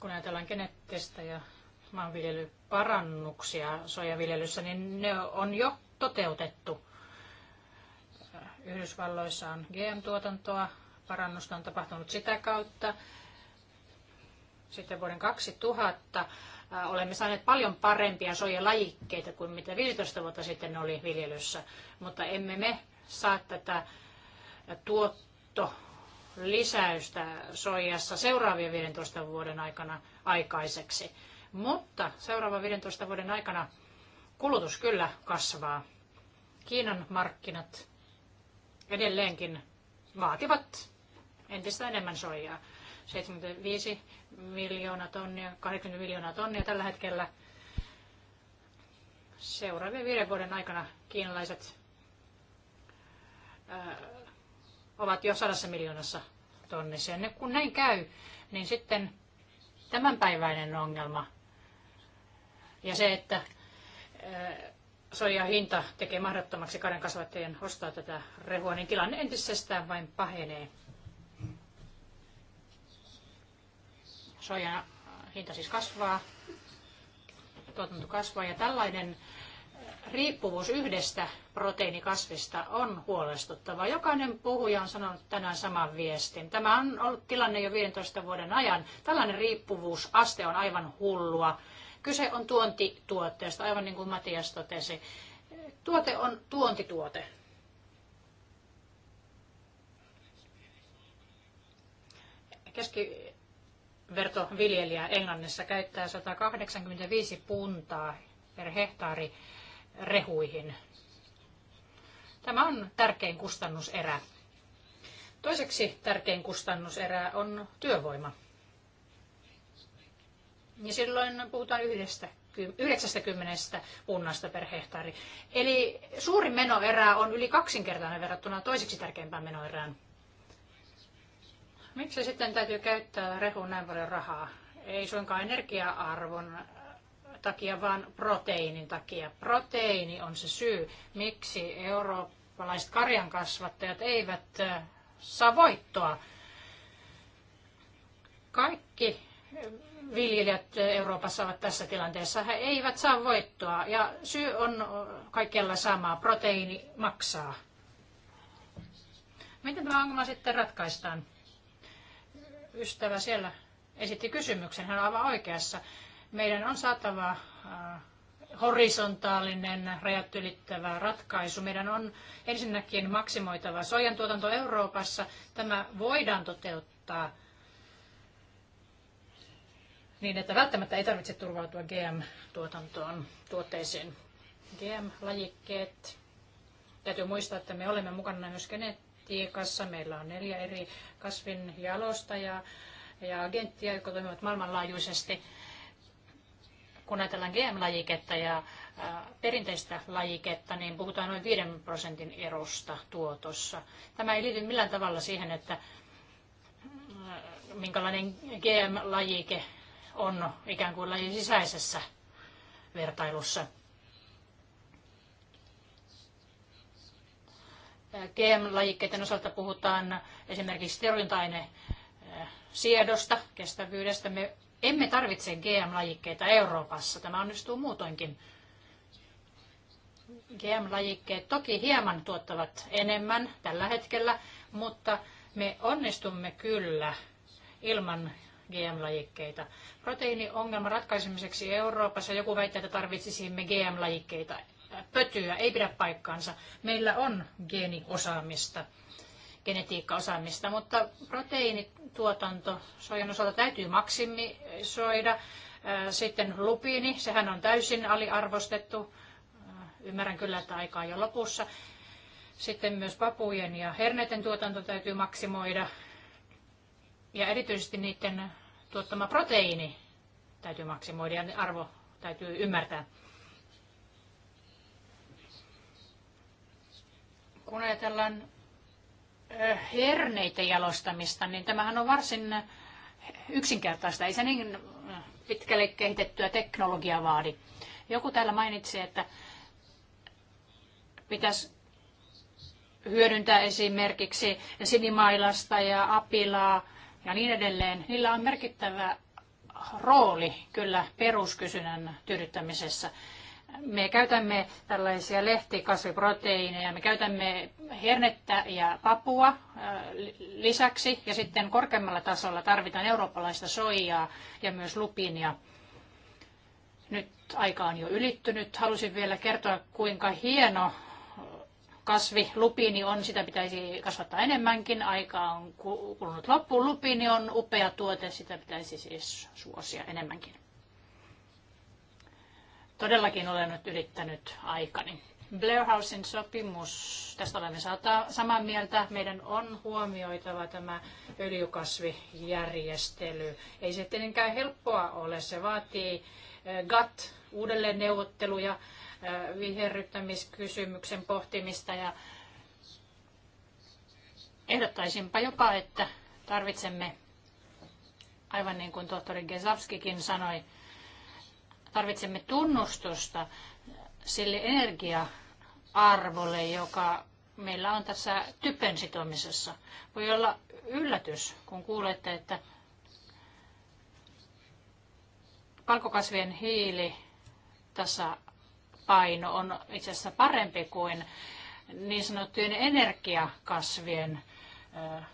Kun ajatellaan genettistä ja maanviljelyparannuksia sojaviljelyssä, niin ne on jo toteutettu. Yhdysvalloissa on GM-tuotantoa, parannusta on tapahtunut sitä kautta. Sitten vuoden 2000 äh, olemme saaneet paljon parempia soijalajikkeita kuin mitä 15 vuotta sitten oli viljelyssä, mutta emme me saa tätä tuotto lisäystä soijassa seuraavien 15 vuoden aikana aikaiseksi. Mutta seuraavan 15 vuoden aikana kulutus kyllä kasvaa. Kiinan markkinat edelleenkin vaativat entistä enemmän soijaa. 75 miljoonaa tonnia, 80 miljoonaa tonnia tällä hetkellä. Seuraavien viiden vuoden aikana kiinalaiset ovat jo sadassa miljoonassa tonnissa. Ja kun näin käy, niin sitten tämänpäiväinen ongelma ja se, että eh, soijan hinta tekee mahdottomaksi karjan kasvattajien ostaa tätä rehua, niin tilanne entisestään vain pahenee. Soijan hinta siis kasvaa, tuotanto kasvaa ja tällainen eh, riippuvuus yhdestä proteiinikasvista on huolestuttava. Jokainen puhuja on sanonut tänään saman viestin. Tämä on ollut tilanne jo 15 vuoden ajan. Tällainen riippuvuusaste on aivan hullua. Kyse on tuontituotteesta, aivan niin kuin Matias totesi. Tuote on tuontituote. Keskivertoviljelijä Englannissa käyttää 185 puntaa per hehtaari rehuihin. Tämä on tärkein kustannuserä. Toiseksi tärkein kustannuserä on työvoima niin silloin puhutaan yhdestä 90 punnasta per hehtaari. Eli suurin menoerä on yli kaksinkertainen verrattuna toiseksi tärkeimpään menoerään. Miksi sitten täytyy käyttää rehuun näin paljon rahaa? Ei suinkaan energia-arvon takia, vaan proteiinin takia. Proteiini on se syy, miksi eurooppalaiset karjankasvattajat eivät saa voittoa. Kaikki viljelijät Euroopassa ovat tässä tilanteessa. He eivät saa voittoa ja syy on kaikella sama. Proteiini maksaa. Miten tämä ongelma sitten ratkaistaan? Ystävä siellä esitti kysymyksen. Hän on aivan oikeassa. Meidän on saatava horisontaalinen, rajat ylittävä ratkaisu. Meidän on ensinnäkin maksimoitava soijan tuotanto Euroopassa. Tämä voidaan toteuttaa niin että välttämättä ei tarvitse turvautua GM-tuotantoon tuotteisiin. GM-lajikkeet. Täytyy muistaa, että me olemme mukana myös genetiikassa. Meillä on neljä eri kasvin jalostajaa ja agenttia, jotka toimivat maailmanlaajuisesti. Kun ajatellaan GM-lajiketta ja perinteistä lajiketta, niin puhutaan noin 5 prosentin erosta tuotossa. Tämä ei liity millään tavalla siihen, että minkälainen GM-lajike on ikään kuin lajin sisäisessä vertailussa. GM-lajikkeiden osalta puhutaan esimerkiksi torjunta-aine eh, siedosta, kestävyydestä. Me emme tarvitse GM-lajikkeita Euroopassa. Tämä onnistuu muutoinkin. GM-lajikkeet toki hieman tuottavat enemmän tällä hetkellä, mutta me onnistumme kyllä ilman GM-lajikkeita. Proteiiniongelman ratkaisemiseksi Euroopassa joku väittää, että tarvitsisimme GM-lajikkeita. Pötyä ei pidä paikkaansa. Meillä on geeniosaamista genetiikkaosaamista, mutta proteiinituotanto soijan osalta täytyy maksimisoida. Äh, sitten lupiini, sehän on täysin aliarvostettu. Äh, ymmärrän kyllä, että aika on jo lopussa. Sitten myös papujen ja herneiden tuotanto täytyy maksimoida. Ja erityisesti niiden tuottama proteiini täytyy maksimoida ja arvo täytyy ymmärtää. Kun ajatellaan herneiden jalostamista, niin tämähän on varsin yksinkertaista. Ei se niin pitkälle kehitettyä teknologiaa vaadi. Joku täällä mainitsi, että pitäisi hyödyntää esimerkiksi sinimailasta ja apilaa ja niin edelleen, niillä on merkittävä rooli kyllä peruskysynnän tyydyttämisessä. Me käytämme tällaisia lehtikasviproteiineja, me käytämme hernettä ja papua äh, lisäksi ja sitten korkeammalla tasolla tarvitaan eurooppalaista soijaa ja myös lupinia. Nyt aika on jo ylittynyt. Halusin vielä kertoa, kuinka hieno kasvi, lupiini on, sitä pitäisi kasvattaa enemmänkin, aika on kulunut loppuun, lupiini on upea tuote, sitä pitäisi siis suosia enemmänkin. Todellakin olen nyt yrittänyt aikani. Housein sopimus, tästä olemme samaa mieltä, meidän on huomioitava tämä öljykasvijärjestely. Ei se tietenkään helppoa ole, se vaatii eh, GATT uudelleen neuvotteluja, viherryttämiskysymyksen pohtimista ja ehdottaisinpa jopa, että tarvitsemme, aivan niin kuin tohtori Gesavskikin sanoi, tarvitsemme tunnustusta sille energia-arvolle, joka meillä on tässä typen sitomisessa. Voi olla yllätys, kun kuulette, että palkokasvien hiili tasa Paino on itse asiassa parempi kuin niin sanottujen energiakasvien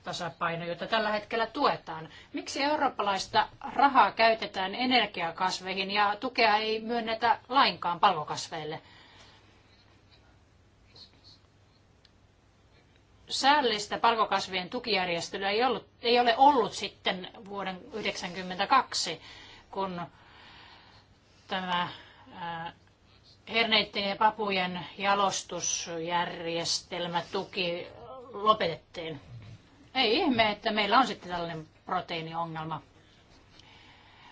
tasapaino, jota tällä hetkellä tuetaan. Miksi eurooppalaista rahaa käytetään energiakasveihin ja tukea ei myönnetä lainkaan palkokasveille? säällistä palkokasvien tukijärjestelyä ei, ollut, ei ole ollut sitten vuoden 1992, kun tämä ää, herneiden ja papujen jalostusjärjestelmä tuki lopetettiin. Ei ihme, että meillä on sitten tällainen proteiiniongelma.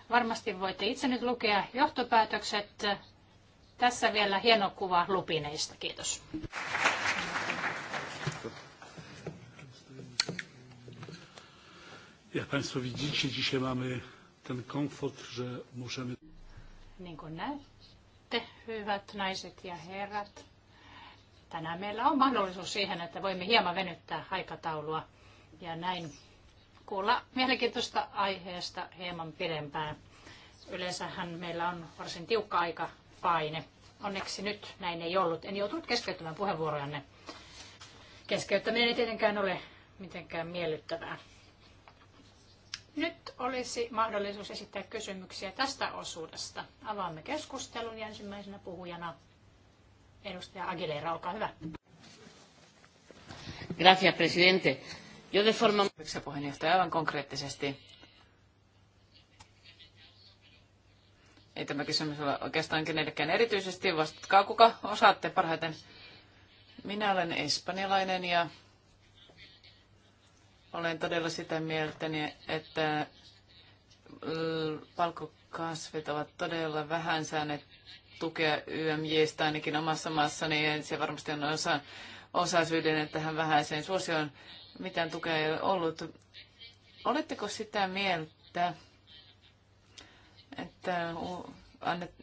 Varmasti voitte itse nyt lukea johtopäätökset. Tässä vielä hieno kuva lupineista. Kiitos. Jak Państwo widzicie, dzisiaj mamy ten komfort, że możemy... Niin kuin näette olette, hyvät naiset ja herrat. Tänään meillä on mahdollisuus siihen, että voimme hieman venyttää aikataulua ja näin kuulla mielenkiintoista aiheesta hieman pidempään. Yleensähän meillä on varsin tiukka aika paine. Onneksi nyt näin ei ollut. En joutunut keskeyttämään puheenvuorojanne. Keskeyttäminen ei tietenkään ole mitenkään miellyttävää. Nyt olisi mahdollisuus esittää kysymyksiä tästä osuudesta. Avaamme keskustelun ja ensimmäisenä puhujana edustaja Aguilera, olkaa hyvä. Gracias, presidente. Yo de forma... puheenjohtaja aivan konkreettisesti. Ei tämä kysymys ole oikeastaan kenellekään erityisesti, vastatkaa kuka osaatte parhaiten. Minä olen espanjalainen ja olen todella sitä mieltä, niin, että palkkokasvit ovat todella vähän saaneet tukea YMJstä ainakin omassa maassani, ja se varmasti on osa, osa syyden tähän vähäiseen suosioon. Mitään tukea ei ole ollut. Oletteko sitä mieltä, että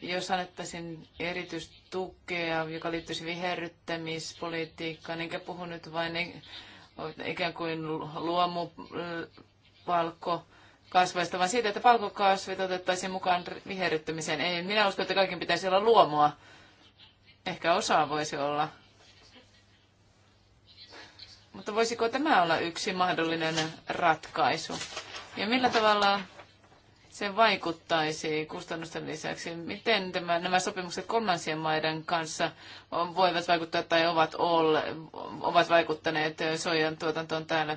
jos annettaisiin erityistukea, joka liittyisi viherryttämispolitiikkaan, enkä puhu nyt vain ikään kuin luomupalkko kasveista, vaan siitä, että palkokasvit otettaisiin mukaan viherryttämiseen. Ei, minä uskon, että kaiken pitäisi olla luomua. Ehkä osa voisi olla. Mutta voisiko tämä olla yksi mahdollinen ratkaisu? Ja millä tavalla se vaikuttaisi kustannusten lisäksi? Miten tämä, nämä sopimukset kolmansien maiden kanssa voivat vaikuttaa tai ovat, olle, ovat vaikuttaneet soijan tuotantoon täällä?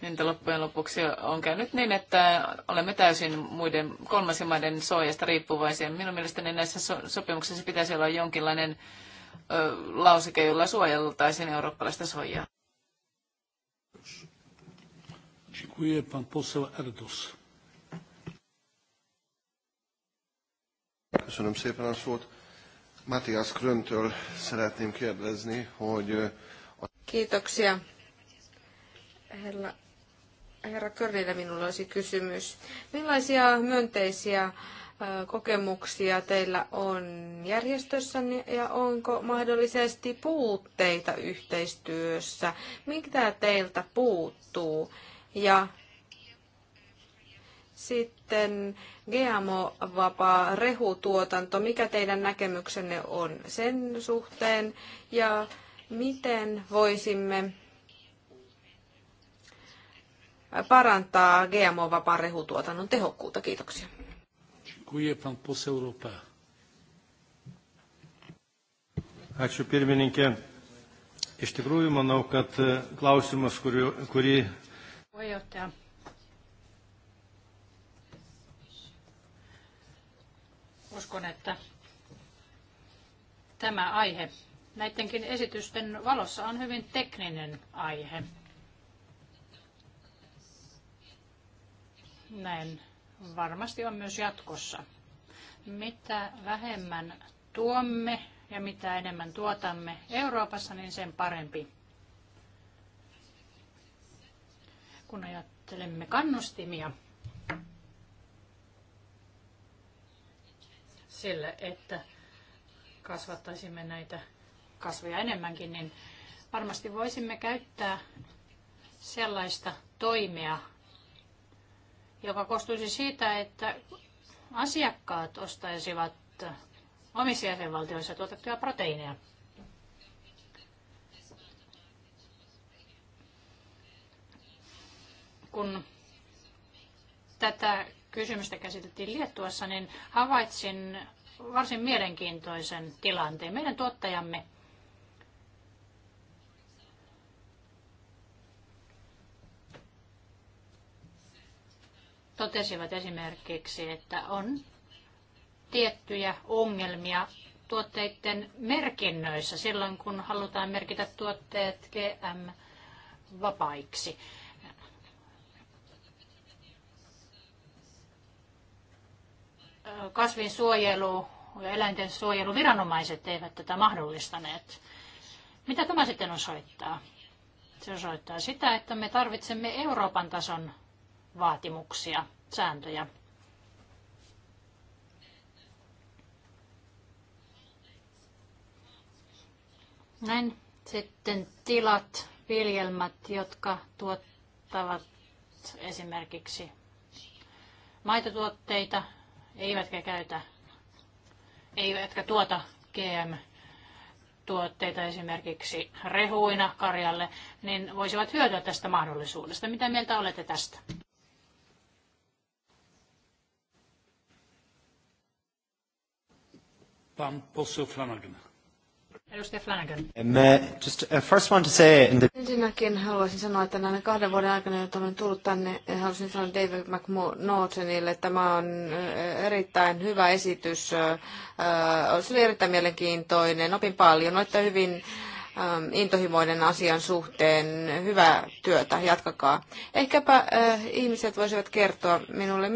Niin, Entä loppujen lopuksi on käynyt niin, että olemme täysin muiden kolmansien maiden soijasta riippuvaisia. Minun mielestäni näissä so- sopimuksissa pitäisi olla jonkinlainen ö, lausike, jolla suojeltaisiin eurooppalaista soijaa. Dziękuję. Pan poseł Erdos. Köszönöm szépen a szót. Matthias Kröntől szeretném kérdezni, hogy... Kiitoksia. Herra, herra Körlille minulla olisi kysymys. Millaisia myönteisiä kokemuksia teillä on järjestössä ja onko mahdollisesti puutteita yhteistyössä? Mitä teiltä puuttuu? Ja sitten GMO-vapaa rehutuotanto, mikä teidän näkemyksenne on sen suhteen ja miten voisimme parantaa gmo vapaa rehutuotannon tehokkuutta? Kiitoksia. Ačiū pirmininkė. Iš tikrųjų, manau, kad e, klausimas, kurį Puheenjohtaja. Uskon, että tämä aihe näidenkin esitysten valossa on hyvin tekninen aihe. Näin varmasti on myös jatkossa. Mitä vähemmän tuomme ja mitä enemmän tuotamme Euroopassa, niin sen parempi. kun ajattelemme kannustimia sille, että kasvattaisimme näitä kasveja enemmänkin, niin varmasti voisimme käyttää sellaista toimea, joka koostuisi siitä, että asiakkaat ostaisivat omissa jäsenvaltioissa tuotettuja proteiineja. kun tätä kysymystä käsiteltiin Liettuassa, niin havaitsin varsin mielenkiintoisen tilanteen. Meidän tuottajamme totesivat esimerkiksi, että on tiettyjä ongelmia tuotteiden merkinnöissä silloin, kun halutaan merkitä tuotteet GM-vapaiksi. kasvinsuojelu ja eläinten suojeluviranomaiset eivät tätä mahdollistaneet. Mitä tämä sitten osoittaa? Se osoittaa sitä, että me tarvitsemme Euroopan tason vaatimuksia, sääntöjä. Näin sitten tilat, viljelmät, jotka tuottavat esimerkiksi maitotuotteita, eivätkä käytä, eivätkä tuota GM-tuotteita esimerkiksi rehuina karjalle, niin voisivat hyötyä tästä mahdollisuudesta. Mitä mieltä olette tästä? Pan poseł Flanagan. Edustaja Flanagan. Um, uh, just, uh, first one to say the... Ensinnäkin haluaisin sanoa, että näiden kahden vuoden aikana, jota olen tullut tänne, eh, haluaisin sanoa David McNaughtonille, että tämä on eh, erittäin hyvä esitys. Eh, se oli erittäin mielenkiintoinen, opin paljon, olette hyvin Ähm, Intohimoiden asian suhteen. Hyvää työtä, jatkakaa. Ehkäpä äh, ihmiset voisivat kertoa minulle,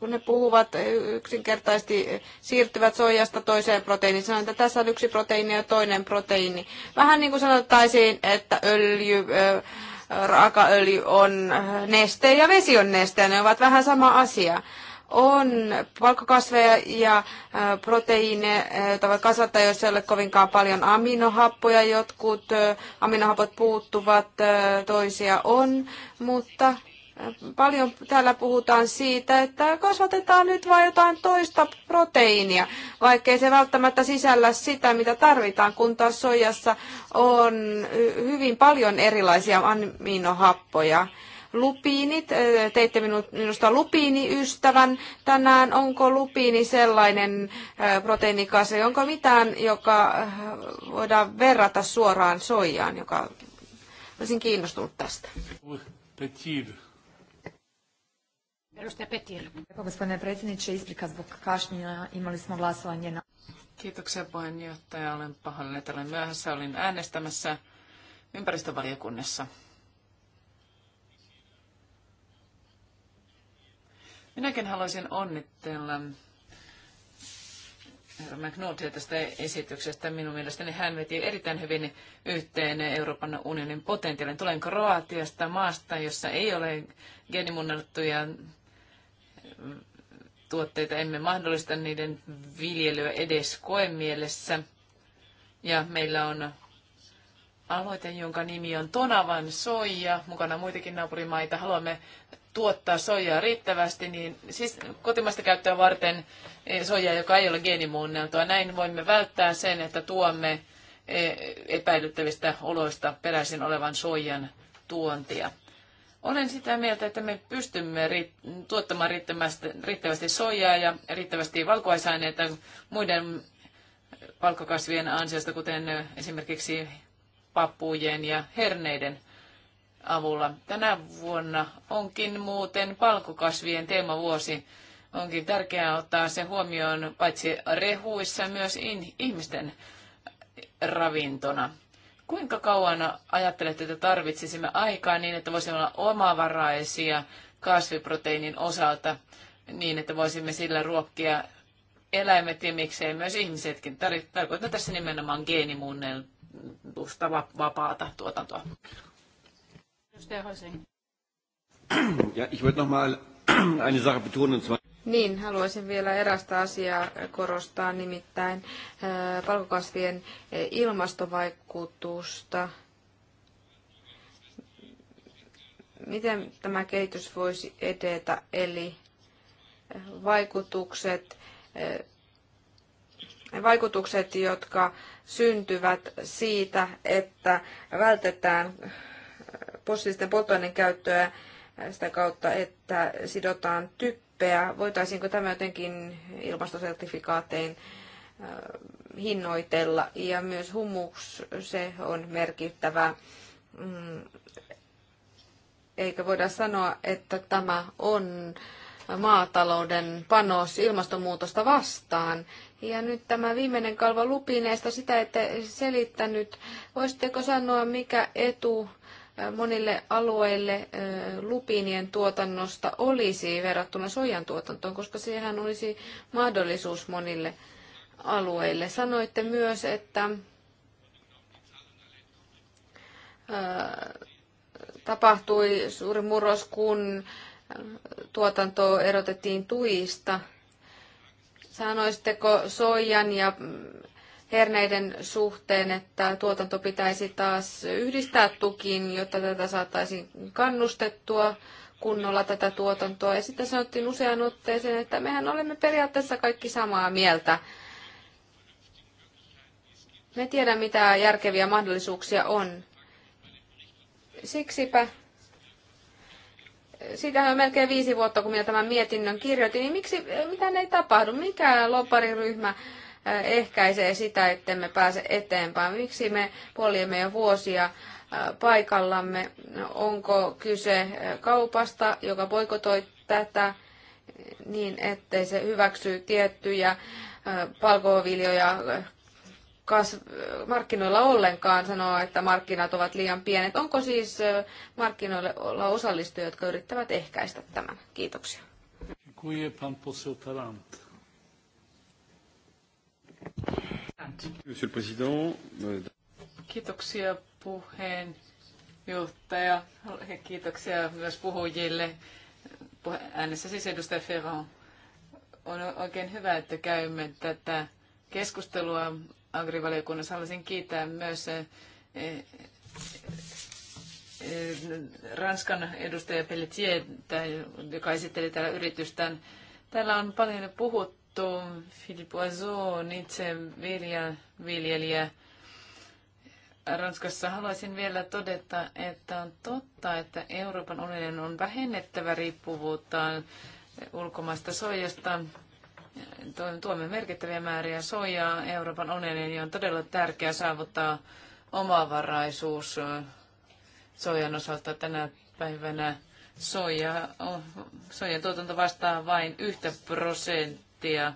kun ne puhuvat äh, yksinkertaisesti, äh, siirtyvät soijasta toiseen proteiiniin. Sanoin, että tässä on yksi proteiini ja toinen proteiini. Vähän niin kuin sanottaisiin, että öljy, raakaöljy on neste ja vesi on neste, ja ne ovat vähän sama asia on palkkakasveja ja äh, proteiineja, joita äh, voi kasvattaa, jos ei ole kovinkaan paljon aminohappoja. Jotkut äh, aminohapot puuttuvat, toisia on, mutta paljon täällä puhutaan siitä, että kasvatetaan nyt vain jotain toista proteiinia, vaikkei se välttämättä sisällä sitä, mitä tarvitaan, kun taas soijassa on hyvin paljon erilaisia aminohappoja lupiinit. Teitte minusta lupiiniystävän tänään. Onko lupiini sellainen proteiinikasvi? Onko mitään, joka voidaan verrata suoraan soijaan, joka olisin kiinnostunut tästä. Petir. Edustaja Petir. Kiitoksia puheenjohtaja. Olen pahoillani, että olen myöhässä. Olin äänestämässä ympäristövaliokunnassa. Minäkin haluaisin onnitella herra McNultia tästä esityksestä. Minun mielestäni hän veti erittäin hyvin yhteen Euroopan unionin potentiaalin. Tulen Kroatiasta, maasta, jossa ei ole geenimunnattuja tuotteita. Emme mahdollista niiden viljelyä edes koemielessä. Ja meillä on aloite, jonka nimi on Tonavan soija, mukana muitakin naapurimaita. Haluamme tuottaa soijaa riittävästi, niin siis kotimaista käyttöä varten eh, soijaa, joka ei ole geenimuunneltua. Näin voimme välttää sen, että tuomme eh, epäilyttävistä oloista peräisin olevan soijan tuontia. Olen sitä mieltä, että me pystymme tuottamaan riittävästi soijaa ja riittävästi valkuaisaineita muiden valkokasvien ansiosta, kuten eh, esimerkiksi papujen ja herneiden avulla. Tänä vuonna onkin muuten palkokasvien teemavuosi. Onkin tärkeää ottaa se huomioon paitsi rehuissa myös ihmisten ravintona. Kuinka kauan ajattelette, että tarvitsisimme aikaa niin, että voisimme olla omavaraisia kasviproteiinin osalta niin, että voisimme sillä ruokkia eläimet ja miksei myös ihmisetkin. Tarkoitan tässä nimenomaan geenimuunnelusta vapaata tuotantoa. Ja, ich würde noch mal eine Sache betonen, und zwar niin, haluaisin vielä erästä asiaa korostaa, nimittäin äh, palkokasvien äh, ilmastovaikutusta. Miten tämä kehitys voisi edetä, eli äh, vaikutukset, vaikutukset, jotka syntyvät siitä, että vältetään fossiilisten polttoaineen käyttöä äh, sitä kautta, että sidotaan typpeä. Voitaisiinko tämä jotenkin ilmastosertifikaatein äh, hinnoitella? Ja myös hummus, se on merkittävä. Mm, eikä voida sanoa, että tämä on maatalouden panos ilmastonmuutosta vastaan. Ja nyt tämä viimeinen kalva lupineesta, sitä että selittänyt. Voisitteko sanoa, mikä etu monille alueille lupiinien tuotannosta olisi verrattuna soijan tuotantoon, koska siihen olisi mahdollisuus monille alueille. Sanoitte myös, että tapahtui suuri murros, kun tuotanto erotettiin tuista. Sanoisitteko soijan ja herneiden suhteen, että tuotanto pitäisi taas yhdistää tukiin, jotta tätä saataisiin kannustettua kunnolla tätä tuotantoa. Ja sitten sanottiin usean otteeseen, että mehän olemme periaatteessa kaikki samaa mieltä. Me tiedämme, mitä järkeviä mahdollisuuksia on. Siksipä siitä on melkein viisi vuotta, kun minä tämän mietinnön kirjoitin, niin miksi, mitä ei tapahdu? Mikä lobariryhmä ehkäisee sitä, että me pääse eteenpäin. Miksi me poljemme jo vuosia paikallamme? Onko kyse kaupasta, joka poikotoi tätä niin, ettei se hyväksy tiettyjä palkoviljoja kas, markkinoilla ollenkaan sanoo, että markkinat ovat liian pienet. Onko siis markkinoille olla osallistujia, jotka yrittävät ehkäistä tämän? Kiitoksia. Dziękuję pan Tarant. Kiitoksia puheenjohtaja ja kiitoksia myös puhujille. Äänessä siis edustaja Ferron. On oikein hyvä, että käymme tätä keskustelua agrivaliokunnassa. Haluaisin kiittää myös eh, eh, Ranskan edustaja Pelletier, joka esitteli täällä yritystään. Täällä on paljon puhuttu sanottu, Philippe Oiseau Nietzsche, vilja, viljelijä Ranskassa. Haluaisin vielä todeta, että on totta, että Euroopan unionin on vähennettävä riippuvuuttaan ulkomaista soijasta. Tuomme merkittäviä määriä soijaa Euroopan unionin ja on todella tärkeää saavuttaa omavaraisuus soijan osalta tänä päivänä soija, soijan tuotanto vastaa vain yhtä prosenttia prosenttia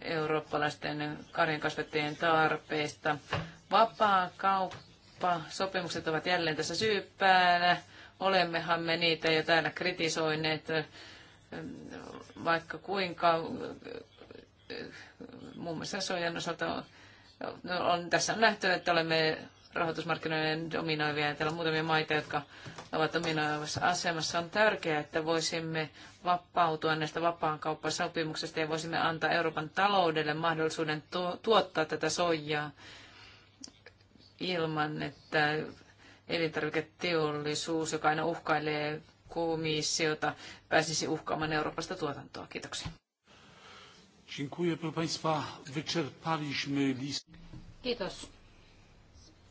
eurooppalaisten karjankasvattajien tarpeista. Vapaa kauppa, sopimukset ovat jälleen tässä syypäänä. Olemmehan me niitä jo täällä kritisoineet, vaikka kuinka muun muassa sojan osalta on, tässä on nähty, että olemme rahoitusmarkkinoiden dominoivia. Täällä on muutamia maita, jotka ovat dominoivassa asemassa. On tärkeää, että voisimme vapautua näistä vapaankauppasopimuksista ja voisimme antaa Euroopan taloudelle mahdollisuuden tuottaa tätä soijaa ilman, että elintarviketeollisuus, joka aina uhkailee komissiota, pääsisi uhkaamaan Euroopasta tuotantoa. Kiitoksia. Dziękuję, proszę Państwa. Wyczerpaliśmy Kiitos.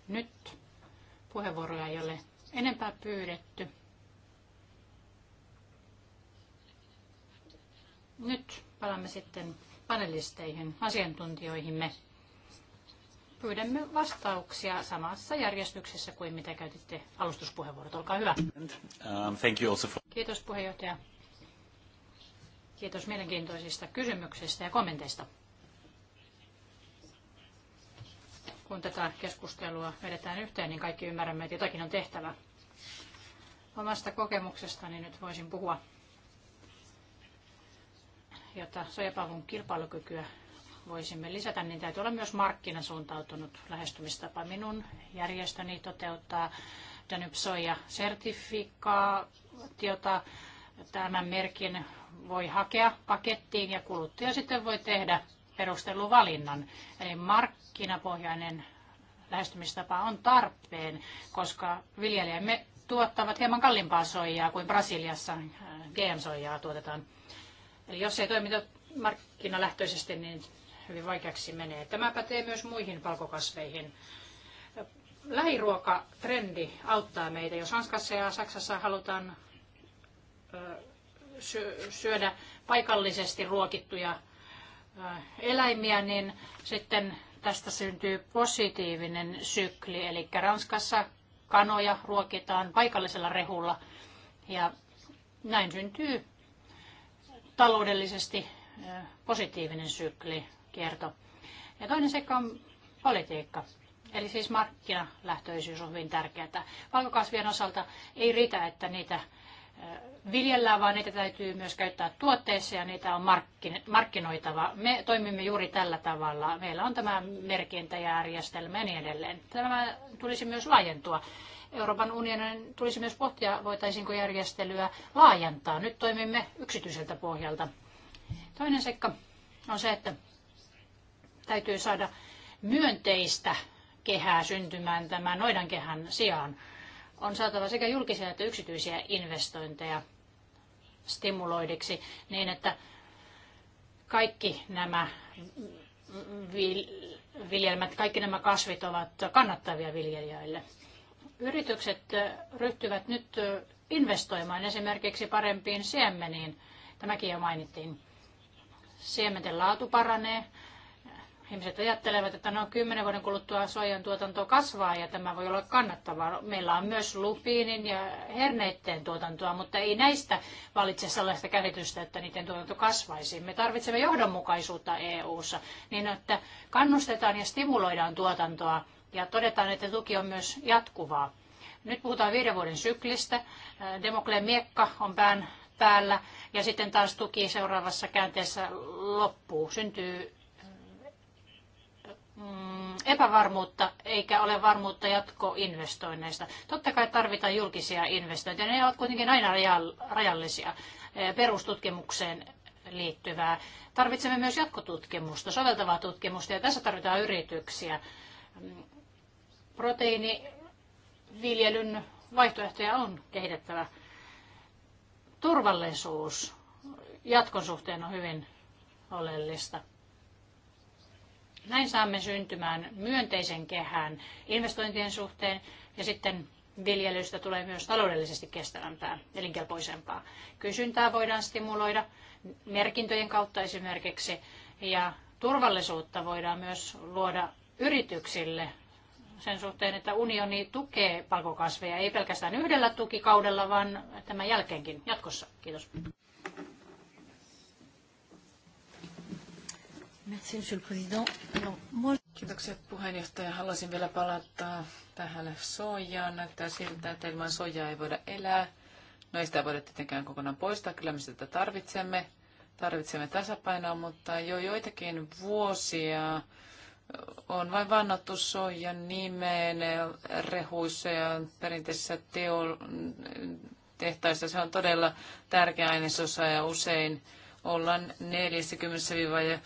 Nyt puheenvuoroja ei ole enempää pyydetty. Nyt palaamme sitten panelisteihin, asiantuntijoihimme. Pyydämme vastauksia samassa järjestyksessä kuin mitä käytitte alustuspuheenvuorot. Olkaa hyvä. Um, Kiitos puheenjohtaja. Kiitos mielenkiintoisista kysymyksistä ja kommenteista. kun tätä keskustelua vedetään yhteen, niin kaikki ymmärrämme, että jotakin on tehtävä. Omasta kokemuksestani nyt voisin puhua, jotta sojapalvelun kilpailukykyä voisimme lisätä, niin täytyy olla myös markkinasuuntautunut lähestymistapa. Minun järjestöni toteuttaa Danybsoja-sertifikaatiota. Tämän merkin voi hakea pakettiin ja kuluttaja sitten voi tehdä valinnan. Eli markkinapohjainen lähestymistapa on tarpeen, koska viljelijämme tuottavat hieman kalliimpaa soijaa kuin Brasiliassa GM-soijaa tuotetaan. Eli jos ei toimita markkinalähtöisesti, niin hyvin vaikeaksi menee. Tämä pätee myös muihin palkokasveihin. Lähiruokatrendi auttaa meitä. Jos Hanskassa ja Saksassa halutaan syödä paikallisesti ruokittuja eläimiä, niin sitten tästä syntyy positiivinen sykli. Eli Ranskassa kanoja ruokitaan paikallisella rehulla ja näin syntyy taloudellisesti positiivinen sykli, kierto. Ja toinen seikka on politiikka. Eli siis markkinalähtöisyys on hyvin tärkeää. Valkokasvien osalta ei riitä, että niitä viljellään, vaan niitä täytyy myös käyttää tuotteissa ja niitä on markkinoitava. Me toimimme juuri tällä tavalla. Meillä on tämä merkintäjärjestelmä ja niin edelleen. Tämä tulisi myös laajentua. Euroopan unionin tulisi myös pohtia, voitaisiinko järjestelyä laajentaa. Nyt toimimme yksityiseltä pohjalta. Toinen seikka on se, että täytyy saada myönteistä kehää syntymään tämän noidan kehän sijaan on saatava sekä julkisia että yksityisiä investointeja stimuloidiksi niin, että kaikki nämä viljelmät, kaikki nämä kasvit ovat kannattavia viljelijöille. Yritykset ryhtyvät nyt investoimaan esimerkiksi parempiin siemeniin. Tämäkin jo mainittiin. Siementen laatu paranee, Ihmiset ajattelevat, että no kymmenen vuoden kuluttua soijan tuotanto kasvaa ja tämä voi olla kannattavaa. Meillä on myös lupiinin ja herneitteen tuotantoa, mutta ei näistä valitse sellaista käsitystä, että niiden tuotanto kasvaisi. Me tarvitsemme johdonmukaisuutta EU-ssa niin, että kannustetaan ja stimuloidaan tuotantoa ja todetaan, että tuki on myös jatkuvaa. Nyt puhutaan viiden vuoden syklistä. Demokleen miekka on pään päällä ja sitten taas tuki seuraavassa käänteessä loppuu. Syntyy Mm, epävarmuutta eikä ole varmuutta jatkoinvestoinneista. Totta kai tarvitaan julkisia investointeja. Ne ovat kuitenkin aina rajallisia eh, perustutkimukseen liittyvää. Tarvitsemme myös jatkotutkimusta, soveltavaa tutkimusta ja tässä tarvitaan yrityksiä. Mm, proteiiniviljelyn vaihtoehtoja on kehitettävä. Turvallisuus jatkon suhteen on hyvin oleellista. Näin saamme syntymään myönteisen kehään investointien suhteen ja sitten viljelystä tulee myös taloudellisesti kestävämpää, elinkelpoisempaa. Kysyntää voidaan stimuloida merkintöjen kautta esimerkiksi ja turvallisuutta voidaan myös luoda yrityksille sen suhteen, että unioni tukee palkokasveja ei pelkästään yhdellä tukikaudella, vaan tämän jälkeenkin jatkossa. Kiitos. Merci, monsieur le président. Kiitoksia puheenjohtaja. Haluaisin vielä palata tähän soijaan. Näyttää siltä, että ilman soijaa ei voida elää. No ei sitä voida tietenkään kokonaan poistaa, kyllä me sitä tarvitsemme. Tarvitsemme tasapainoa, mutta jo joitakin vuosia on vain vannottu soijan nimeen rehuissa ja perinteisissä teo- tehtaissa. Se on todella tärkeä ainesosa ja usein ollaan 40-60,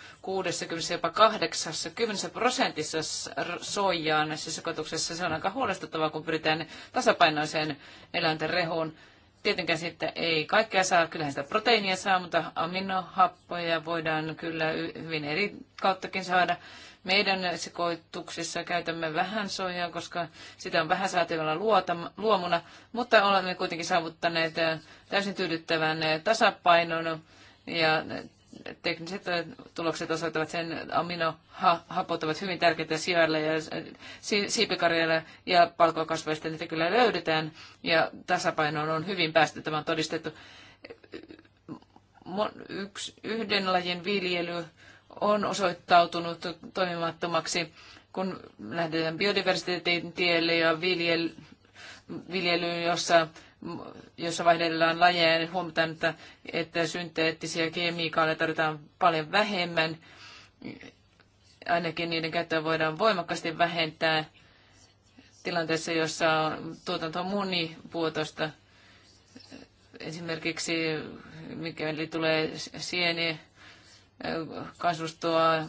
jopa 80 prosentissa soijaa näissä sekoituksissa. Se on aika huolestuttavaa, kun pyritään tasapainoiseen eläinten rehuun. Tietenkään sitten ei kaikkea saa, kyllähän sitä proteiinia saa, mutta aminohappoja voidaan kyllä hyvin eri kauttakin saada. Meidän sekoituksissa käytämme vähän soijaa, koska sitä on vähän saatavilla luomuna, mutta olemme kuitenkin saavuttaneet täysin tyydyttävän tasapainon ja tekniset tulokset osoittavat sen, aminohapot ovat hyvin tärkeitä sijalle ja siipikarjalle ja palkokasveista niitä kyllä löydetään ja tasapainoon on hyvin päästy, tämä on todistettu. Yksi, yhden lajin viljely on osoittautunut toimimattomaksi, kun lähdetään biodiversiteetin tielle ja viljelyyn, jossa jossa vaihdellaan lajeja, niin huomataan, että, että synteettisiä kemikaaleja tarvitaan paljon vähemmän. Ainakin niiden käyttöä voidaan voimakkaasti vähentää tilanteessa, jossa tuotanto on monipuotosta. Esimerkiksi mikäli tulee sieni, kasvustoa,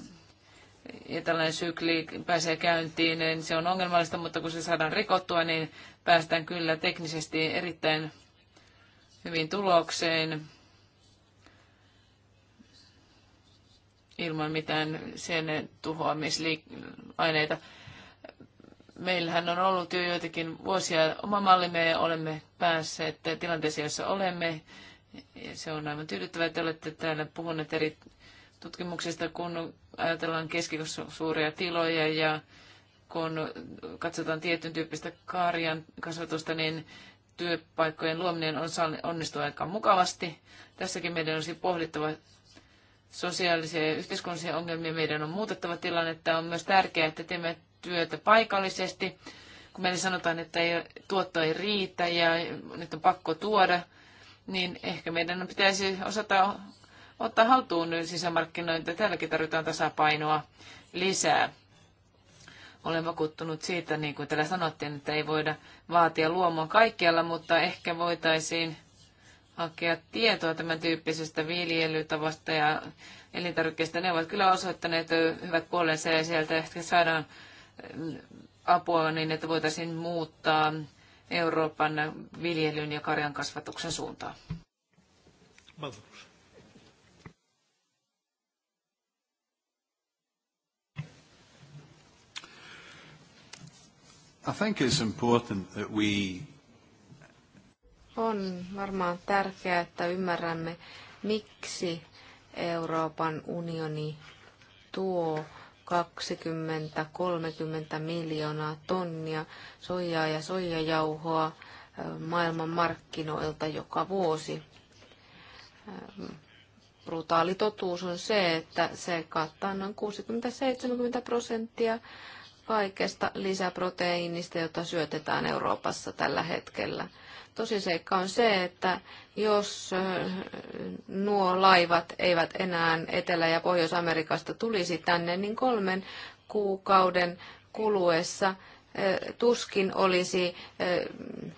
ja tällainen sykli pääsee käyntiin, niin se on ongelmallista, mutta kun se saadaan rikottua, niin päästään kyllä teknisesti erittäin hyvin tulokseen ilman mitään sen tuhoamisaineita. Meillähän on ollut jo joitakin vuosia oma mallimme ja olemme päässeet tilanteeseen, jossa olemme. Se on aivan tyydyttävää, että olette täällä puhuneet eri tutkimuksista, kun ajatellaan keskisuuria tiloja ja kun katsotaan tietyn tyyppistä karjan kasvatusta, niin työpaikkojen luominen on onnistuu aika mukavasti. Tässäkin meidän olisi pohdittava sosiaalisia ja yhteiskunnallisia ongelmia. Meidän on muutettava tilannetta. On myös tärkeää, että teemme työtä paikallisesti. Kun meille sanotaan, että ei, tuotto ei riitä ja nyt on pakko tuoda, niin ehkä meidän pitäisi osata ottaa haltuun sisämarkkinoita. Täälläkin tarvitaan tasapainoa lisää. Olen vakuuttunut siitä, niin kuin täällä sanottiin, että ei voida vaatia luomua kaikkialla, mutta ehkä voitaisiin hakea tietoa tämän tyyppisestä viljelytavasta ja elintarvikkeista. Ne ovat kyllä osoittaneet hyvät puolensa ja sieltä ehkä saadaan apua niin, että voitaisiin muuttaa Euroopan viljelyn ja karjan kasvatuksen suuntaa. I think it's important that we... On varmaan tärkeää, että ymmärrämme, miksi Euroopan unioni tuo 20-30 miljoonaa tonnia soijaa ja soijajauhoa maailman markkinoilta joka vuosi. Brutaali totuus on se, että se kattaa noin 60-70 prosenttia kaikesta lisäproteiinista, jota syötetään Euroopassa tällä hetkellä. Tosiseikka on se, että jos äh, nuo laivat eivät enää Etelä- ja Pohjois-Amerikasta tulisi tänne, niin kolmen kuukauden kuluessa äh, tuskin olisi äh,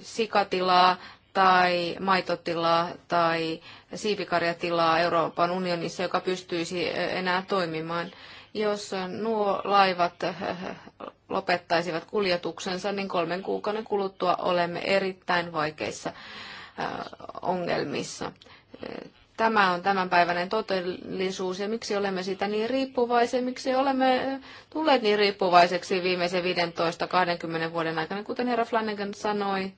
sikatilaa tai maitotilaa tai siipikarjatilaa Euroopan unionissa, joka pystyisi enää toimimaan. Jos nuo laivat eh, lopettaisivat kuljetuksensa, niin kolmen kuukauden kuluttua olemme erittäin vaikeissa eh, ongelmissa. Eh, tämä on tämänpäiväinen todellisuus ja miksi olemme sitä niin riippuvaisia, miksi olemme tulleet niin riippuvaiseksi viimeisen 15-20 vuoden aikana, kuten herra Flanagan sanoi.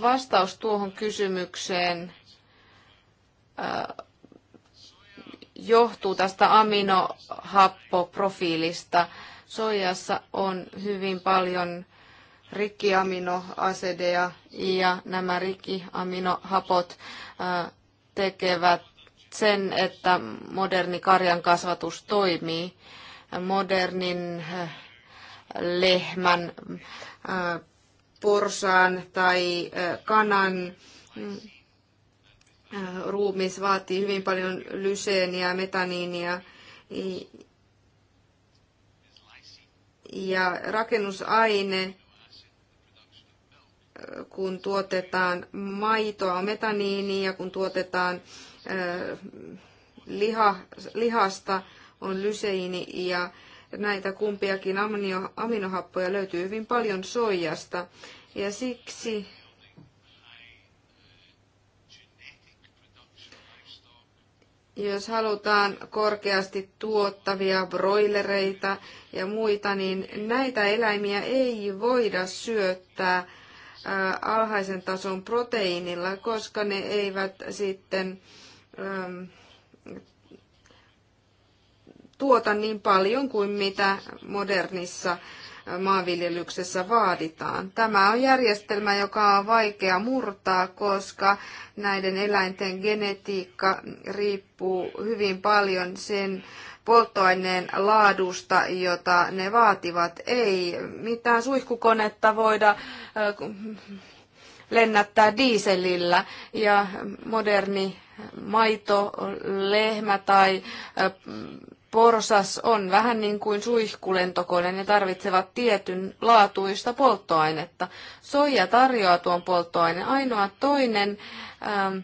Vastaus tuohon kysymykseen johtuu tästä aminohappoprofiilista. Soijassa on hyvin paljon rikkiaminoasedeja ja nämä rikkiaminohapot tekevät sen, että moderni karjan kasvatus toimii. Modernin lehmän, porsaan tai kanan mm, Äh, ruumis vaatii hyvin paljon lyseeniä, metaniinia. Ja rakennusaine, äh, kun tuotetaan maitoa, on metaniini ja kun tuotetaan äh, liha, lihasta, on lyseini ja näitä kumpiakin aminohappoja löytyy hyvin paljon soijasta. Ja siksi Jos halutaan korkeasti tuottavia broilereita ja muita, niin näitä eläimiä ei voida syöttää äh, alhaisen tason proteiinilla, koska ne eivät sitten ähm, tuota niin paljon kuin mitä modernissa maanviljelyksessä vaaditaan. Tämä on järjestelmä, joka on vaikea murtaa, koska näiden eläinten genetiikka riippuu hyvin paljon sen polttoaineen laadusta, jota ne vaativat. Ei mitään suihkukonetta voida äh, lennättää diiselillä ja moderni maito, lehmä tai äh, porsas on vähän niin kuin suihkulentokone, ne tarvitsevat tietyn laatuista polttoainetta. Soija tarjoaa tuon polttoaineen. Ainoa toinen ähm,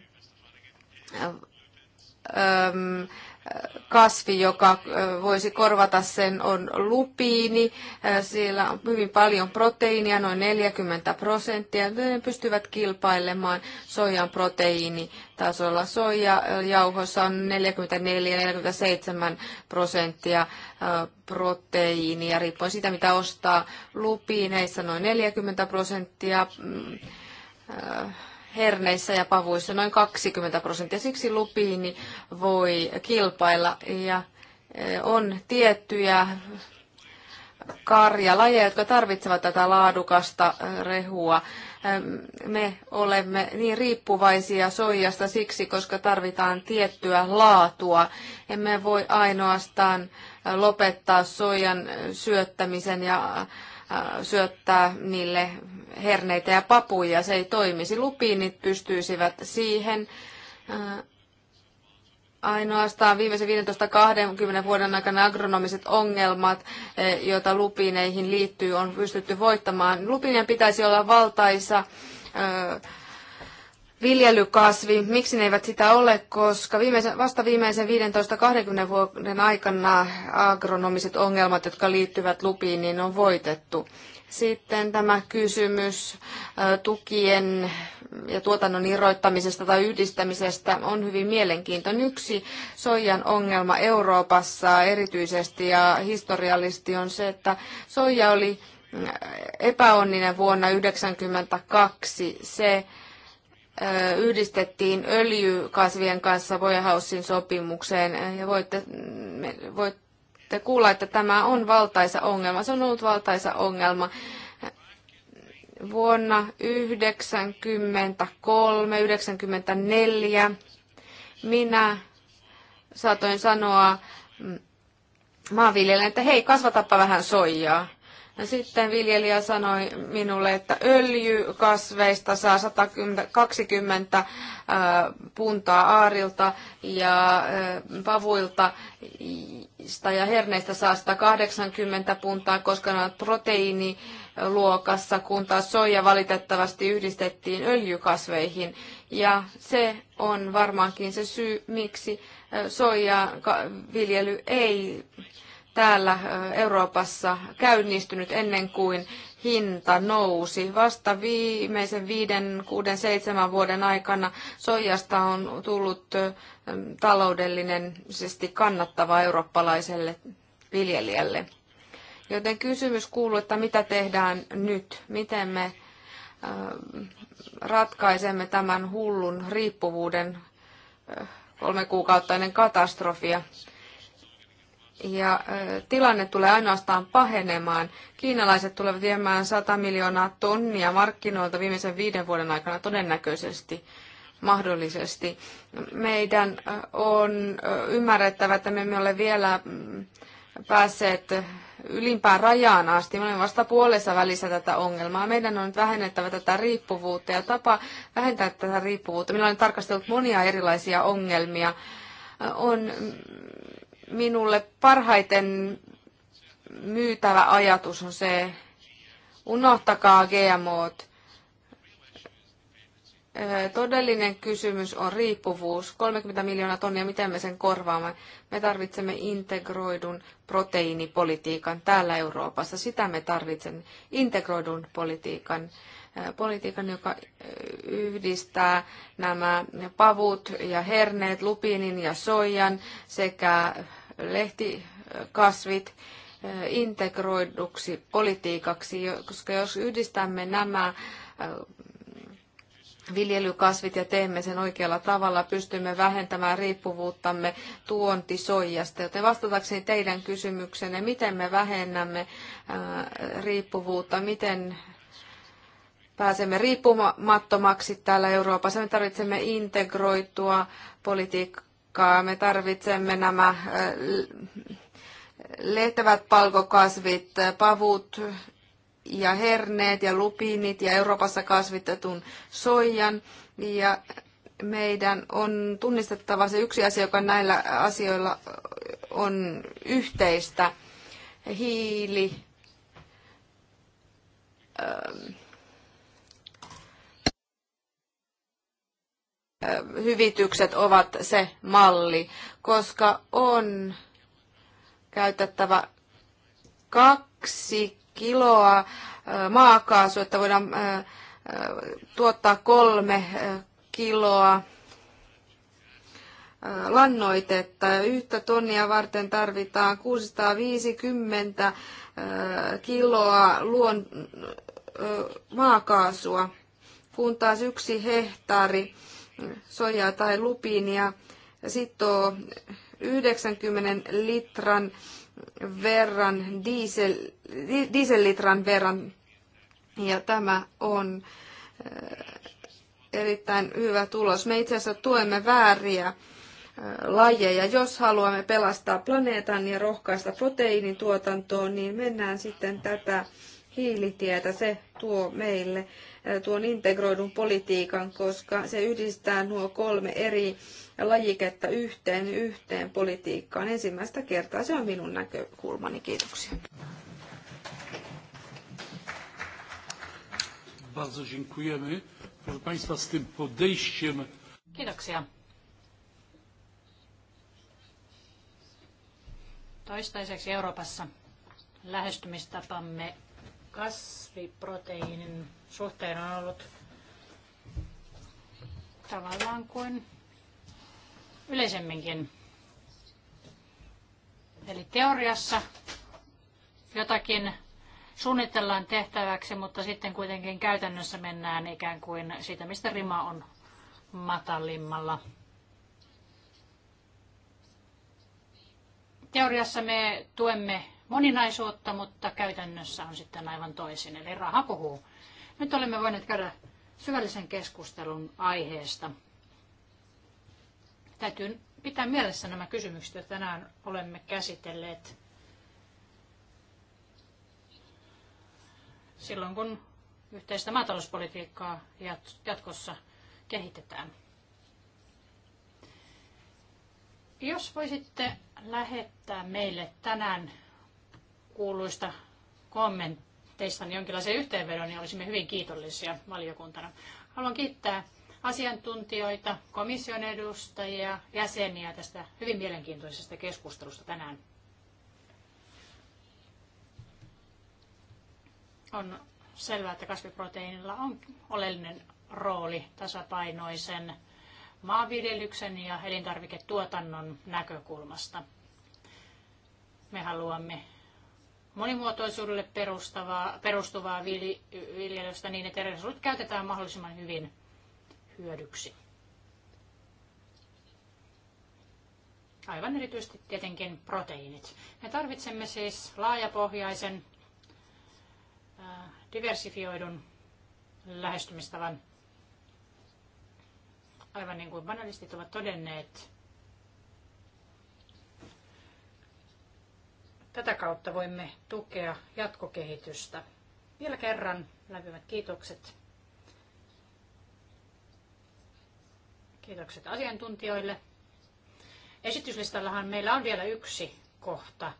äh, ähm, kasvi, joka voisi korvata sen, on lupiini. Siellä on hyvin paljon proteiinia, noin 40 prosenttia. Ne pystyvät kilpailemaan soijan proteiinitasolla. soijajauhoissa on 44-47 prosenttia proteiinia, riippuen siitä, mitä ostaa lupiineissa, noin 40 prosenttia mm, herneissä ja pavuissa noin 20 prosenttia. Siksi lupiini voi kilpailla ja e, on tiettyjä karjalajeja, jotka tarvitsevat tätä laadukasta e, rehua. E, me olemme niin riippuvaisia soijasta siksi, koska tarvitaan tiettyä laatua. Emme voi ainoastaan lopettaa soijan syöttämisen ja syöttää niille herneitä ja papuja. Se ei toimisi. Lupiinit pystyisivät siihen. Ainoastaan viimeisen 15-20 vuoden aikana agronomiset ongelmat, joita lupiineihin liittyy, on pystytty voittamaan. Lupinien pitäisi olla valtaisa viljelykasvi. Miksi ne eivät sitä ole? Koska viimeisen, vasta viimeisen 15-20 vuoden aikana agronomiset ongelmat, jotka liittyvät lupiin, niin on voitettu. Sitten tämä kysymys tukien ja tuotannon irroittamisesta tai yhdistämisestä on hyvin mielenkiintoinen. Yksi soijan ongelma Euroopassa erityisesti ja historiallisesti on se, että soija oli epäonninen vuonna 1992. Se yhdistettiin öljykasvien kanssa Voyhausin sopimukseen. Ja voitte, voitte kuulla, että tämä on valtaisa ongelma. Se on ollut valtaisa ongelma. Vuonna 1993-1994 minä saatoin sanoa mm, maanviljelijän, että hei, kasvatapa vähän soijaa. Sitten viljelijä sanoi minulle, että öljykasveista saa 120 äh, puntaa aarilta ja äh, pavuilta ja herneistä saa 180 puntaa, koska ne ovat proteiiniluokassa, kun taas soija valitettavasti yhdistettiin öljykasveihin. Ja se on varmaankin se syy, miksi äh, soijaviljely ei täällä Euroopassa käynnistynyt ennen kuin hinta nousi. Vasta viimeisen viiden, kuuden, seitsemän vuoden aikana soijasta on tullut taloudellisesti kannattava eurooppalaiselle viljelijälle. Joten kysymys kuuluu, että mitä tehdään nyt? Miten me ratkaisemme tämän hullun riippuvuuden kolme kuukautta ennen katastrofia? ja tilanne tulee ainoastaan pahenemaan. Kiinalaiset tulevat viemään 100 miljoonaa tonnia markkinoilta viimeisen viiden vuoden aikana todennäköisesti mahdollisesti. Meidän on ymmärrettävä, että me emme ole vielä mm, päässeet ylimpään rajaan asti. Me olemme vasta puolessa välissä tätä ongelmaa. Meidän on nyt vähennettävä tätä riippuvuutta ja tapa vähentää tätä riippuvuutta. Minä olen tarkastellut monia erilaisia ongelmia. On mm, minulle parhaiten myytävä ajatus on se, unohtakaa GMOt. Todellinen kysymys on riippuvuus. 30 miljoonaa tonnia, miten me sen korvaamme? Me tarvitsemme integroidun proteiinipolitiikan täällä Euroopassa. Sitä me tarvitsemme, integroidun politiikan. Politiikan, joka yhdistää nämä pavut ja herneet, lupiinin ja soijan sekä lehtikasvit eh, integroiduksi politiikaksi, koska jos yhdistämme nämä eh, viljelykasvit ja teemme sen oikealla tavalla, pystymme vähentämään riippuvuuttamme tuontisoijasta. Joten vastatakseni teidän kysymyksenne, miten me vähennämme eh, riippuvuutta, miten pääsemme riippumattomaksi täällä Euroopassa. Me tarvitsemme integroitua politiikkaa aikaa. Me tarvitsemme nämä äh, lehtävät palkokasvit, äh, pavut ja herneet ja lupiinit ja Euroopassa kasvitetun soijan. Ja meidän on tunnistettava se yksi asia, joka näillä asioilla on yhteistä. Hiili, ähm hyvitykset ovat se malli, koska on käytettävä kaksi kiloa maakaasua, että voidaan tuottaa kolme kiloa lannoitetta ja yhtä tonnia varten tarvitaan 650 kiloa luon, maakaasua, kun taas yksi hehtaari sojaa tai lupiinia sitten 90 litran verran, diesel, litran verran. Ja tämä on eh, erittäin hyvä tulos. Me itse asiassa tuemme vääriä eh, lajeja. Jos haluamme pelastaa planeetan ja rohkaista proteiinin niin mennään sitten tätä hiilitietä. Se tuo meille Eh, tuon integroidun politiikan, koska se yhdistää nuo kolme eri lajiketta yhteen yhteen politiikkaan ensimmäistä kertaa. Se on minun näkökulmani. Kiitoksia. Bardzo dziękujemy. Proszę Państwa, z tym podejściem... Kiitoksia. Toistaiseksi Euroopassa lähestymistapamme kasviproteiinin suhteen on ollut tavallaan kuin yleisemminkin. Eli teoriassa jotakin suunnitellaan tehtäväksi, mutta sitten kuitenkin käytännössä mennään ikään kuin siitä, mistä rima on matalimmalla. Teoriassa me tuemme moninaisuutta, mutta käytännössä on sitten aivan toisin, eli raha puhuu. Nyt olemme voineet käydä syvällisen keskustelun aiheesta. Täytyy pitää mielessä nämä kysymykset, joita tänään olemme käsitelleet. Silloin kun yhteistä maatalouspolitiikkaa jatkossa kehitetään. Jos voisitte lähettää meille tänään kuuluista kommenteista jonkinlaisen yhteenvedon, niin olisimme hyvin kiitollisia valiokuntana. Haluan kiittää asiantuntijoita, komission edustajia, jäseniä tästä hyvin mielenkiintoisesta keskustelusta tänään. On selvää, että kasviproteiinilla on oleellinen rooli tasapainoisen maanviljelyksen ja elintarviketuotannon näkökulmasta. Me haluamme monimuotoisuudelle perustavaa, perustuvaa viljelystä niin, että resurssit käytetään mahdollisimman hyvin hyödyksi. Aivan erityisesti tietenkin proteiinit. Me tarvitsemme siis laajapohjaisen, diversifioidun lähestymistavan, aivan niin kuin banalistit ovat todenneet, Tätä kautta voimme tukea jatkokehitystä. Vielä kerran lämpimät kiitokset. Kiitokset asiantuntijoille. Esityslistallahan meillä on vielä yksi kohta.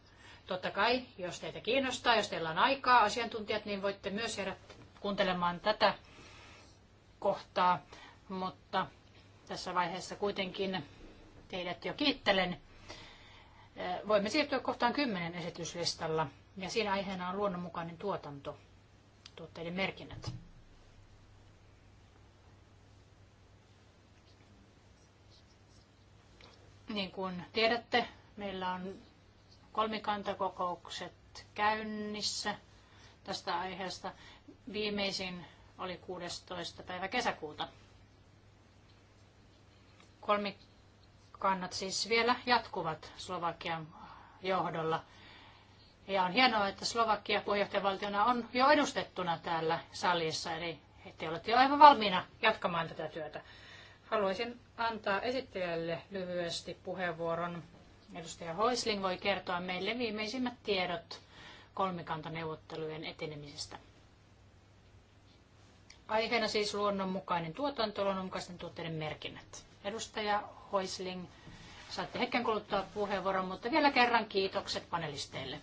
Totta kai, jos teitä kiinnostaa, jos teillä on aikaa, asiantuntijat, niin voitte myös jäädä kuuntelemaan tätä kohtaa. Mutta tässä vaiheessa kuitenkin teidät jo kiittelen. Voimme siirtyä kohtaan kymmenen esityslistalla ja siinä aiheena on luonnonmukainen tuotanto, tuotteiden merkinnät. Niin kuin tiedätte, meillä on kolmikantakokoukset käynnissä tästä aiheesta. Viimeisin oli 16. päivä kesäkuuta. Kolmi kannat siis vielä jatkuvat Slovakian johdolla. Ja on hienoa, että Slovakia puheenjohtajavaltiona on jo edustettuna täällä salissa, eli te olette jo aivan valmiina jatkamaan tätä työtä. Haluaisin antaa esittelijälle lyhyesti puheenvuoron. Edustaja Hoisling voi kertoa meille viimeisimmät tiedot kolmikantaneuvottelujen etenemisestä. Aiheena siis luonnonmukainen tuotanto, luonnonmukaisten tuotteiden merkinnät. Edustaja Hoisling, saatte hetken kuluttua puheenvuoron, mutta vielä kerran kiitokset panelisteille.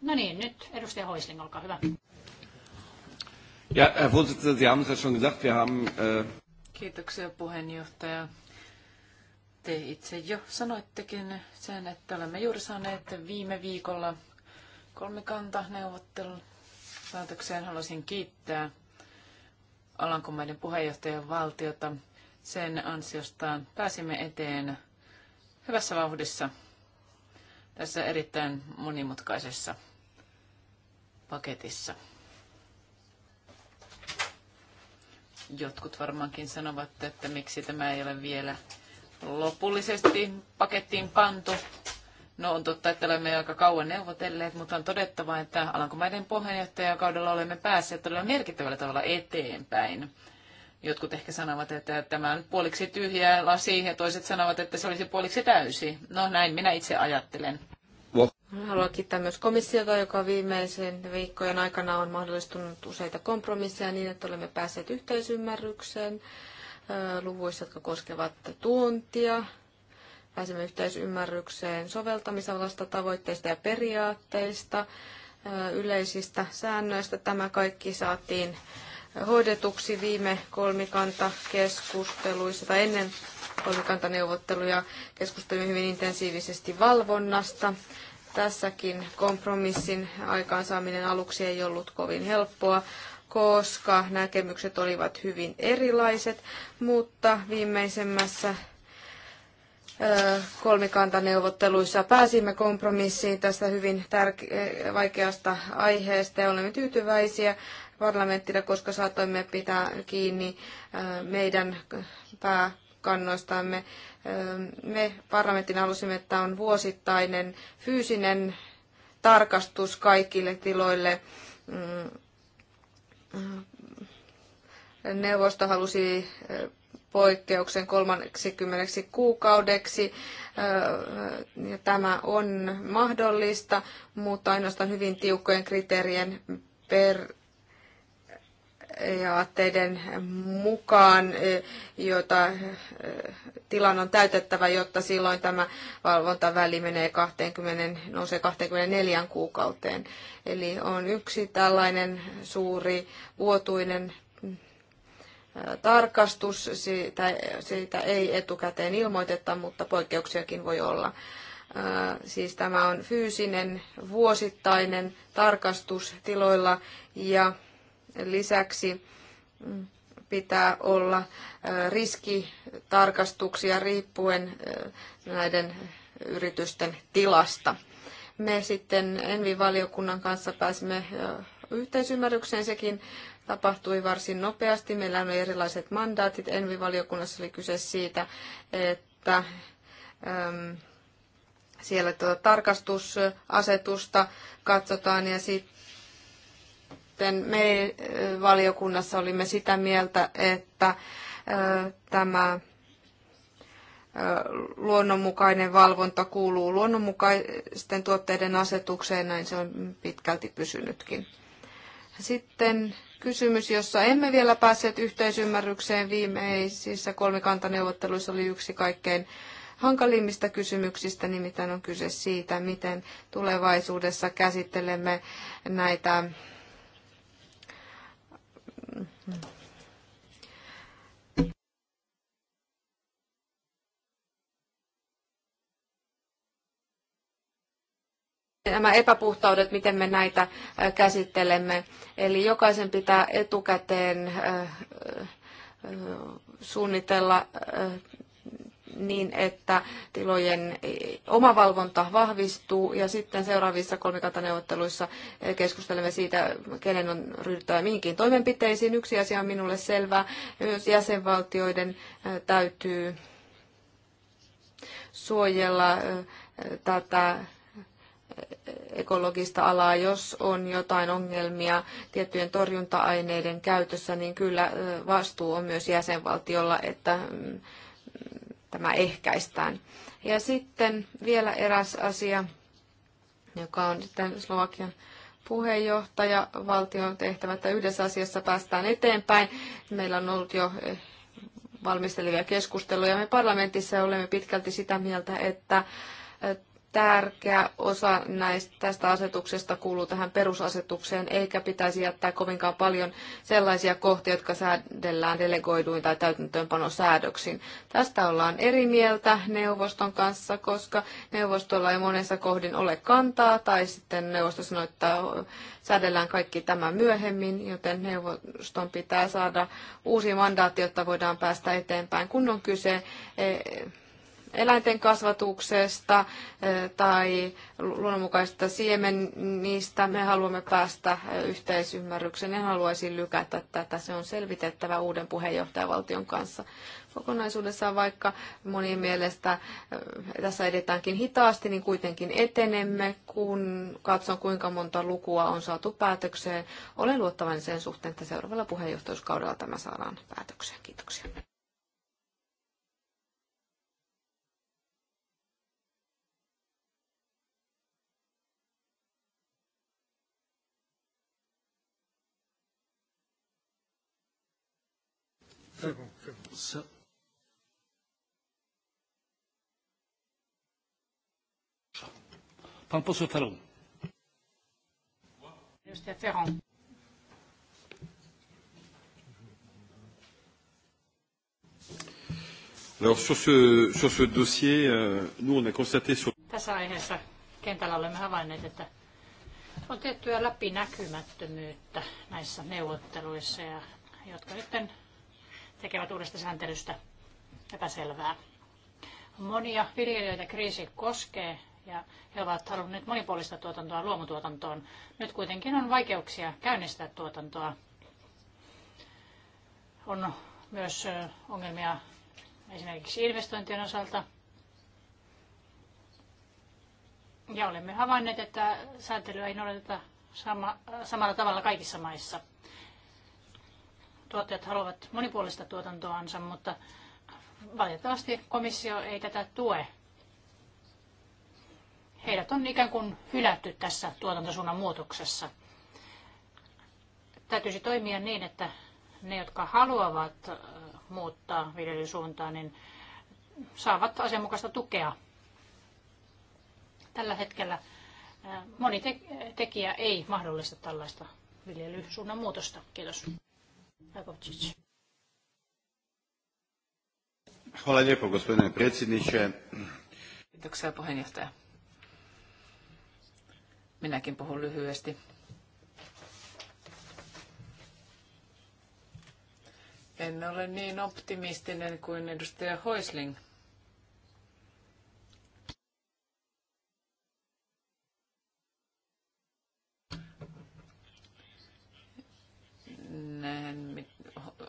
No niin, nyt edustaja Hoisling, olkaa hyvä. Ja, Herr Sie haben es ja schon gesagt, wir haben... Äh, Kiitoksia puheenjohtaja. Te itse jo sanoittekin sen, että olemme juuri saaneet viime viikolla kolmikanta neuvottelun päätökseen. Haluaisin kiittää Alankomaiden puheenjohtajan valtiota. Sen ansiostaan pääsimme eteen hyvässä vauhdissa tässä erittäin monimutkaisessa paketissa. Jotkut varmaankin sanovat, että miksi tämä ei ole vielä lopullisesti pakettiin pantu No on totta, että olemme aika kauan neuvotelleet, mutta on todettava, että Alankomaiden puheenjohtajakaudella olemme päässeet todella merkittävällä tavalla eteenpäin. Jotkut ehkä sanovat, että tämä on puoliksi tyhjä lasi ja toiset sanovat, että se olisi puoliksi täysi. No näin minä itse ajattelen. Haluan kiittää myös komissiota, joka viimeisen viikkojen aikana on mahdollistunut useita kompromisseja niin, että olemme päässeet yhteisymmärrykseen luvuissa, jotka koskevat tuontia, pääsemme yhteisymmärrykseen soveltamisalasta, tavoitteista ja periaatteista, yleisistä säännöistä. Tämä kaikki saatiin hoidetuksi viime kolmikantakeskusteluissa tai ennen kolmikantaneuvotteluja keskustelimme hyvin intensiivisesti valvonnasta. Tässäkin kompromissin aikaansaaminen aluksi ei ollut kovin helppoa, koska näkemykset olivat hyvin erilaiset, mutta viimeisemmässä kolmikantaneuvotteluissa pääsimme kompromissiin tästä hyvin tärke- vaikeasta aiheesta ja olemme tyytyväisiä parlamenttina, koska saatoimme pitää kiinni meidän pääkannoistamme. Me parlamenttina halusimme, että on vuosittainen fyysinen tarkastus kaikille tiloille. Mm, mm. Neuvosto halusi poikkeuksen 30 kuukaudeksi. Tämä on mahdollista, mutta ainoastaan hyvin tiukkojen kriteerien per ja aatteiden mukaan, jota tilan on täytettävä, jotta silloin tämä valvontaväli menee 20, nousee 24 kuukauteen. Eli on yksi tällainen suuri vuotuinen tarkastus, siitä, siitä ei etukäteen ilmoiteta, mutta poikkeuksiakin voi olla. Siis tämä on fyysinen vuosittainen tarkastus tiloilla ja lisäksi pitää olla riskitarkastuksia riippuen näiden yritysten tilasta. Me sitten Envi-valiokunnan kanssa pääsimme yhteisymmärrykseen. Sekin tapahtui varsin nopeasti. Meillä on erilaiset mandaatit. Envi-valiokunnassa oli kyse siitä, että äm, siellä tuota tarkastusasetusta katsotaan ja sitten me äh, valiokunnassa olimme sitä mieltä, että äh, tämä äh, luonnonmukainen valvonta kuuluu luonnonmukaisten tuotteiden asetukseen, näin se on pitkälti pysynytkin. Sitten kysymys, jossa emme vielä päässeet yhteisymmärrykseen viimeisissä kolmikantaneuvotteluissa oli yksi kaikkein hankalimmista kysymyksistä, nimittäin on kyse siitä, miten tulevaisuudessa käsittelemme näitä nämä epäpuhtaudet, miten me näitä äh, käsittelemme. Eli jokaisen pitää etukäteen äh, äh, suunnitella niin, että tilojen omavalvonta vahvistuu ja sitten seuraavissa kolmikantaneuvotteluissa keskustelemme siitä, kenen on ryhdyttävä mihinkin toimenpiteisiin. Yksi asia on minulle selvä, myös jäsenvaltioiden täytyy suojella tätä ekologista alaa, jos on jotain ongelmia tiettyjen torjunta-aineiden käytössä, niin kyllä vastuu on myös jäsenvaltiolla, että mm, tämä ehkäistään. Ja sitten vielä eräs asia, joka on sitten Slovakian puheenjohtaja valtion tehtävä, että yhdessä asiassa päästään eteenpäin. Meillä on ollut jo eh, valmistelevia keskusteluja. Me parlamentissa olemme pitkälti sitä mieltä, että tärkeä osa näistä, tästä asetuksesta kuuluu tähän perusasetukseen, eikä pitäisi jättää kovinkaan paljon sellaisia kohtia, jotka säädellään delegoiduin tai täytäntöönpanosäädöksiin. Tästä ollaan eri mieltä neuvoston kanssa, koska neuvostolla ei monessa kohdin ole kantaa, tai sitten neuvosto sanoo, että säädellään kaikki tämä myöhemmin, joten neuvoston pitää saada uusi mandaatti, jotta voidaan päästä eteenpäin, kun on kyse eh, eläinten kasvatuksesta eh, tai luonnonmukaisesta siemenistä. Me haluamme päästä eh, yhteisymmärrykseen. En haluaisi lykätä tätä. Se on selvitettävä uuden puheenjohtajavaltion kanssa. Kokonaisuudessaan vaikka monien mielestä eh, tässä edetäänkin hitaasti, niin kuitenkin etenemme, kun katson kuinka monta lukua on saatu päätökseen. Olen luottavainen sen suhteen, että seuraavalla puheenjohtajuuskaudella tämä saadaan päätökseen. Kiitoksia. C'est bon, c'est bon. Ça... Pan poseł Ferron. Alors sur ce, sur ce dossier, euh, nous on a constaté sur... Tässä aiheessa kentällä olemme havainneet, että on tiettyä läpinäkymättömyyttä näissä neuvotteluissa, ja, jotka sitten tekevät uudesta sääntelystä epäselvää. Monia viljelijöitä kriisi koskee ja he ovat halunneet monipuolista tuotantoa luomutuotantoon. Nyt kuitenkin on vaikeuksia käynnistää tuotantoa. On myös ongelmia esimerkiksi investointien osalta. Ja olemme havainneet, että sääntelyä ei noudateta sama, samalla tavalla kaikissa maissa tuottajat haluavat monipuolista tuotantoansa, mutta valitettavasti komissio ei tätä tue. Heidät on ikään kuin hylätty tässä tuotantosuunnan muutoksessa. Täytyisi toimia niin, että ne, jotka haluavat muuttaa viljelysuuntaa, niin saavat asianmukaista tukea. Tällä hetkellä moni tekijä ei mahdollista tällaista viljelysuunnan muutosta. Kiitos. Jakovčić. Hvala lijepo, gospodine predsjedniče. Kiitoksia, puheenjohtaja. Minäkin puhun lyhyesti. En ole niin optimistinen kuin edustaja Hoisling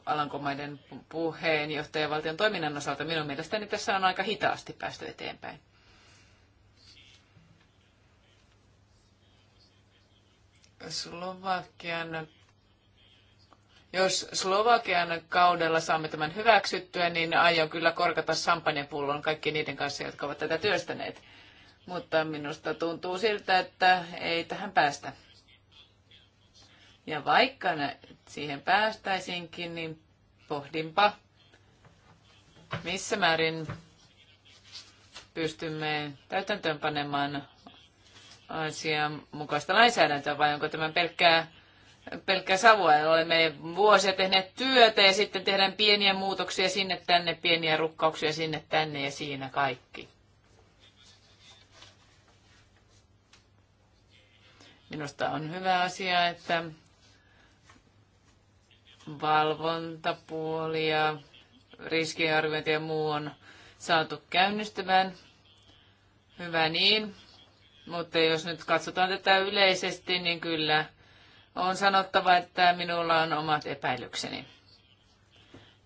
Alankomaiden puheenjohtajavaltion toiminnan osalta minun mielestäni tässä on aika hitaasti päästy eteenpäin. Slovakian, jos Slovakian kaudella saamme tämän hyväksyttyä, niin aion kyllä korkata sampanjapullon kaikki niiden kanssa, jotka ovat tätä työstäneet. Mutta minusta tuntuu siltä, että ei tähän päästä. Ja vaikka siihen päästäisinkin, niin pohdinpa, missä määrin pystymme täytäntöönpanemaan asianmukaista lainsäädäntöä vai onko tämä pelkkää, pelkkää savua. Olemme vuosia tehneet työtä ja sitten tehdään pieniä muutoksia sinne tänne, pieniä rukkauksia sinne tänne ja siinä kaikki. Minusta on hyvä asia, että valvontapuoli ja riskiarviointi ja muu on saatu käynnistymään. Hyvä niin. Mutta jos nyt katsotaan tätä yleisesti, niin kyllä on sanottava, että minulla on omat epäilykseni.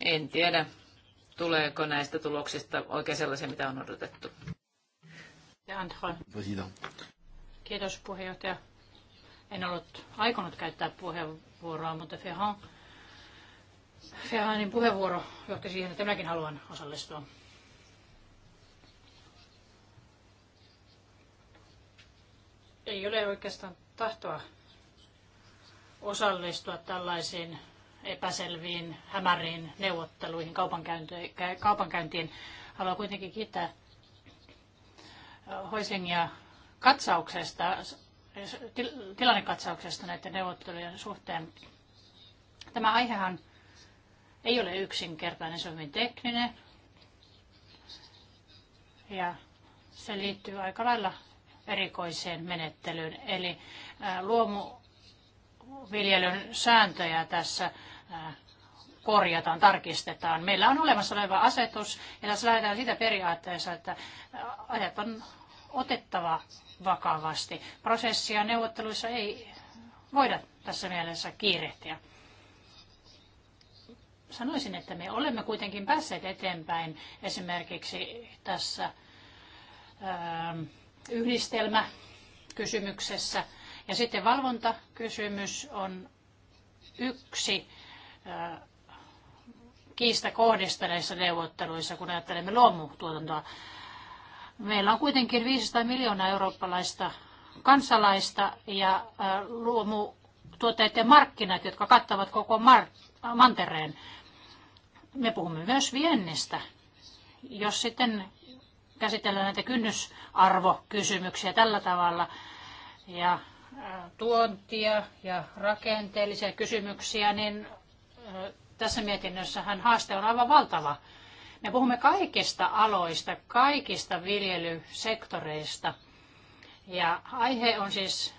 En tiedä, tuleeko näistä tuloksista oikein sellaisia, mitä on odotettu. Kiitos puheenjohtaja. En ollut aikonut käyttää puheenvuoroa, mutta Fehan Fehanin puheenvuoro johti siihen, että minäkin haluan osallistua. Ei ole oikeastaan tahtoa osallistua tällaisiin epäselviin, hämäriin neuvotteluihin, kaupankäyntiin. Haluan kuitenkin kiittää Hoisingia katsauksesta, tilannekatsauksesta näiden neuvottelujen suhteen. Tämä aihehan ei ole yksinkertainen, se on hyvin tekninen. Ja se liittyy aika lailla erikoiseen menettelyyn. Eli luomuviljelyn sääntöjä tässä korjataan, tarkistetaan. Meillä on olemassa oleva asetus, ja tässä lähdetään sitä periaatteessa, että ajat on otettava vakavasti. Prosessia neuvotteluissa ei voida tässä mielessä kiirehtiä sanoisin, että me olemme kuitenkin päässeet eteenpäin esimerkiksi tässä ähm, yhdistelmäkysymyksessä. Ja sitten valvontakysymys on yksi äh, kiistä kohdista näissä neuvotteluissa, kun ajattelemme luomutuotantoa. Meillä on kuitenkin 500 miljoonaa eurooppalaista kansalaista ja äh, luomutuotteiden markkinat, jotka kattavat koko markkinat Äh, mantereen. Me puhumme myös viennistä. Jos sitten käsitellään näitä kynnysarvokysymyksiä tällä tavalla ja äh, tuontia ja rakenteellisia kysymyksiä, niin äh, tässä mietinnössähän haaste on aivan valtava. Me puhumme kaikista aloista, kaikista viljelysektoreista. Ja aihe on siis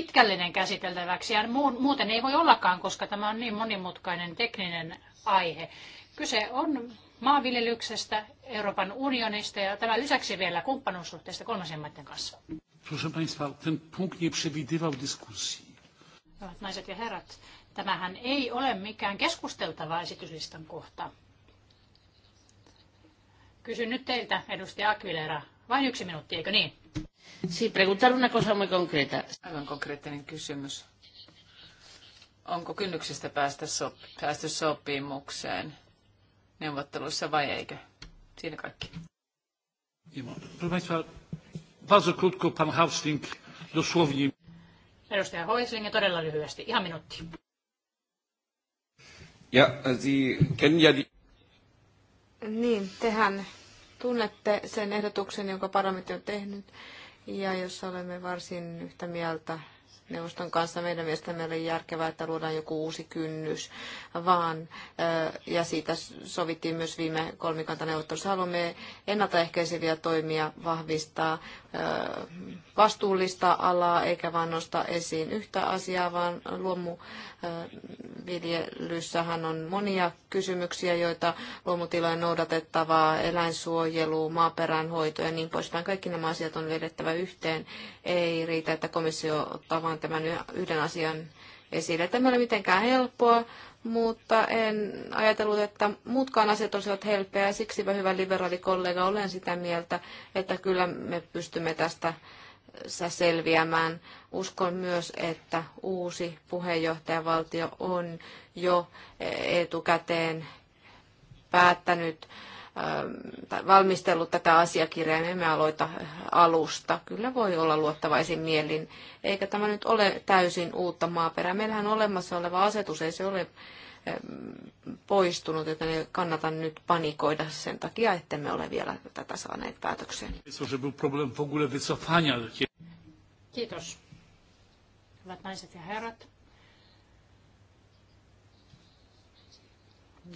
pitkällinen käsiteltäväksi ja muuten ei voi ollakaan, koska tämä on niin monimutkainen tekninen aihe. Kyse on maanviljelyksestä, Euroopan unionista ja tämän lisäksi vielä kumppanuussuhteista kolmasien maiden kanssa. Proszę Państwa, ten punkt nie przewidywał dyskusji. Hyvät naiset ja herrat, tämähän ei ole mikään keskusteltava esityslistan kohta. Kysyn nyt teiltä, edustaja Aquilera, vain yksi minuutti, eikö niin? Si, preguntar una cosa muy concreta. Aivan konkreettinen kysymys. Onko kynnyksestä päästä sop- päästy sopimukseen neuvotteluissa vai eikö? Siinä kaikki. Edustaja Hoisling ja todella lyhyesti, ihan minuutti. Ja, Sie ja Niin, tehän Tunnette sen ehdotuksen, jonka parlamentti on tehnyt ja jossa olemme varsin yhtä mieltä neuvoston kanssa. Meidän mielestämme oli järkevää, että luodaan joku uusi kynnys, vaan, ja siitä sovittiin myös viime kolmikantaneuvottelussa. Haluamme ennaltaehkäiseviä toimia vahvistaa vastuullista alaa, eikä vain nostaa esiin yhtä asiaa, vaan luomuviljelyssähän on monia kysymyksiä, joita luomutilojen noudatettavaa, eläinsuojelu, maaperän ja niin poispäin. Kaikki nämä asiat on vedettävä yhteen. Ei riitä, että komissio ottaa vain sanon tämän yhden asian esille. Tämä ei ole mitenkään helppoa, mutta en ajatellut, että muutkaan asiat olisivat helppoja. Siksi hyvä liberaalikollega olen sitä mieltä, että kyllä me pystymme tästä selviämään. Uskon myös, että uusi puheenjohtajavaltio on jo e- etukäteen päättänyt Ähm, valmistellut tätä asiakirjaa, niin emme aloita äh, alusta. Kyllä voi olla luottavaisin mielin, eikä tämä nyt ole täysin uutta maaperää. Meillähän on olemassa oleva asetus, ei se ole ähm, poistunut, joten ei kannata nyt panikoida sen takia, että me ole vielä tätä saaneet päätökseen. Kiitos. Hyvät naiset ja herrat.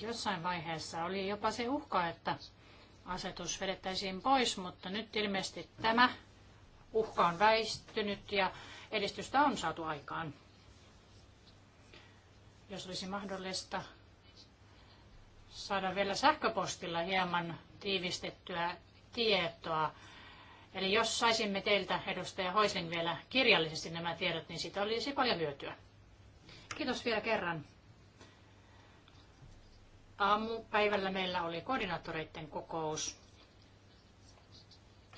Jossain vaiheessa oli jopa se uhka, että asetus vedettäisiin pois, mutta nyt ilmeisesti tämä uhka on väistynyt ja edistystä on saatu aikaan. Jos olisi mahdollista saada vielä sähköpostilla hieman tiivistettyä tietoa. Eli jos saisimme teiltä, edustaja Hoisling, vielä kirjallisesti nämä tiedot, niin siitä olisi paljon hyötyä. Kiitos vielä kerran Aamupäivällä meillä oli koordinaattoreiden kokous.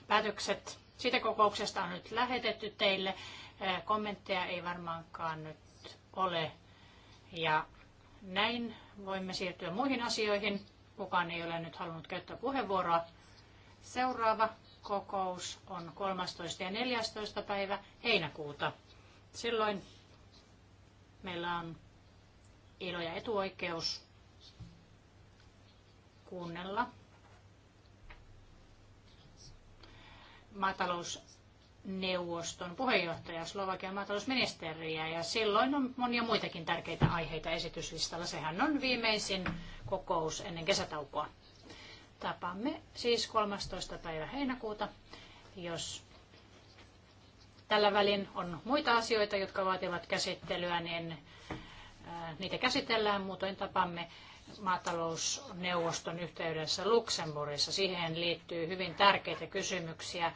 Päätökset siitä kokouksesta on nyt lähetetty teille. Kommentteja ei varmaankaan nyt ole. Ja näin voimme siirtyä muihin asioihin. Kukaan ei ole nyt halunnut käyttää puheenvuoroa. Seuraava kokous on 13. ja 14. päivä heinäkuuta. Silloin meillä on ilo ja etuoikeus kuunnella maatalousneuvoston puheenjohtaja Slovakian maatalousministeriä, ja silloin on monia muitakin tärkeitä aiheita esityslistalla. Sehän on viimeisin kokous ennen kesätaukoa. Tapaamme siis 13. päivä heinäkuuta, jos tällä välin on muita asioita, jotka vaativat käsittelyä, niin niitä käsitellään. Muutoin tapamme maatalousneuvoston yhteydessä Luxemburgissa. Siihen liittyy hyvin tärkeitä kysymyksiä